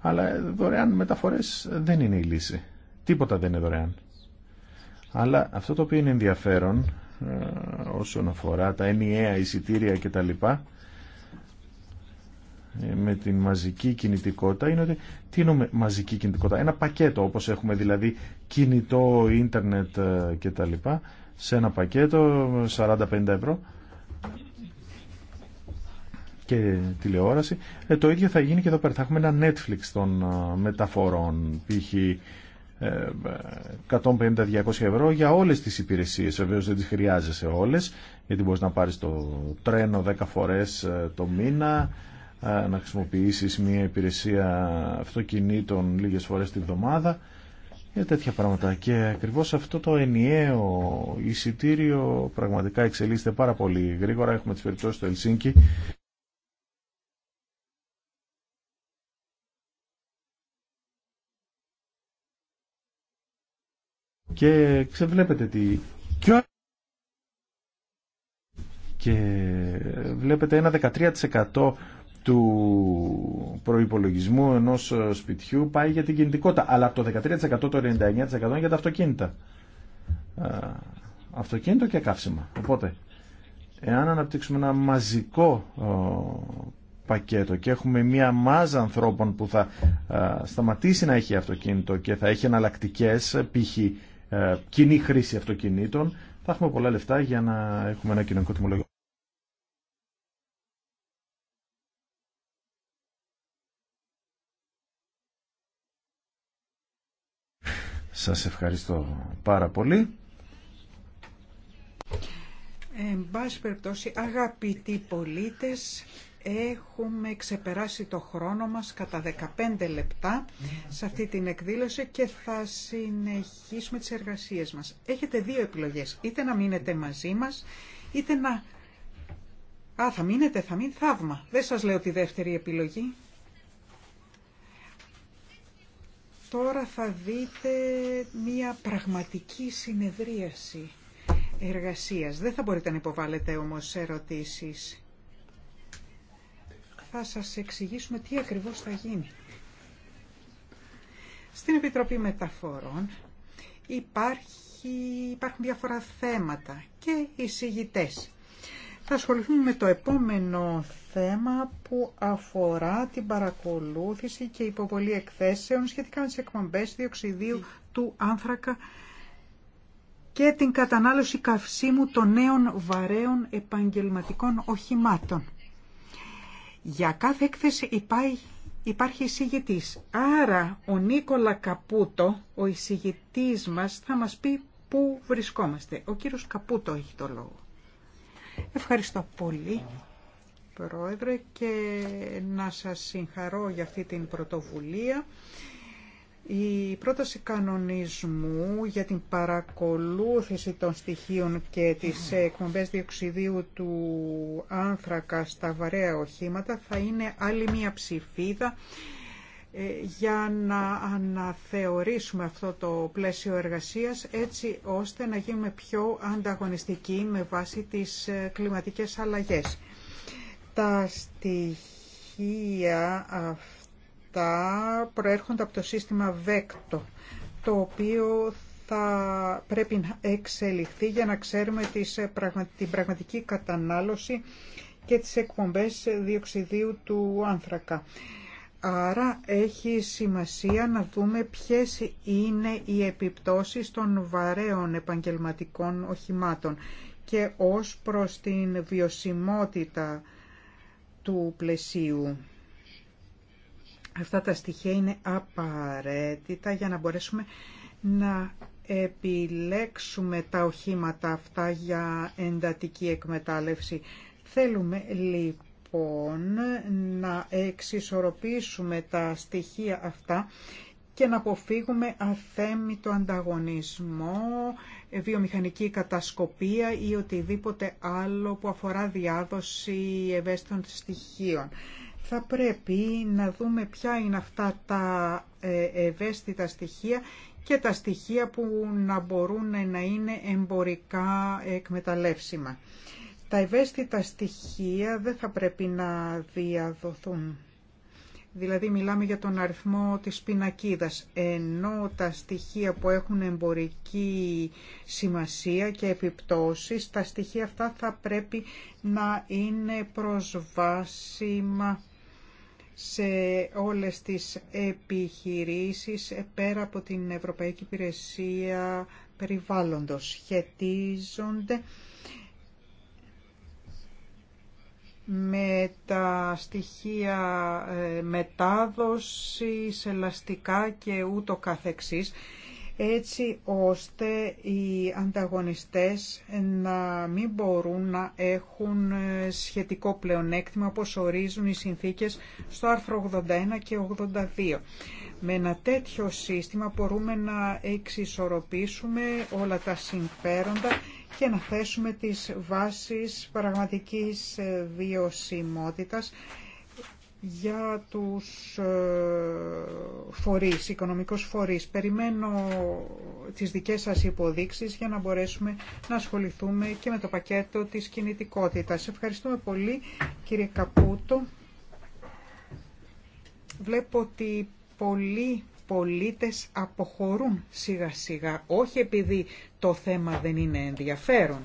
C: αλλά δωρεάν μεταφορές δεν είναι η λύση. Τίποτα δεν είναι δωρεάν. Αλλά αυτό το οποίο είναι ενδιαφέρον ε, όσον αφορά τα ενιαία εισιτήρια λοιπά ε, με την μαζική κινητικότητα είναι ότι τι είναι μαζική κινητικότητα ένα πακέτο όπως έχουμε δηλαδή κινητό, ίντερνετ ε, κτλ σε ένα πακέτο 40-50 ευρώ και τηλεόραση, ε, το ίδιο θα γίνει και εδώ πέρα. Θα έχουμε ένα Netflix των ε, μεταφορών, π.χ. 150-200 ε, ευρώ για όλες τις υπηρεσίες. Βεβαίως δεν τις χρειάζεσαι όλες, γιατί μπορείς να πάρεις το τρένο 10 φορές το μήνα, να χρησιμοποιήσεις μια υπηρεσία αυτοκινήτων λίγες φορές τη βδομάδα για τέτοια πράγματα. Και ακριβώς αυτό το ενιαίο εισιτήριο πραγματικά εξελίσσεται πάρα πολύ γρήγορα. Έχουμε τις περιπτώσεις στο Ελσίνκι
A: Και ξεβλέπετε τι... Και
C: βλέπετε ένα 13% του προϋπολογισμού ενός ε, σπιτιού πάει για την κινητικότητα. Αλλά από το 13% το 99% είναι για τα αυτοκίνητα. Αυτοκίνητο και καύσιμα. Οπότε, εάν αναπτύξουμε ένα μαζικό πακέτο και έχουμε μία μάζα ανθρώπων που θα σταματήσει να έχει αυτοκίνητο και θα έχει εναλλακτικέ π.χ. Ε, κοινή χρήση αυτοκινήτων, θα έχουμε πολλά λεφτά για να έχουμε ένα κοινωνικό τιμολόγιο. Σας ευχαριστώ πάρα πολύ.
B: Εν πάση περιπτώσει, αγαπητοί πολίτες, Έχουμε ξεπεράσει το χρόνο μας κατά 15 λεπτά σε αυτή την εκδήλωση και θα συνεχίσουμε τις εργασίες μας. Έχετε δύο επιλογές, είτε να μείνετε μαζί μας, είτε να... Α, θα μείνετε, θα μείνει θαύμα. Δεν σας λέω τη δεύτερη επιλογή. Τώρα θα δείτε μία πραγματική συνεδρίαση εργασίας. Δεν θα μπορείτε να υποβάλλετε όμως ερωτήσεις θα σας εξηγήσουμε τι ακριβώς θα γίνει. Στην Επιτροπή Μεταφορών υπάρχει, υπάρχουν διάφορα θέματα και εισηγητές. Θα ασχοληθούμε με το επόμενο θέμα που αφορά την παρακολούθηση και υποβολή εκθέσεων σχετικά με τις εκπομπές διοξιδίου του άνθρακα και την κατανάλωση καυσίμου των νέων βαρέων επαγγελματικών οχημάτων. Για κάθε έκθεση υπάρχει, υπάρχει Άρα ο Νίκολα Καπούτο, ο εισηγητής μας, θα μας πει πού βρισκόμαστε. Ο κύριος Καπούτο έχει το λόγο. Ευχαριστώ πολύ, Πρόεδρε, και να σας συγχαρώ για αυτή την πρωτοβουλία η πρόταση κανονισμού για την παρακολούθηση των στοιχείων και τις εκπομπές διοξιδίου του άνθρακα στα βαρέα οχήματα θα είναι άλλη μία ψηφίδα ε, για να αναθεωρήσουμε αυτό το πλαίσιο εργασίας έτσι ώστε να γίνουμε πιο ανταγωνιστικοί με βάση τις ε, κλιματικές αλλαγές. Τα στοιχεία αυτά προέρχονται από το σύστημα VECTO, το οποίο θα πρέπει να εξελιχθεί για να ξέρουμε ε, την πραγματική κατανάλωση και τις εκπομπές διοξιδίου του άνθρακα. Άρα έχει σημασία να δούμε ποιες είναι οι επιπτώσεις των βαρέων επαγγελματικών οχημάτων και ως προς την βιωσιμότητα του πλαισίου. Αυτά τα στοιχεία είναι απαραίτητα για να μπορέσουμε να επιλέξουμε τα οχήματα αυτά για εντατική εκμετάλλευση. Θέλουμε λοιπόν να εξισορροπήσουμε τα στοιχεία αυτά και να αποφύγουμε αθέμητο ανταγωνισμό, βιομηχανική κατασκοπία ή οτιδήποτε άλλο που αφορά διάδοση ευαίσθητων στοιχείων θα πρέπει να δούμε ποια είναι αυτά τα ε, ευαίσθητα στοιχεία και τα στοιχεία που να μπορούν να είναι εμπορικά εκμεταλλεύσιμα. Τα ευαίσθητα στοιχεία δεν θα πρέπει να διαδοθούν. Δηλαδή μιλάμε για τον αριθμό της πινακίδας, ενώ τα στοιχεία που έχουν εμπορική σημασία και επιπτώσεις, τα στοιχεία αυτά θα πρέπει να είναι προσβάσιμα σε όλες τις επιχειρήσεις πέρα από την Ευρωπαϊκή Υπηρεσία Περιβάλλοντος. Σχετίζονται με τα στοιχεία ε, μετάδοσης, ελαστικά και ούτω καθεξής έτσι ώστε οι ανταγωνιστές να μην μπορούν να έχουν ε, σχετικό πλεονέκτημα όπως ορίζουν οι συνθήκες στο άρθρο 81 και 82. Με ένα τέτοιο σύστημα μπορούμε να εξισορροπήσουμε όλα τα συμφέροντα και να θέσουμε τις βάσεις πραγματικής ε, βιωσιμότητας για τους ε, φορείς, οικονομικούς φορείς. Περιμένω τις δικές σας υποδείξεις για να μπορέσουμε να ασχοληθούμε και με το πακέτο της κινητικότητας. Ευχαριστούμε πολύ κύριε Καπούτο. Βλέπω ότι πολλοί πολίτες αποχωρούν σιγά σιγά, όχι επειδή το θέμα δεν είναι ενδιαφέρον.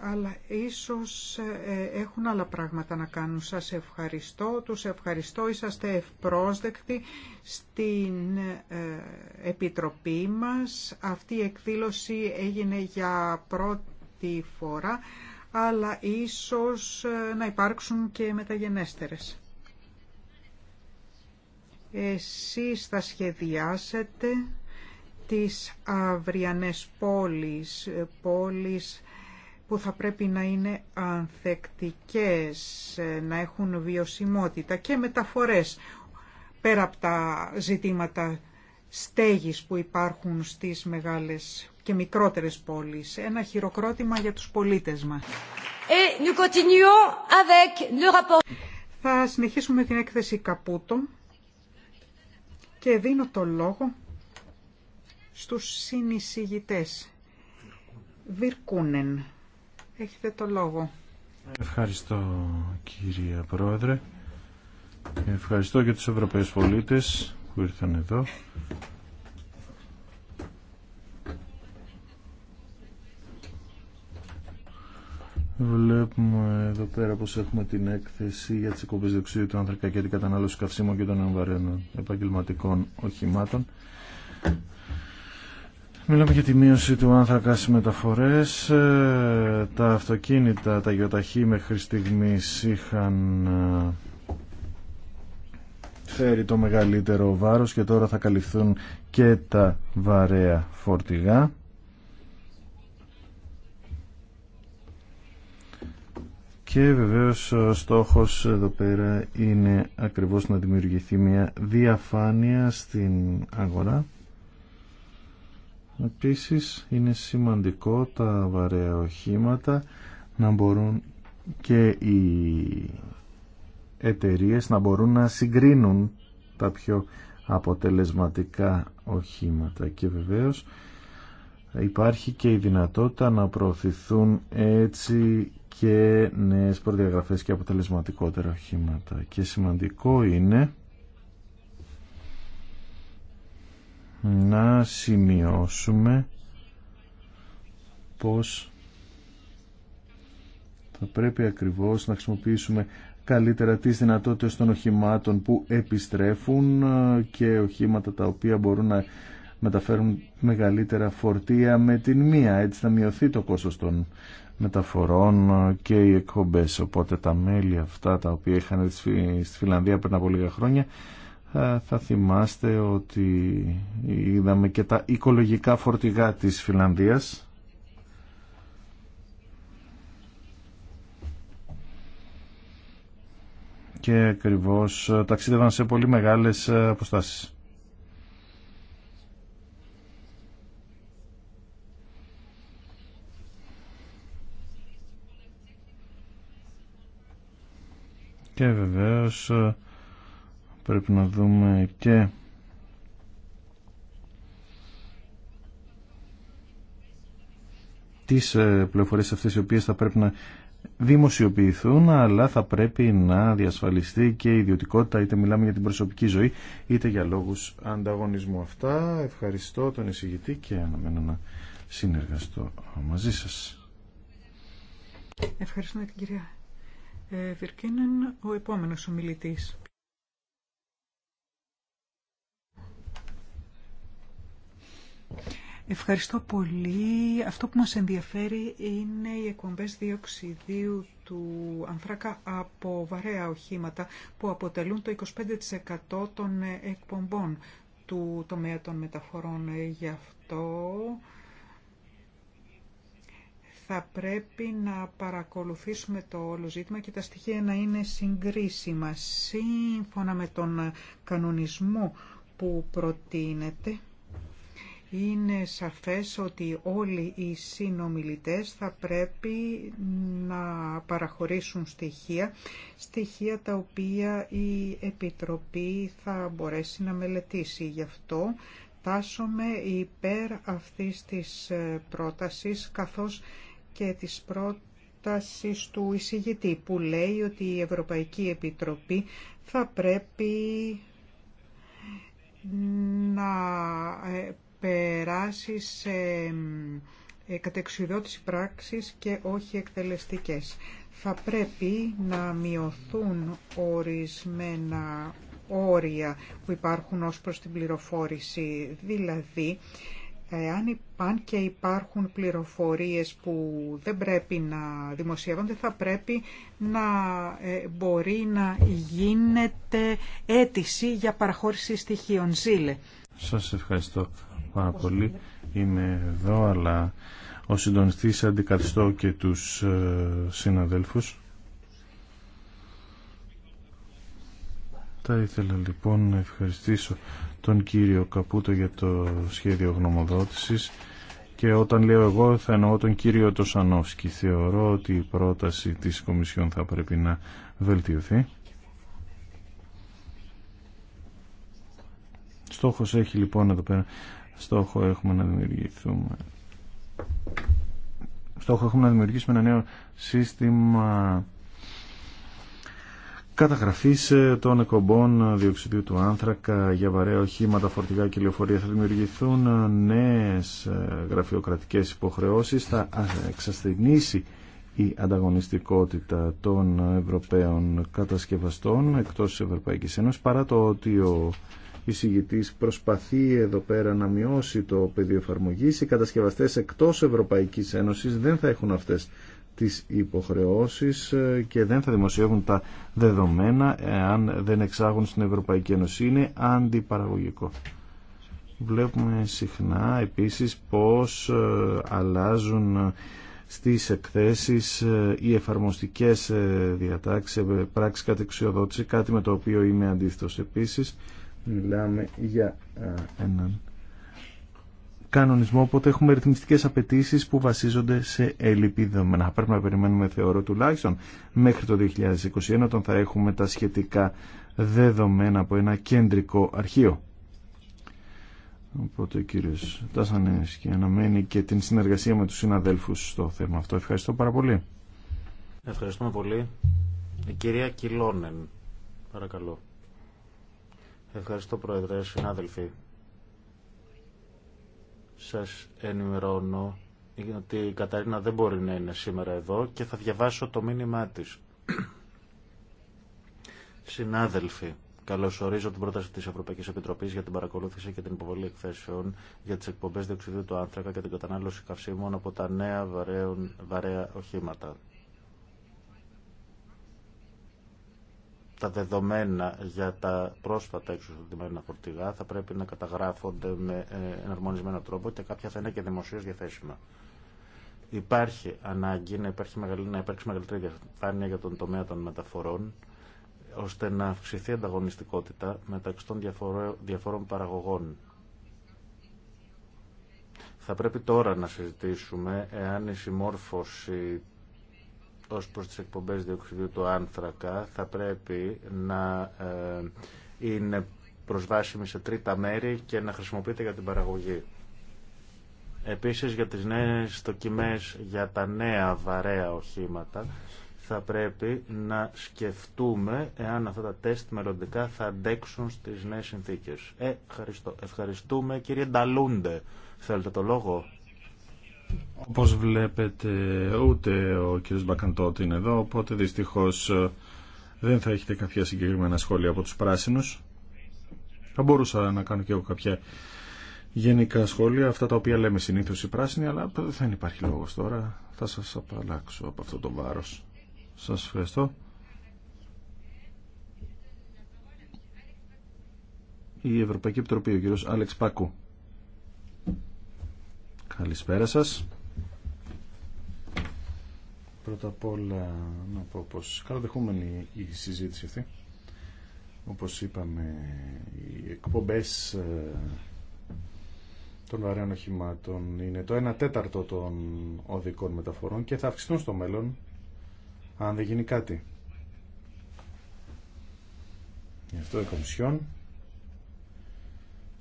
B: αλλά ίσως ε, έχουν άλλα πράγματα να κάνουν. Σας ευχαριστώ, τους ευχαριστώ, είσαστε ευπρόσδεκτοι στην ε, Επιτροπή μας. Αυτή η εκδήλωση έγινε για πρώτη φορά, αλλά ίσως ε, να υπάρξουν και μεταγενέστερες. Εσείς θα σχεδιάσετε τις αυριανές πόλεις, πόλεις που θα πρέπει να είναι ανθεκτικές, ε, να έχουν βιωσιμότητα και μεταφορές πέρα από τα ζητήματα στέγης που υπάρχουν στις μεγάλες και μικρότερες πόλεις. Ένα χειροκρότημα για τους πολίτες μας. Ε, θα συνεχίσουμε την έκθεση Καπούτο και δίνω το λόγο στους συνεισηγητές. Βιρκούνεν. Έχετε το λόγο.
C: Ευχαριστώ κύριε Πρόεδρε. Ευχαριστώ και τους Ευρωπαίους πολίτες που ήρθαν εδώ. Βλέπουμε εδώ πέρα πως έχουμε την έκθεση για τις εκπομπές δεξίου του άνθρακα και την κατανάλωση καυσίμων και των εμβαρένων επαγγελματικών οχημάτων. Μιλάμε για τη μείωση του άνθρακα στι μεταφορέ. Ε, τα αυτοκίνητα, τα γιοταχή μέχρι στιγμή είχαν ε, φέρει το μεγαλύτερο βάρο και τώρα θα καλυφθούν και τα βαρέα φορτηγά. Και βεβαίως ο στόχος εδώ πέρα είναι ακριβώς να δημιουργηθεί μια διαφάνεια στην αγορά Επίσης είναι σημαντικό τα βαρέα οχήματα να μπορούν και οι εταιρείες να μπορούν να συγκρίνουν τα πιο αποτελεσματικά οχήματα και βεβαίως υπάρχει και η δυνατότητα να προωθηθούν έτσι και νέες προδιαγραφές και αποτελεσματικότερα οχήματα και σημαντικό είναι να σημειώσουμε πως θα πρέπει ακριβώς να χρησιμοποιήσουμε καλύτερα τις δυνατότητες των οχημάτων που επιστρέφουν και οχήματα τα οποία μπορούν να μεταφέρουν μεγαλύτερα φορτία με την μία. Έτσι θα μειωθεί το κόστος των μεταφορών και οι εκπομπές. Οπότε τα μέλη αυτά τα οποία είχαν στη Φιλανδία πριν από λίγα χρόνια ε, θα θυμάστε ότι είδαμε και τα οικολογικά φορτηγά της Φιλανδίας και ακριβώς ε, ταξίδευαν σε πολύ μεγάλες ε, αποστάσεις.
A: Και βεβαίως
C: Πρέπει να δούμε και τις ε, πληροφορίες αυτές οι οποίες θα πρέπει να δημοσιοποιηθούν αλλά θα πρέπει να διασφαλιστεί και η ιδιωτικότητα είτε μιλάμε για την προσωπική ζωή είτε για λόγους ανταγωνισμού. Αυτά ευχαριστώ τον εισηγητή και αναμένω να συνεργαστώ μαζί σας.
B: Ευχαριστούμε την κυρία ε, Βιρκίνεν, ο επόμενος ομιλητής. Ευχαριστώ πολύ. Αυτό που μας ενδιαφέρει είναι οι εκπομπές διοξιδίου του ανθράκα από βαρέα οχήματα που αποτελούν το 25% των εκπομπών του τομέα των μεταφορών. Γι' αυτό θα πρέπει να παρακολουθήσουμε το όλο ζήτημα και τα στοιχεία να είναι συγκρίσιμα σύμφωνα με τον κανονισμό που προτείνεται είναι σαφές ότι όλοι οι συνομιλητές θα πρέπει να παραχωρήσουν στοιχεία, στοιχεία τα οποία η Επιτροπή θα μπορέσει να μελετήσει. Γι' αυτό τάσομαι υπέρ αυτής της ε, πρότασης, καθώς και της πρότασης του εισηγητή, που λέει ότι η Ευρωπαϊκή Επιτροπή θα πρέπει να ε, περάσει σε ε, κατεξουδότηση πράξης και όχι εκτελεστικές. Θα πρέπει να μειωθούν ορισμένα όρια που υπάρχουν ως προς την πληροφόρηση, δηλαδή αν, αν και υπάρχουν πληροφορίες που δεν πρέπει να δημοσιεύονται, θα πρέπει να ε, μπορεί να γίνεται αίτηση για παραχώρηση στοιχείων. Ζήλε.
C: Σας ευχαριστώ πάρα πολύ. Είμαι εδώ, αλλά ο συντονιστής αντικαθιστώ και τους ε, συναδέλφους. Θα ήθελα λοιπόν να ευχαριστήσω τον κύριο Καπούτο για το σχέδιο γνωμοδότησης και όταν λέω εγώ θα εννοώ τον κύριο Τοσανόφσκι. Θεωρώ ότι η πρόταση της Κομισιόν θα πρέπει να βελτιωθεί. Στόχος έχει λοιπόν εδώ πέρα στόχο έχουμε να δημιουργηθούμε στόχο έχουμε να δημιουργήσουμε ένα νέο σύστημα καταγραφής ε, των εκπομπών ε, διοξιδίου του άνθρακα για βαρέα οχήματα, φορτηγά και λεωφορεία θα δημιουργηθούν ε, νέες γραφειοκρατικές υποχρεώσεις θα εξασθενήσει η ανταγωνιστικότητα των Ευρωπαίων κατασκευαστών εκτός της Ευρωπαϊκής Ένωσης παρά το ότι ο εισηγητής προσπαθεί εδώ πέρα να μειώσει το πεδίο εφαρμογή. Οι κατασκευαστές εκτός Ευρωπαϊκής Ένωση δεν θα έχουν αυτές τις υποχρεώσεις ε, και δεν θα δημοσιεύουν τα δεδομένα εάν δεν εξάγουν στην Ευρωπαϊκή Ένωση. Είναι αντιπαραγωγικό. Βλέπουμε συχνά επίσης πώς ε, αλλάζουν ε, στις εκθέσεις οι εφαρμοστικές διατάξεις, πράξη κατεξιοδότηση, κάτι με το οποίο είμαι αντίθετος επίσης μιλάμε για ε, έναν κανονισμό, οπότε έχουμε ρυθμιστικές απαιτήσεις που βασίζονται σε έλλειπη Πρέπει να περιμένουμε, θεωρώ τουλάχιστον, μέχρι το 2021, όταν θα έχουμε τα σχετικά δεδομένα από ένα κεντρικό αρχείο. Οπότε ο κύριος Τάσανες και αναμένει και την συνεργασία με τους συναδέλφους στο θέμα αυτό. Ευχαριστώ πάρα πολύ.
A: Ευχαριστούμε πολύ. Η κυρία Κιλόνεν, παρακαλώ. Ευχαριστώ Πρόεδρε, συνάδελφοι. Σας ενημερώνω ότι η Καταρίνα δεν μπορεί να είναι σήμερα εδώ και θα διαβάσω το μήνυμά της. Συνάδελφοι, καλωσορίζω την πρόταση της Ευρωπαϊκής Επιτροπής για την παρακολούθηση και την υποβολή εκθέσεων για τις εκπομπές διοξυδίου του άνθρακα και την κατανάλωση καυσίμων από τα νέα βαρέα οχήματα, τα δεδομένα για τα πρόσφατα εξουσιοδοτημένα φορτηγά θα πρέπει να καταγράφονται με ε, εναρμονισμένο τρόπο και κάποια θα είναι και δημοσίως διαθέσιμα. Υπάρχει ανάγκη να, υπάρχει μεγαλύτερη, να υπάρξει μεγαλύτερη διαφάνεια για τον τομέα των μεταφορών ώστε να αυξηθεί η ανταγωνιστικότητα μεταξύ των διαφορών παραγωγών. Θα πρέπει τώρα να συζητήσουμε εάν η συμμόρφωση ως προς τις εκπομπές διοξιδίου του άνθρακα θα πρέπει να ε, είναι προσβάσιμη σε τρίτα μέρη και να χρησιμοποιείται για την παραγωγή. Επίσης για τις νέες δοκιμές για τα νέα βαρέα οχήματα θα πρέπει να σκεφτούμε εάν αυτά τα τεστ μελλοντικά θα αντέξουν στις νέες συνθήκες. Ε, ευχαριστώ. Ευχαριστούμε κύριε Νταλούντε. Θέλετε το λόγο.
C: Όπως βλέπετε ούτε ο κ. Μπακαντότη είναι εδώ, οπότε δυστυχώς ε, δεν θα έχετε κάποια συγκεκριμένα σχόλια από τους πράσινους. Θα μπορούσα να κάνω και εγώ κάποια γενικά σχόλια, αυτά τα οποία λέμε συνήθως οι πράσινοι, αλλά δεν υπάρχει λόγος τώρα. Θα σας απαλλάξω από αυτό το βάρος. Σας ευχαριστώ. Η Ευρωπαϊκή Επιτροπή, ο κύριος Άλεξ Πάκου. Καλησπέρα σας. Πρώτα απ' όλα να πω πως καλοδεχούμενη η συζήτηση αυτή. Όπως είπαμε, οι εκπομπές ε, των βαρέων οχημάτων είναι το 1 τέταρτο των οδικών μεταφορών και θα αυξηθούν στο μέλλον αν δεν γίνει κάτι. Γι' αυτό η Κομισιόν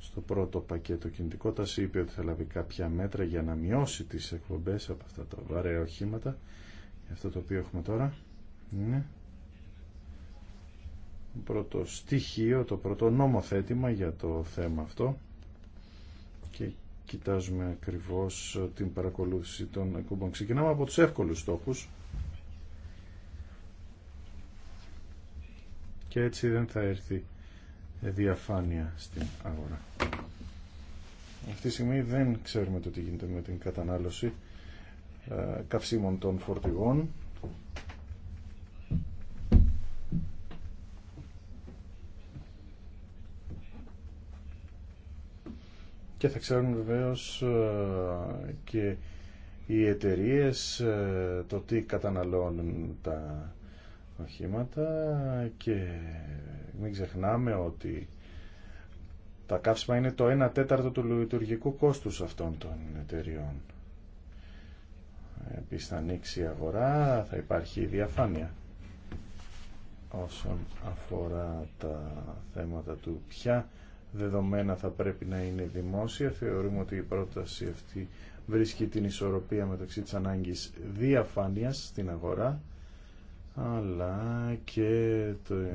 C: στο πρώτο πακέτο κινητικόταση είπε ότι θα λάβει κάποια μέτρα για να μειώσει τις εκπομπές από αυτά τα βαρέα οχήματα αυτό το οποίο έχουμε τώρα είναι το πρώτο στοιχείο, το πρώτο νομοθέτημα για το θέμα αυτό και κοιτάζουμε ακριβώς την παρακολούθηση των εκπομπών. Ξεκινάμε από τους εύκολους στόχους και έτσι δεν θα έρθει διαφάνεια στην αγορά. Αυτή τη στιγμή δεν ξέρουμε το τι γίνεται με την κατανάλωση ε, καυσίμων των φορτηγών. Και θα ξέρουν βεβαίως ε, και οι εταιρείες ε, το τι καταναλώνουν τα οχήματα και μην ξεχνάμε ότι τα καύσιμα είναι το 1 τέταρτο του λειτουργικού κόστους αυτών των εταιριών. Επίσης θα ανοίξει η αγορά, θα υπάρχει διαφάνεια όσον αφορά τα θέματα του πια, δεδομένα θα πρέπει να είναι δημόσια. Θεωρούμε ότι η πρόταση αυτή βρίσκει την ισορροπία μεταξύ της ανάγκης διαφάνειας στην αγορά αλλά και το, ε,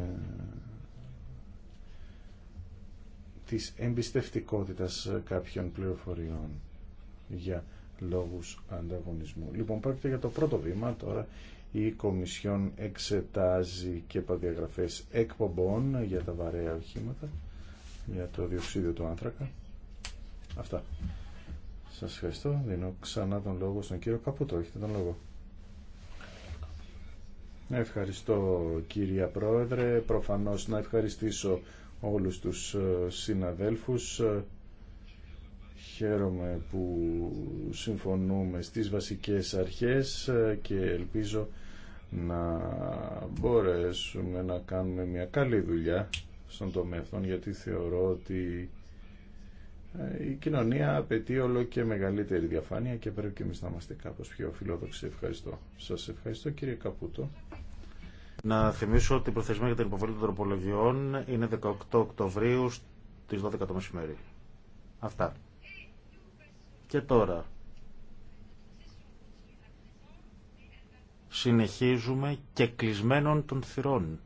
C: της εμπιστευτικότητας κάποιων πληροφοριών για λόγους ανταγωνισμού. Λοιπόν, πρόκειται για το πρώτο βήμα. Τώρα η Κομισιόν εξετάζει και παδιαγραφές εκπομπών για τα βαρέα οχήματα, για το διοξίδιο του άνθρακα. Αυτά. Σας ευχαριστώ. Δίνω ξανά τον λόγο στον κύριο Καπούτο. Έχετε τον λόγο. Ευχαριστώ κύριε Πρόεδρε. Προφανώς να ευχαριστήσω όλους τους ε, συναδέλφους. Ε, χαίρομαι που συμφωνούμε στις βασικές αρχές ε, και ελπίζω να μπορέσουμε να κάνουμε μια καλή δουλειά στον τομέα αυτόν γιατί θεωρώ ότι η κοινωνία απαιτεί όλο και μεγαλύτερη διαφάνεια και πρέπει και εμείς να είμαστε κάπως πιο φιλόδοξοι. Ευχαριστώ. Σας ευχαριστώ κύριε Καπούτο.
A: Να θυμίσω ότι η προθεσμία για την υποβολή των τροπολογιών είναι 18 Οκτωβρίου στις 12 το μεσημέρι. Αυτά. Και τώρα. Συνεχίζουμε και κλεισμένων των θυρών.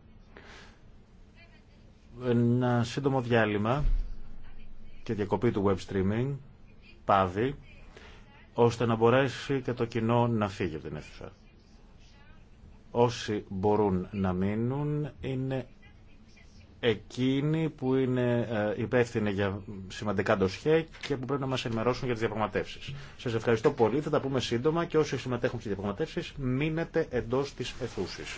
A: Ένα σύντομο διάλειμμα και διακοπή του web streaming, πάδι, ώστε να μπορέσει και το κοινό να φύγει από την αίθουσα. Όσοι μπορούν να μείνουν είναι εκείνοι που είναι ε, υπεύθυνοι για σημαντικά ντοσχέ και που πρέπει να μας ενημερώσουν για τις διαπραγματεύσεις. Σας ευχαριστώ πολύ, θα τα πούμε σύντομα και όσοι συμμετέχουν στις διαπραγματεύσεις μείνετε εντός της αιθούσης.